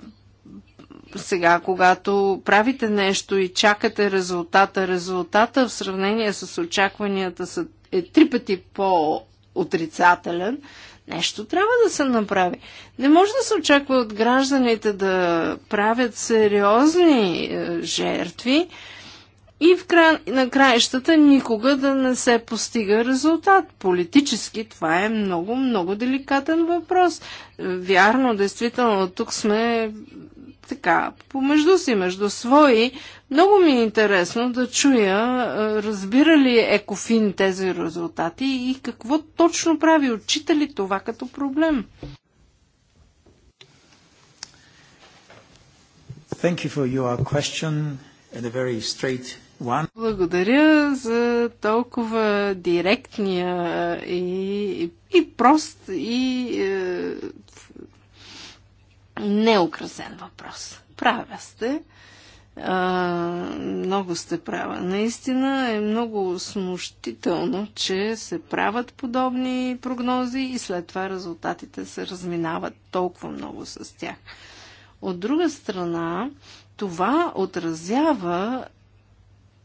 сега, когато правите нещо и чакате резултата, резултата в сравнение с очакванията е три пъти по-отрицателен. Нещо трябва да се направи. Не може да се очаква от гражданите да правят сериозни е, жертви и в кра... на краищата никога да не се постига резултат. Политически това е много, много деликатен въпрос. Вярно, действително, тук сме така, помежду си, между свои, много ми е интересно да чуя, разбира ли Екофин тези резултати и какво точно прави, отчита ли това като проблем? Thank you for your question and a very straight one. Благодаря за толкова директния и, и прост и е, неукрасен въпрос. Правя сте. А, много сте права. Наистина е много смущително, че се правят подобни прогнози и след това резултатите се разминават толкова много с тях. От друга страна, това отразява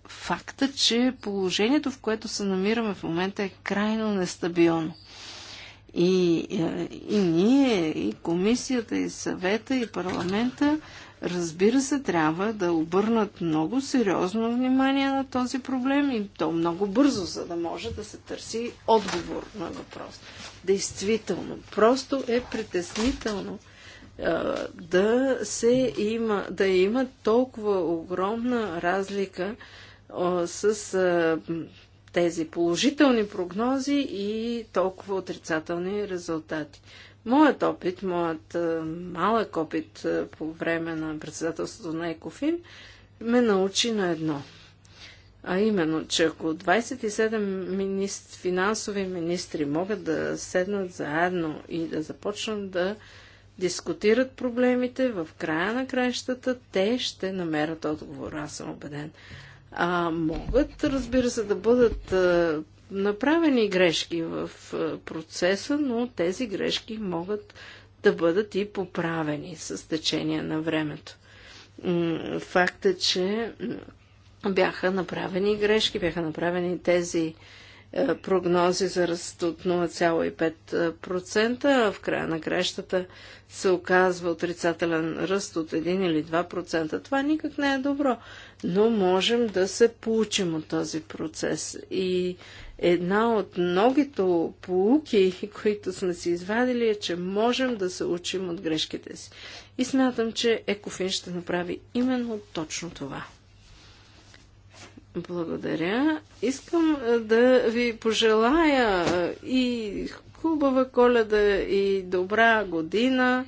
факта, че положението, в което се намираме в момента е крайно нестабилно. И, е, и ние, и комисията, и съвета, и парламента, разбира се, трябва да обърнат много сериозно внимание на този проблем и то много бързо, за да може да се търси отговор на въпрос. Действително, просто е притеснително е, да се има, да има толкова огромна разлика е, с тези положителни прогнози и толкова отрицателни резултати. Моят опит, моят е, малък опит е, по време на председателството на Екофин ме научи на едно. А именно, че ако 27 министр, финансови министри могат да седнат заедно и да започнат да дискутират проблемите, в края на краищата те ще намерят отговор. Аз съм убеден. А, могат, разбира се, да бъдат а, направени грешки в а, процеса, но тези грешки могат да бъдат и поправени с течение на времето. Факт е, че бяха направени грешки, бяха направени тези е, прогнози за ръст от 0,5%, а в края на кращата се оказва отрицателен ръст от 1 или 2%. Това никак не е добро, но можем да се получим от този процес. И една от многото полуки, [laughs] които сме си извадили, е, че можем да се учим от грешките си. И смятам, че Екофин ще направи именно точно това. Благодаря. Искам е, да ви пожелая е, и хубава коледа и добра година.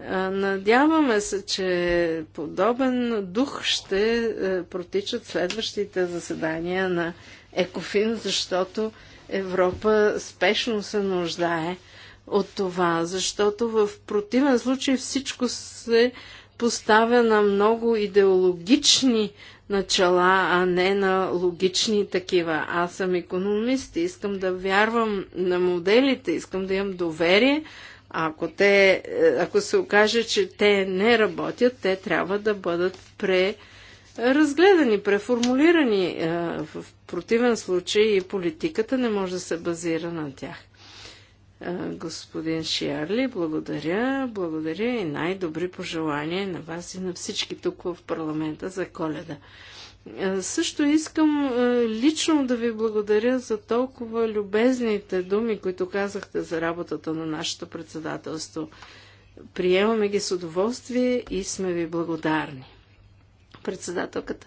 Е, надяваме се, че подобен дух ще протичат следващите заседания на Екофин, защото Европа спешно се нуждае от това, защото в противен случай всичко се поставя на много идеологични начала, а не на логични такива. Аз съм економист и искам да вярвам на моделите, искам да имам доверие. Ако, те, ако се окаже, че те не работят, те трябва да бъдат преразгледани, преформулирани. В противен случай и политиката не може да се базира на тях господин Шиарли. Благодаря. Благодаря и най-добри пожелания на вас и на всички тук в парламента за коледа. Също искам лично да ви благодаря за толкова любезните думи, които казахте за работата на нашето председателство. Приемаме ги с удоволствие и сме ви благодарни. Председателката.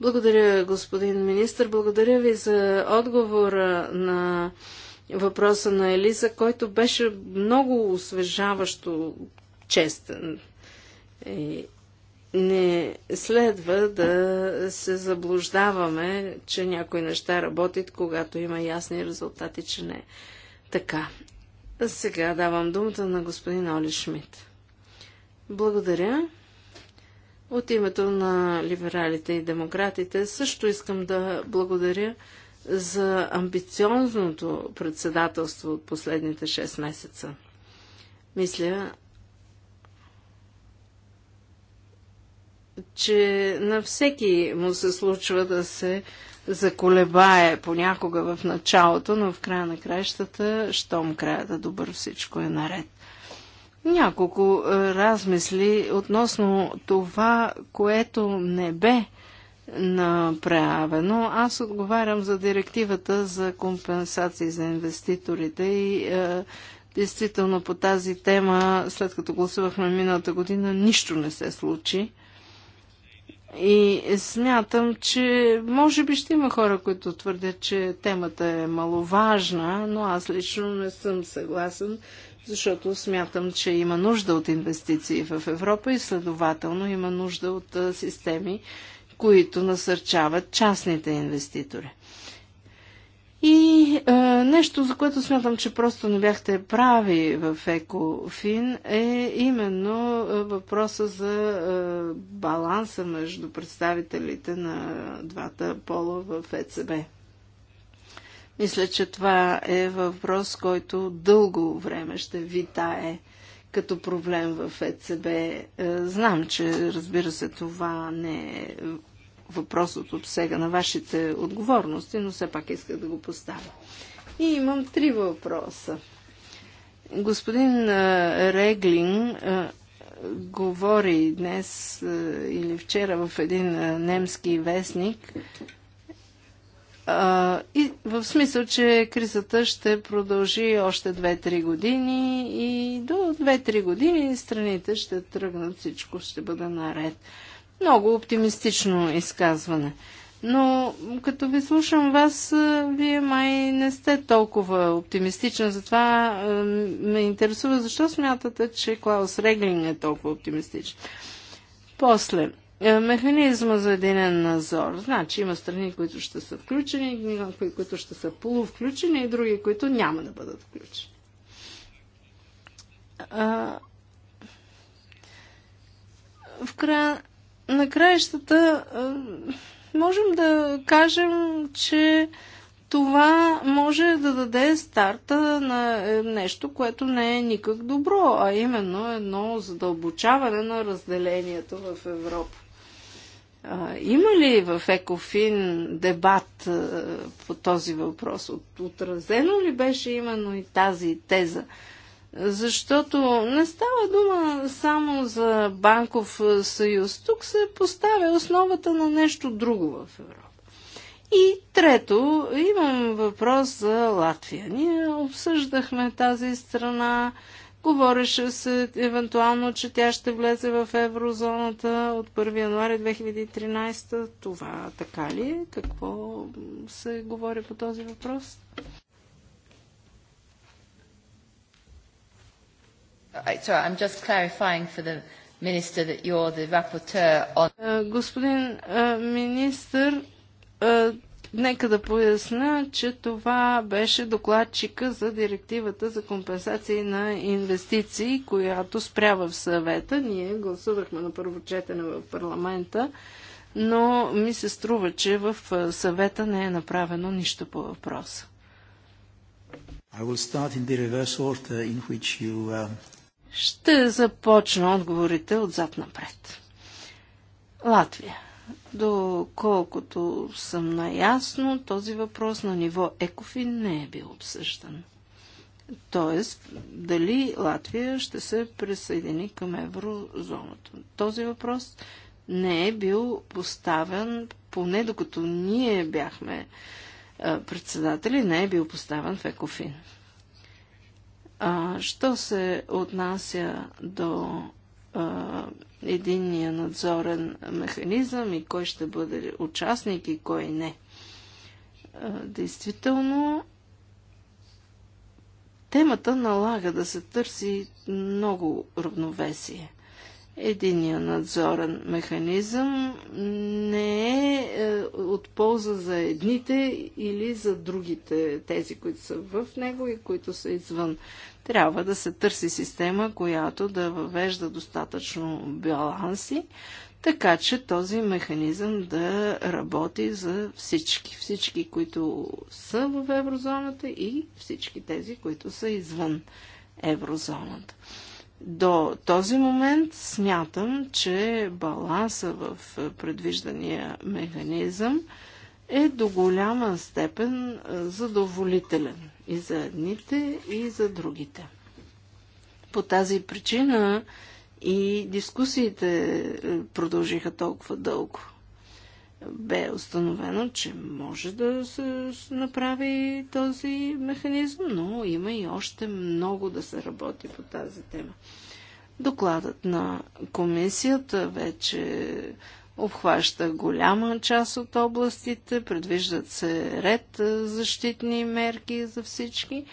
Благодаря, господин министр. Благодаря ви за отговора на въпроса на Елиза, който беше много освежаващо честен. не следва да се заблуждаваме, че някои неща работят, когато има ясни резултати, че не. Така. Сега давам думата на господин Оли Шмидт. Благодаря. От името на либералите и демократите също искам да благодаря за амбициозното председателство от последните 6 месеца. Мисля, че на всеки му се случва да се заколебае понякога в началото, но в края на краищата, щом края да добър, всичко е наред. Няколко е, размисли относно това, което не бе направено. Аз отговарям за директивата за компенсации за инвеститорите и е, действително по тази тема, след като гласувахме миналата година, нищо не се случи. И смятам, че може би ще има хора, които твърдят, че темата е маловажна, но аз лично не съм съгласен, защото смятам, че има нужда от инвестиции в Европа и следователно има нужда от е, системи, които насърчават частните инвеститори. И е, нещо, за което смятам, че просто не бяхте прави в Екофин, е именно е, въпроса за е, баланса между представителите на двата пола в ЕЦБ. Мисля, че това е въпрос, който дълго време ще витае като проблем в ЕЦБ. Е, знам, че разбира се това не е въпрос от обсега на вашите отговорности, но все пак исках да го поставя. И имам три въпроса. Господин е, Реглин е, говори днес или вчера в един немски вестник, а, и в смисъл, че кризата ще продължи още 2-3 години и до 2-3 години страните ще тръгнат, всичко ще бъде наред. Много оптимистично изказване. Но като ви слушам вас, вие май не сте толкова оптимистична. затова е, ме интересува защо смятате, че Клаус Реглинг е толкова оптимистичен. После, е, механизма за единен надзор. Значи има страни, които ще са включени, които ще са полувключени и други, които няма да бъдат включени. в края на краищата можем да кажем, че това може да даде старта на е, нещо, което не е никак добро, а именно едно задълбочаване на разделението в Европа има ли в Екофин дебат по този въпрос? От, отразено ли беше именно и тази теза? Защото не става дума само за банков съюз. Тук се поставя основата на нещо друго в Европа. И трето, имам въпрос за Латвия. Ние обсъждахме тази страна Говореше се евентуално, че тя ще влезе в еврозоната от 1 януаря 2013. Това така ли е? Какво се говори по този въпрос? Господин министър, Нека да поясна, че това беше докладчика за директивата за компенсации на инвестиции, която спря в съвета. Ние гласувахме на първо четене в парламента, но ми се струва, че в съвета не е направено нищо по въпроса. Uh, Ще започна отговорите отзад напред. Латвия. Доколкото съм наясно, този въпрос на ниво ЕКОФИН не е бил обсъждан. Тоест, дали Латвия ще се присъедини към еврозоната? Този въпрос не е бил поставен, поне докато ние бяхме председатели, не е бил поставен в ЕКОФИН. А, що се отнася до единния надзорен механизъм и кой ще бъде участник и кой не. Действително, темата налага да се търси много равновесие. Единия надзорен механизъм не е, е от полза за едните или за другите, тези, които са в него и които са извън трябва да се търси система, която да въвежда достатъчно баланси, така че този механизъм да работи за всички. Всички, които са в еврозоната и всички тези, които са извън еврозоната. До този момент смятам, че баланса в предвиждания механизъм е до голяма степен задоволителен и за едните, и за другите. По тази причина и дискусиите е, продължиха толкова дълго. Бе установено, че може да се направи този механизъм, но има и още много да се работи по тази тема. Докладът на комисията вече обхваща голяма част от областите, предвиждат се ред защитни мерки за всички,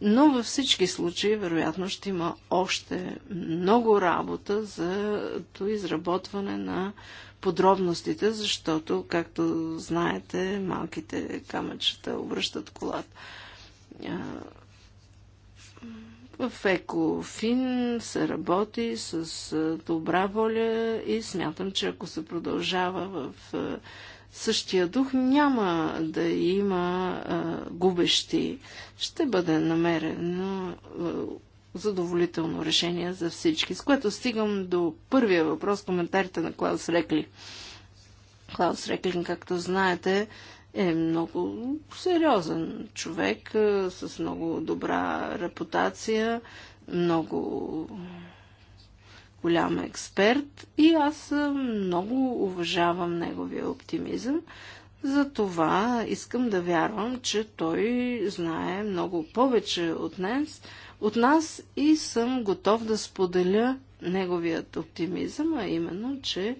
но във всички случаи вероятно ще има още много работа за изработване на подробностите, защото, както знаете, малките камъчета обръщат колата. В Екофин се работи с добра воля и смятам, че ако се продължава в същия дух, няма да има губещи. Ще бъде намерено задоволително решение за всички. С което стигам до първия въпрос, коментарите на Клаус Реклин. Клаус Реклин, както знаете, е много сериозен човек е, с много добра репутация, много голям експерт и аз е, много уважавам неговия оптимизъм, затова искам да вярвам, че той знае много повече от нас, от нас и съм готов да споделя неговият оптимизъм, а именно, че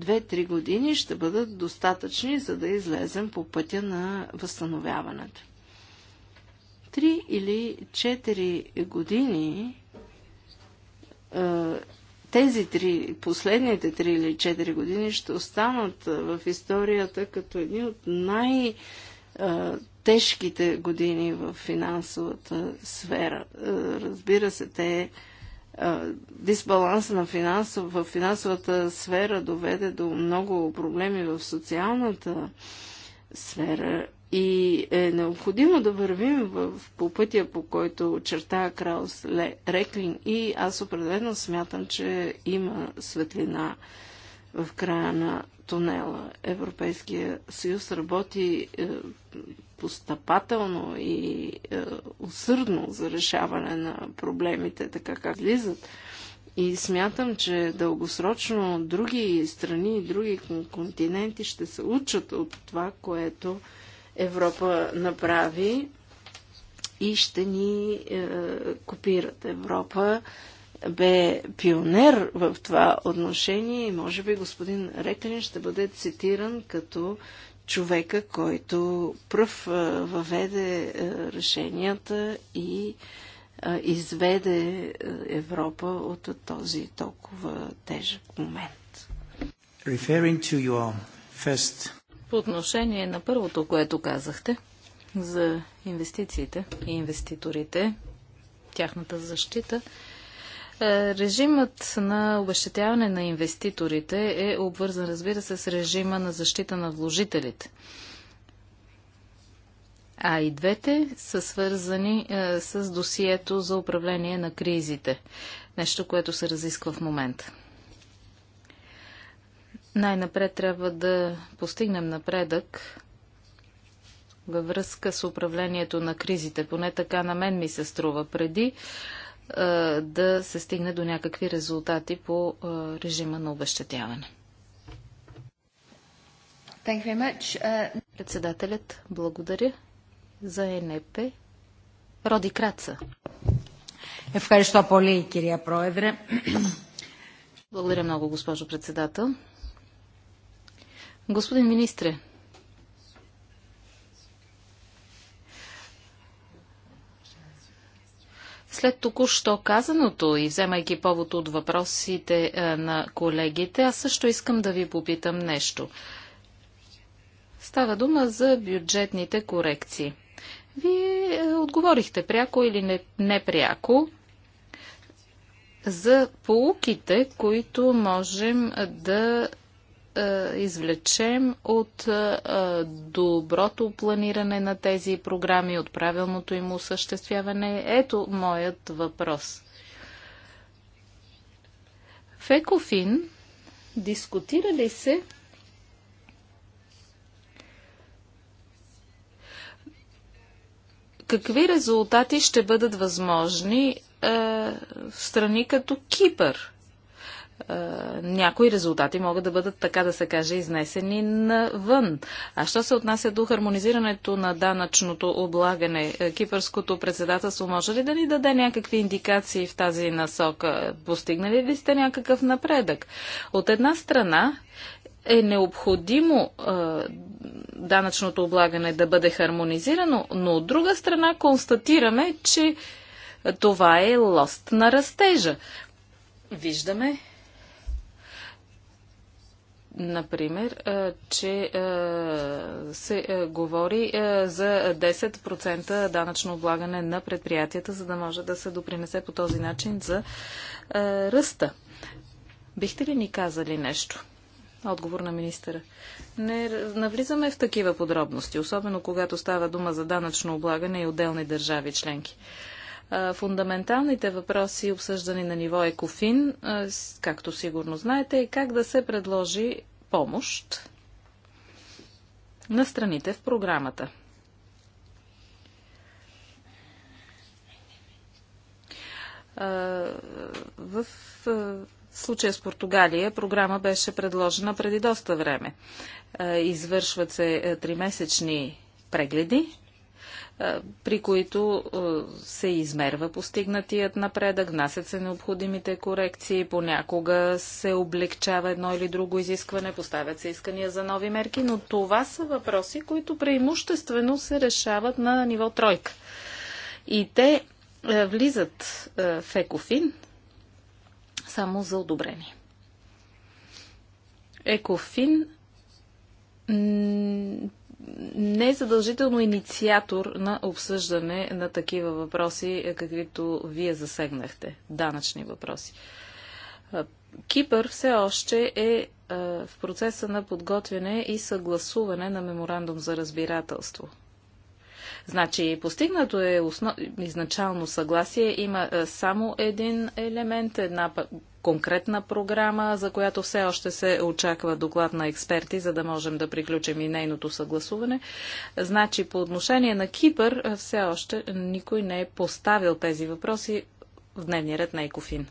2-3 години ще бъдат достатъчни, за да излезем по пътя на възстановяването. Три или четири години е, тези три, последните три или четири години ще останат в историята като едни от най- тежките години в финансовата сфера. Разбира се, те дисбаланса на финансов, в финансовата сфера доведе до много проблеми в социалната сфера и е необходимо да вървим в, по пътя, по който очертава Краус Реклин. И аз определено смятам, че има светлина в края на тунела. Европейския съюз работи е, постъпателно и е, усърдно за решаване на проблемите, така как влизат. И смятам, че дългосрочно други страни и други континенти ще се учат от това, което Европа направи и ще ни е, копират. Европа бе пионер в това отношение и може би господин Реклин ще бъде цитиран като човека, който пръв е, въведе е, решенията и е, изведе е, Европа от този толкова тежък момент. Referring to your first по отношение на първото, което казахте за инвестициите и инвеститорите, тяхната защита, е, Режимът на обещетяване на инвеститорите е обвързан, разбира се, с режима на защита на вложителите. А и двете са свързани е, с досието за управление на кризите. Нещо, което се разисква в момента. Най-напред трябва да постигнем напредък във връзка с управлението на кризите. Поне така на мен ми се струва преди да се стигне до някакви резултати по режима на обещатяване. Uh... Председателят, благодаря за ЕНП. Роди Краца. Ευχαριστώ πολύ, κυρία Πρόεδρε. Благодаря много, госпожо председател. Господин министре, След току-що казаното и вземайки повод от въпросите е, на колегите, аз също искам да ви попитам нещо. Става дума за бюджетните корекции. Вие е, отговорихте пряко или не, непряко за полуките, които можем да е, извлечем от е, е, доброто планиране на тези програми, от правилното им осъществяване? Ето моят въпрос. В Екофин дискутира ли се какви резултати ще бъдат възможни в страни като Кипър? Е, някои резултати могат да бъдат, така да се каже, изнесени навън. А що се отнася до хармонизирането на данъчното облагане, е, кипърското председателство може ли да ни даде някакви индикации в тази насока? Постигнали ли сте някакъв напредък? От една страна е необходимо е, данъчното облагане да бъде хармонизирано, но от друга страна констатираме, че това е лост на растежа. Виждаме, Например, че се говори за 10% данъчно облагане на предприятията, за да може да се допринесе по този начин за ръста. Бихте ли ни казали нещо? Отговор на министъра. Не навлизаме в такива подробности, особено когато става дума за данъчно облагане и отделни държави членки фундаменталните въпроси, обсъждани на ниво ЕКОФИН, както сигурно знаете, е как да се предложи помощ на страните в програмата. В случая с Португалия програма беше предложена преди доста време. Извършват се е, тримесечни прегледи при които се измерва постигнатият напредък, внасят се необходимите корекции, понякога се облегчава едно или друго изискване, поставят се искания за нови мерки, но това са въпроси, които преимуществено се решават на ниво тройка. И те влизат в Екофин само за одобрение. Екофин не е задължително инициатор на обсъждане на такива въпроси, е, каквито вие засегнахте, данъчни въпроси. Кипър все още е в процеса на подготвяне и съгласуване на меморандум за разбирателство. Значи, постигнато е основ... изначално съгласие, има само един елемент, една конкретна програма, за която все още се очаква доклад на експерти, за да можем да приключим и нейното съгласуване. Значи по отношение на Кипър все още никой не е поставил тези въпроси в дневния ред на Екофин.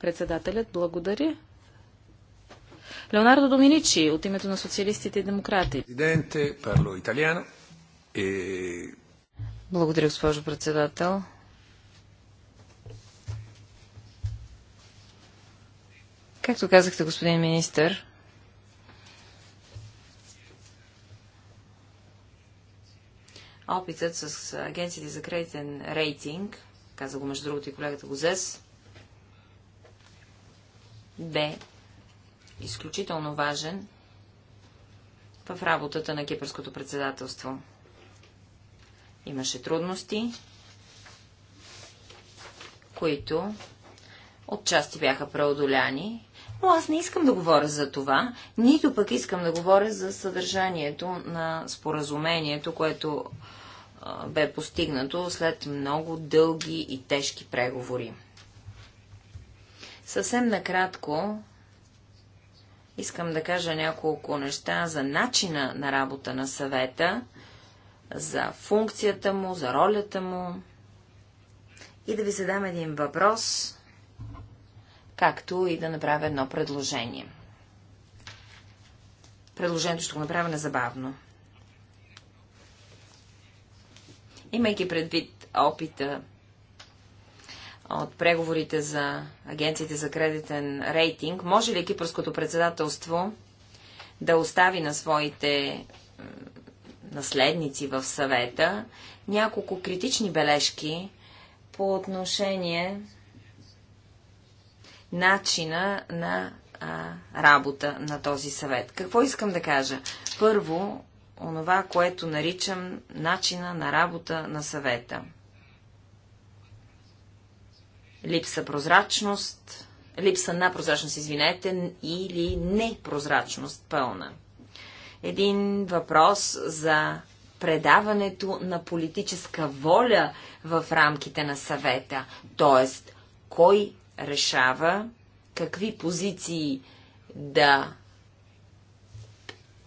Председателят, благодаря. Леонардо Доминичи от името на социалистите и демократи. Е, благодаря, госпожо председател. Както казахте, господин министър, опитът с агенциите за кредитен рейтинг, каза го между другото и колегата Гозес, бе изключително важен в работата на кипърското председателство. Имаше трудности, които отчасти бяха преодоляни, но аз не искам да говоря за това, нито пък искам да говоря за съдържанието на споразумението, което а, бе постигнато след много дълги и тежки преговори. Съвсем накратко искам да кажа няколко неща за начина на работа на съвета, за функцията му, за ролята му и да ви задам един въпрос, както и да направя едно предложение. Предложението ще го направя незабавно. Имайки предвид опита от преговорите за агенциите за кредитен рейтинг, може ли кипърското председателство да остави на своите наследници в съвета няколко критични бележки по отношение начина на а, работа на този съвет. Какво искам да кажа? Първо, онова, което наричам начина на работа на съвета. Липса прозрачност, липса на прозрачност, извинете, или непрозрачност пълна. Един въпрос за предаването на политическа воля в рамките на съвета, т.е. кой решава какви позиции да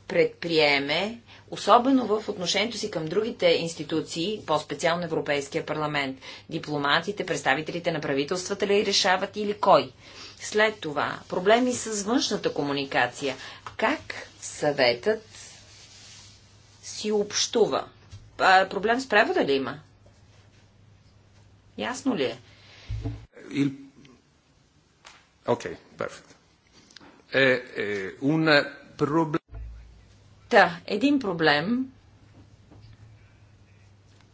предприеме, особено в отношението си към другите институции, по-специално Европейския парламент. Дипломатите, представителите на правителствата ли решават или кой? След това, проблеми с външната комуникация. Как съветът си общува? А, проблем с превода ли има? Ясно ли е? Ok, perfect. Eh, eh, un Да, един проблем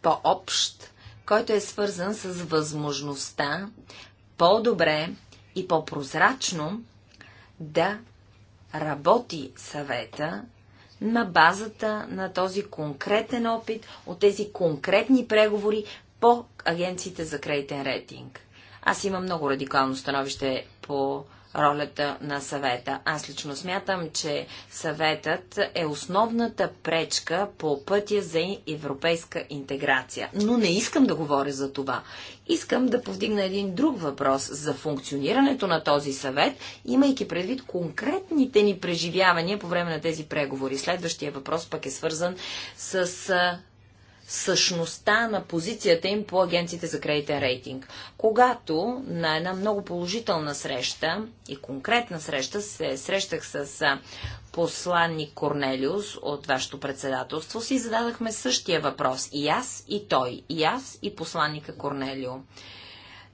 по-общ, който е свързан с възможността по-добре и по-прозрачно да работи съвета на базата на този конкретен опит, от тези конкретни преговори по агенциите за кредитен рейтинг. Аз имам много радикално становище по ролята на съвета. Аз лично смятам, че съветът е основната пречка по пътя за европейска интеграция. Но не искам да говоря за това. Искам да повдигна един друг въпрос за функционирането на този съвет, имайки предвид конкретните ни преживявания по време на тези преговори. Следващия въпрос пък е свързан с същността на позицията им по агенциите за кредитен рейтинг. Когато на една много положителна среща и конкретна среща се срещах с посланник Корнелиус от вашето председателство, си зададахме същия въпрос. И аз, и той. И аз, и посланника Корнелио.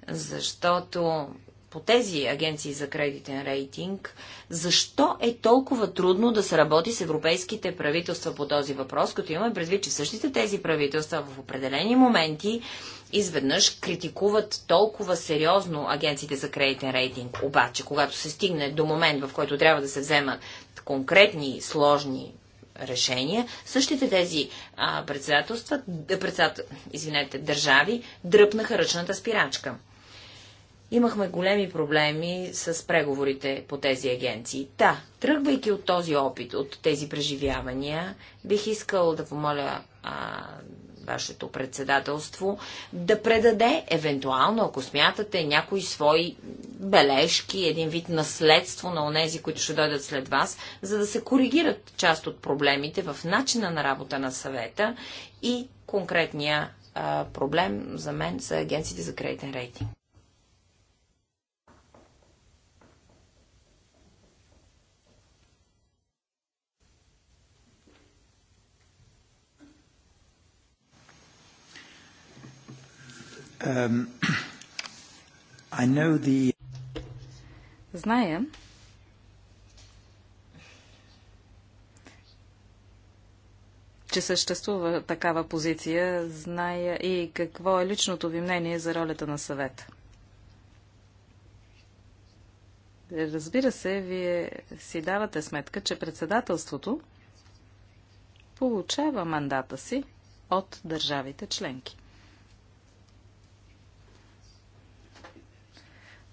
Защото по тези агенции за кредитен рейтинг, защо е толкова трудно да се работи с европейските правителства по този въпрос, като имаме предвид, че същите тези правителства в определени моменти изведнъж критикуват толкова сериозно агенциите за кредитен рейтинг. Обаче, когато се стигне до момент, в който трябва да се вземат конкретни, сложни решения, същите тези а, председателства, председател, извинете, държави дръпнаха ръчната спирачка. Имахме големи проблеми с преговорите по тези агенции. Та, да, тръгвайки от този опит, от тези преживявания, бих искал да помоля а, вашето председателство да предаде, евентуално, ако смятате, някои свои бележки, един вид наследство на онези, които ще дойдат след вас, за да се коригират част от проблемите в начина на работа на съвета и конкретния проблем за мен са агенциите за кредитен рейтинг. Зная, че съществува такава позиция, зная и какво е личното ви мнение за ролята на съвета. Разбира се, вие си давате сметка, че председателството получава мандата си от държавите членки.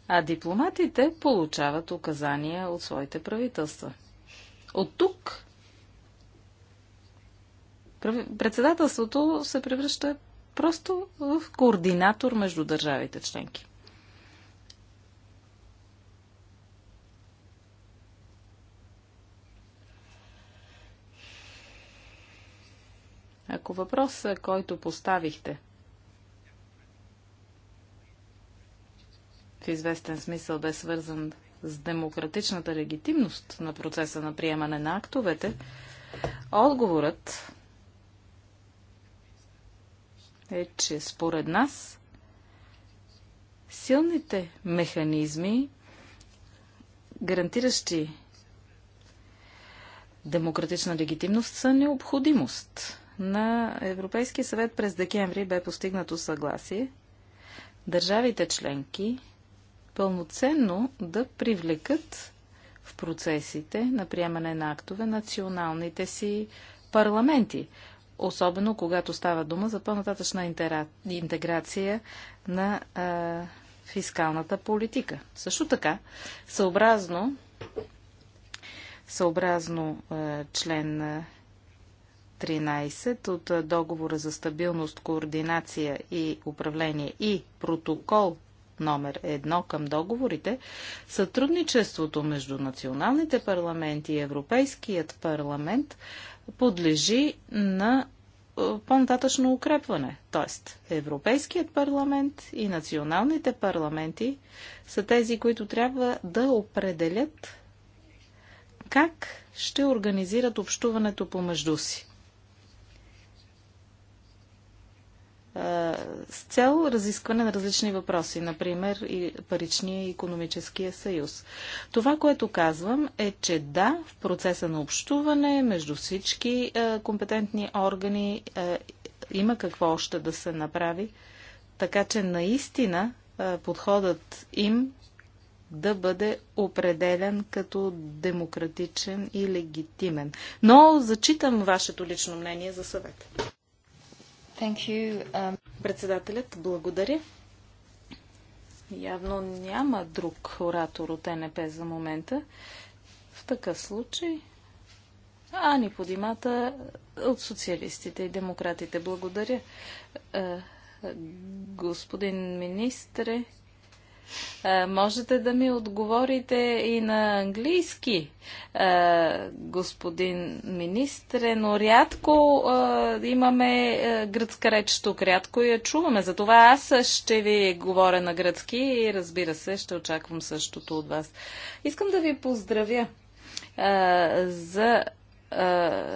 а дипломатите получават указания от своите правителства. От тук председателството се превръща просто в координатор между държавите членки. Ако въпросът, който поставихте, в известен смисъл бе свързан с демократичната легитимност на процеса на приемане на актовете, отговорът е, че според нас силните механизми, гарантиращи демократична легитимност, са необходимост. На Европейския съвет през декември бе постигнато съгласие държавите членки пълноценно да привлекат в процесите на приемане на актове националните си парламенти, особено когато става дума за пълнататъчна интеграция на а, фискалната политика. Също така, съобразно, съобразно а, член 13 от договора за стабилност, координация и управление и протокол номер едно към договорите, сътрудничеството между националните парламенти и Европейският парламент подлежи на е, по-нататъчно укрепване. Тоест, Европейският парламент и националните парламенти са тези, които трябва да определят как ще организират общуването помежду си. с цел разискване на различни въпроси, например и паричния и економическия съюз. Това, което казвам е, че да, в процеса на общуване между всички е, компетентни органи е, има какво още да се направи, така че наистина е, подходът им да бъде определен като демократичен и легитимен. Но зачитам вашето лично мнение за съвет. Um... Председателят, благодаря. Явно няма друг оратор от НП за момента. В такъв случай Ани Подимата от социалистите и демократите. Благодаря. Е, господин министре, Можете да ми отговорите и на английски, господин министре, но рядко имаме гръцка реч тук, рядко я чуваме. Затова аз ще ви говоря на гръцки и разбира се, ще очаквам същото от вас. Искам да ви поздравя за е,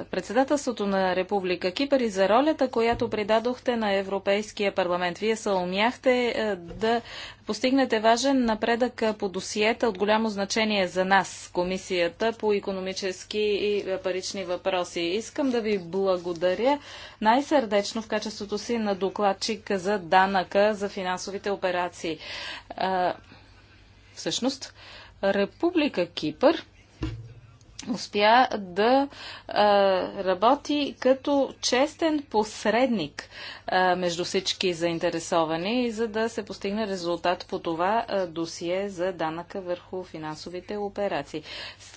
председателството на Република Кипър и за ролята, която придадохте на Европейския парламент. Вие се умяхте е, да постигнете важен напредък по досиета от голямо значение за нас, Комисията по економически и парични въпроси. Искам да ви благодаря най-сърдечно в качеството си на докладчик за данъка за финансовите операции. Е, всъщност, Република Кипър успя да а, работи като честен посредник а, между всички заинтересовани, за да се постигне резултат по това а, досие за данъка върху финансовите операции.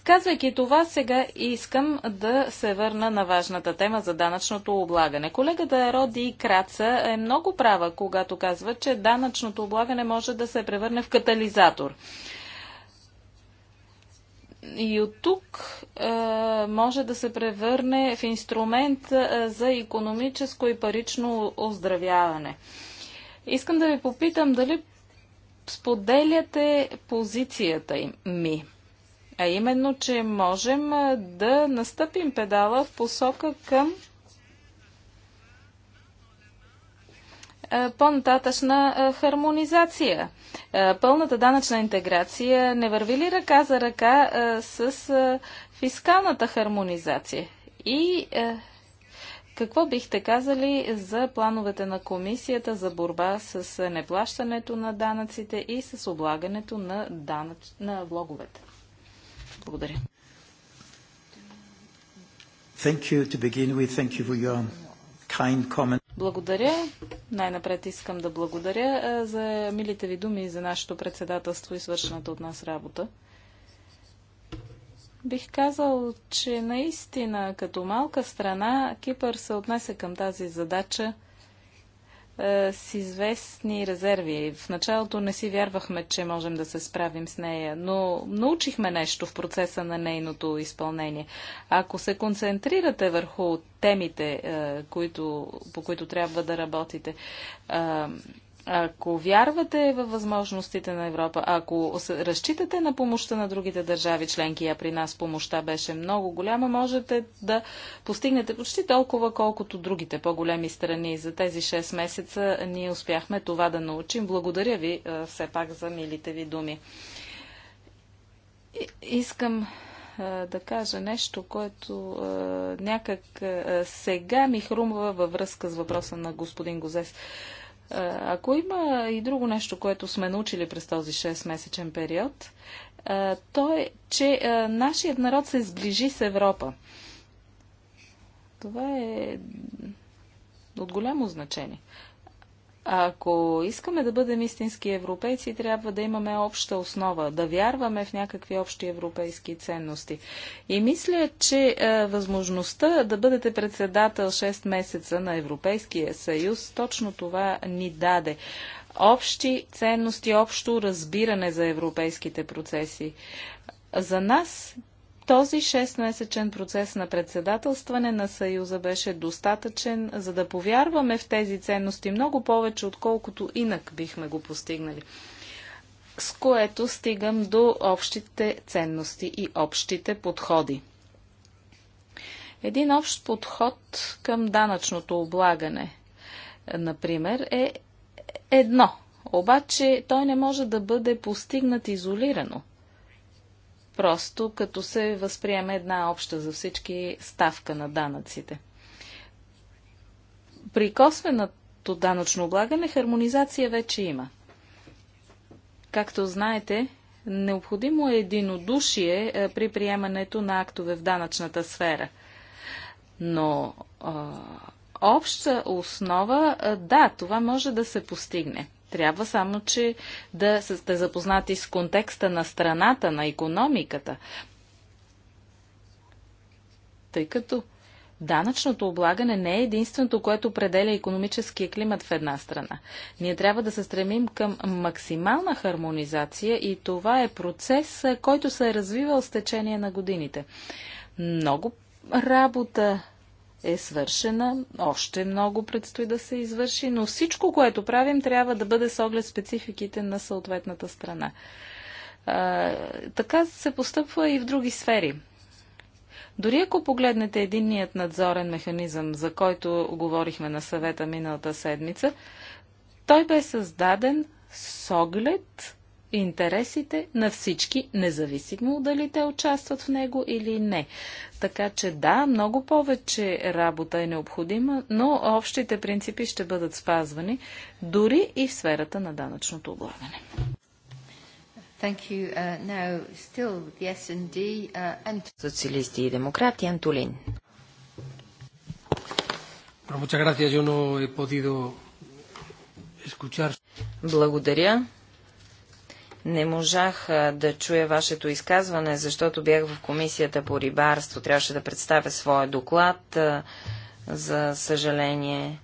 Казвайки това, сега искам да се върна на важната тема за данъчното облагане. Колегата Роди Краца е много права, когато казва, че данъчното облагане може да се превърне в катализатор и от тук е, може да се превърне в инструмент е, за економическо и парично оздравяване. Искам да ви попитам дали споделяте позицията ми. А именно, че можем е, да настъпим педала в посока към Е, по-нататъчна е, хармонизация. Е, пълната данъчна интеграция не върви ли ръка за ръка с фискалната хармонизация? И какво бихте казали за плановете на комисията за борба с неплащането на данъците и с облагането на, данъч... на влоговете? Благодаря. Thank you to begin with. Thank you for your благодаря. Най-напред искам да благодаря за милите ви думи за нашето председателство и свършената от нас работа. Бих казал, че наистина като малка страна Кипър се отнесе към тази задача – е, с известни резерви. В началото не си вярвахме, че можем да се справим с нея, но научихме нещо в процеса на нейното изпълнение. Ако се концентрирате върху темите, е, които, по които трябва да работите, е, ако вярвате във възможностите на Европа, ако разчитате на помощта на другите държави членки, а при нас помощта беше много голяма, можете да постигнете почти толкова, колкото другите по-големи страни. За тези 6 месеца ние успяхме това да научим. Благодаря ви все пак за милите ви думи. Искам да кажа нещо, което някак сега ми хрумва във връзка с въпроса на господин Гозес. Е, ако има и друго нещо, което сме научили през този 6-месечен период, е, то е, че е, нашият народ се сближи с Европа. Това е от голямо значение. Ако искаме да бъдем истински европейци, трябва да имаме обща основа, да вярваме в някакви общи европейски ценности. И мисля, че е, възможността да бъдете председател 6 месеца на Европейския съюз, точно това ни даде. Общи ценности, общо разбиране за европейските процеси. За нас този 6-месечен процес на председателстване на Съюза беше достатъчен, за да повярваме в тези ценности много повече, отколкото инак бихме го постигнали. С което стигам до общите ценности и общите подходи. Един общ подход към данъчното облагане, например, е едно. Обаче той не може да бъде постигнат изолирано – Просто като се възприеме една обща за всички ставка на данъците. При косвеното данъчно облагане хармонизация вече има. Както знаете, необходимо е единодушие е, при приемането на актове в данъчната сфера. Но а, обща основа, да, това може да се постигне. Трябва само, че да сте запознати с контекста на страната, на економиката. Тъй като Данъчното облагане не е единственото, което определя економическия климат в една страна. Ние трябва да се стремим към максимална хармонизация и това е процес, който се е развивал с течение на годините. Много работа е свършена. Още много предстои да се извърши, но всичко, което правим, трябва да бъде с оглед спецификите на съответната страна. А, така се постъпва и в други сфери. Дори ако погледнете единният надзорен механизъм, за който говорихме на съвета миналата седмица, той бе създаден с оглед интересите на всички, независимо дали те участват в него или не. Така че да, много повече работа е необходима, но общите принципи ще бъдат спазвани дори и в сферата на данъчното облагане. Uh, uh, Социалисти и демократи Антолин. Благодаря. Не можах да чуя вашето изказване, защото бях в комисията по рибарство. Трябваше да представя своя доклад. За съжаление.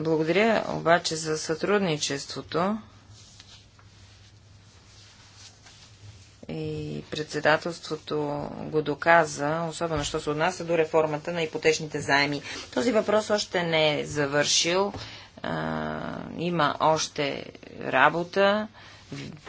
Благодаря обаче за сътрудничеството. И председателството го доказа, особено що се отнася до реформата на ипотечните заеми. Този въпрос още не е завършил има още работа,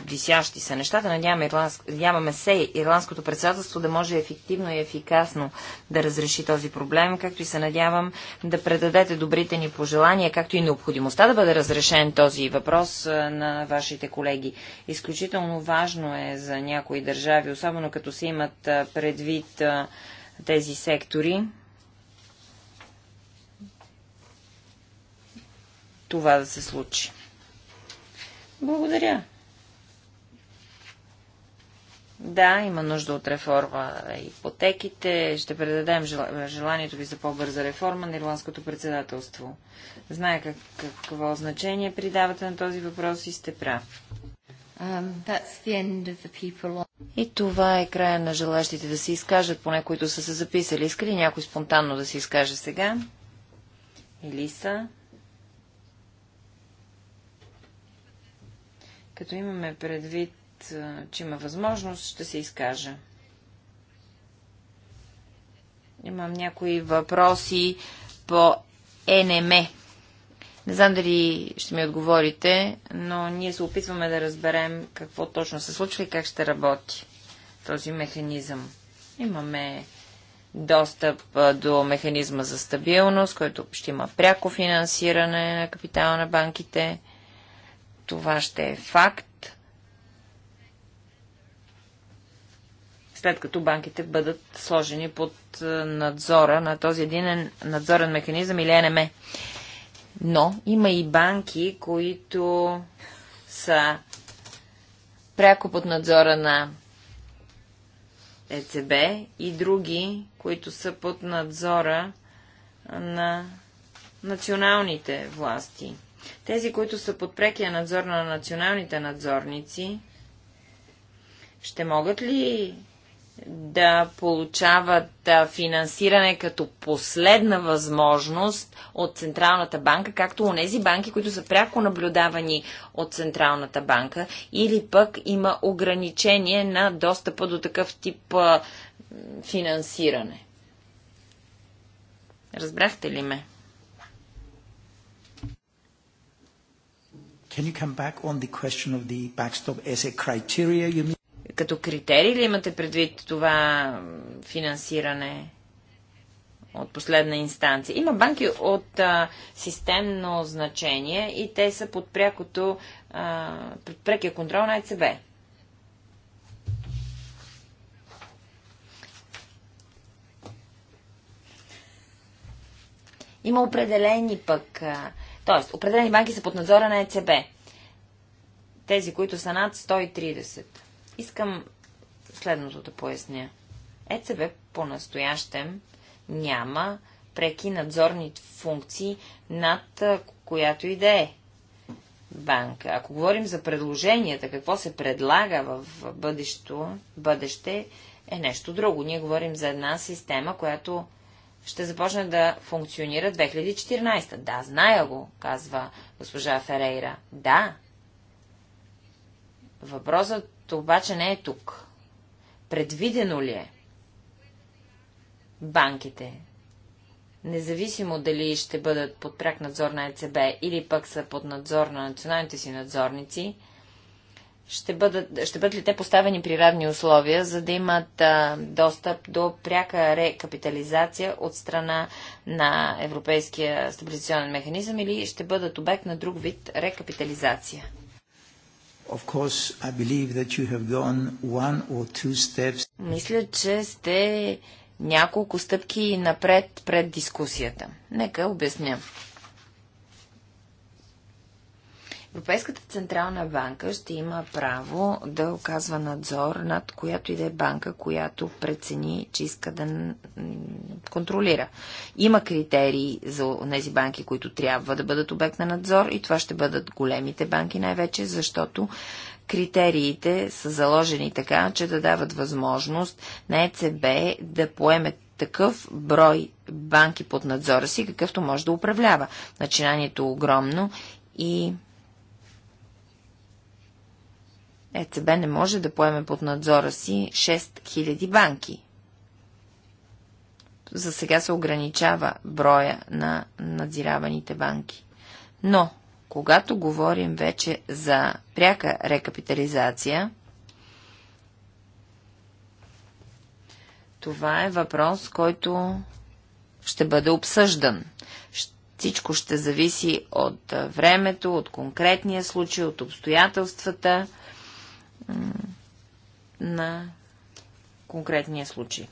висящи са нещата. Надяваме, Надяваме се ирландското председателство да може ефективно и ефикасно да разреши този проблем, както и се надявам да предадете добрите ни пожелания, както и необходимостта да бъде разрешен този въпрос на вашите колеги. Изключително важно е за някои държави, особено като се имат предвид тези сектори, това да се случи. Благодаря. Да, има нужда от реформа ипотеките. Ще предадем желанието ви за по-бърза реформа на Ирландското председателство. Знае как, какво значение придавате на този въпрос и сте прав. Um, и това е края на желащите да се изкажат, поне които са се записали. Иска ли някой спонтанно да се изкаже сега? Елиса? Като имаме предвид, че има възможност, ще се изкажа. Имам някои въпроси по НМ. Не знам дали ще ми отговорите, но ние се опитваме да разберем какво точно се случва и как ще работи този механизъм. Имаме достъп до механизма за стабилност, който ще има пряко финансиране на капитала на банките. Това ще е факт, след като банките бъдат сложени под е, надзора на този един е надзорен механизъм или НМ. Но има и банки, които са пряко под надзора на ЕЦБ и други, които са под надзора на националните власти. Тези, които са под прекия надзор на националните надзорници, ще могат ли да получават финансиране като последна възможност от Централната банка, както у нези банки, които са пряко наблюдавани от Централната банка, или пък има ограничение на достъпа до такъв тип финансиране. Разбрахте ли ме? Can you come back on the question of the backstop as a criteria you mean? Като критерий ли имате предвид това финансиране от последна инстанция? Има банки от а, системно значение и те са под, прякото, а, под прекия контрол на ЕЦБ. Има определени пък а, Тоест, определени банки са под надзора на ЕЦБ. Тези, които са над 130. Искам следното да поясня. ЕЦБ по-настоящем няма преки надзорни функции над която и да е банка. Ако говорим за предложенията, какво се предлага в бъдещето, бъдеще е нещо друго. Ние говорим за една система, която ще започне да функционира 2014. Да, зная го, казва госпожа Ферейра. Да. Въпросът обаче не е тук. Предвидено ли е? Банките, независимо дали ще бъдат под пряк надзор на ЕЦБ или пък са под надзор на националните си надзорници, ще бъдат, ще бъдат ли те поставени при равни условия, за да имат а, достъп до пряка рекапитализация от страна на Европейския стабилизационен механизъм или ще бъдат обект на друг вид рекапитализация? Course, Мисля, че сте няколко стъпки напред пред дискусията. Нека обясня. Европейската централна банка ще има право да оказва надзор над която и да е банка, която прецени, че иска да контролира. Има критерии за тези банки, които трябва да бъдат обект на надзор и това ще бъдат големите банки най-вече, защото критериите са заложени така, че да дават възможност на ЕЦБ да поеме такъв брой банки под надзора си, какъвто може да управлява. Начинанието е огромно и ЕЦБ не може да поеме под надзора си 6000 банки. За сега се ограничава броя на надзираваните банки. Но, когато говорим вече за пряка рекапитализация, това е въпрос, който ще бъде обсъждан. Всичко ще зависи от времето, от конкретния случай, от обстоятелствата – на конкретния случай.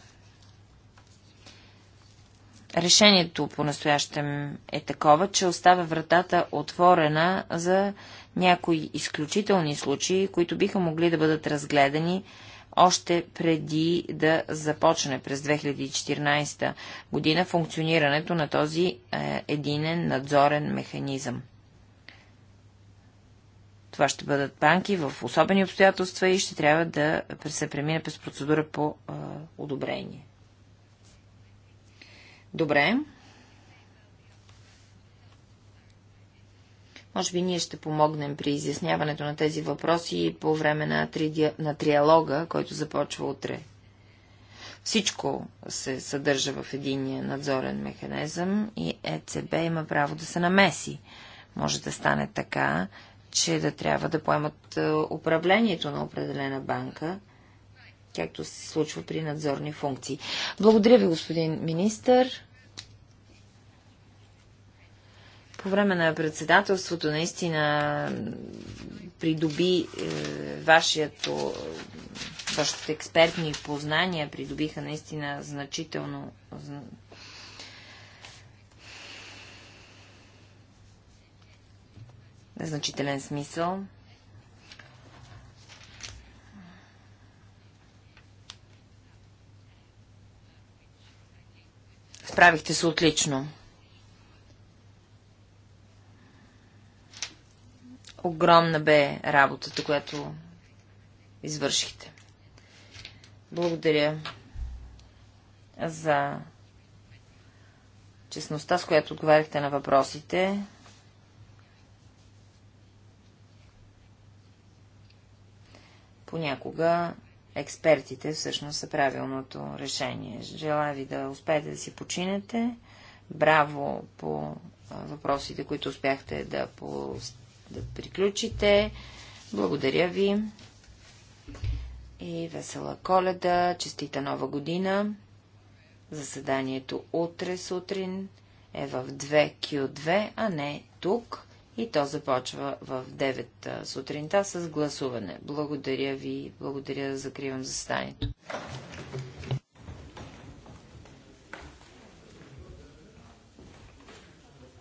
Решението по-настоящем е такова, че оставя вратата отворена за някои изключителни случаи, които биха могли да бъдат разгледани още преди да започне през 2014 година функционирането на този е, единен надзорен механизъм. Това ще бъдат банки в особени обстоятелства и ще трябва да се премине през процедура по одобрение. Добре. Може би ние ще помогнем при изясняването на тези въпроси по време на, три, на триалога, който започва утре. Всичко се съдържа в единия надзорен механизъм и ЕЦБ има право да се намеси. Може да стане така, че да трябва да поемат е, управлението на определена банка, както се случва при надзорни функции. Благодаря ви, господин министър. По време на председателството наистина придоби е, вашето, вашите експертни познания, придобиха наистина значително значителен смисъл. Справихте се отлично. Огромна бе работата, която извършихте. Благодаря за честността, с която отговаряхте на въпросите. понякога експертите всъщност са правилното решение. Желая ви да успеете да си починете. Браво по въпросите, които успяхте да, по... да приключите. Благодаря ви. И весела коледа, честита нова година. Заседанието утре сутрин е в 2Q2, а не тук и то започва в 9 сутринта с гласуване. Благодаря ви, благодаря, закривам застанието.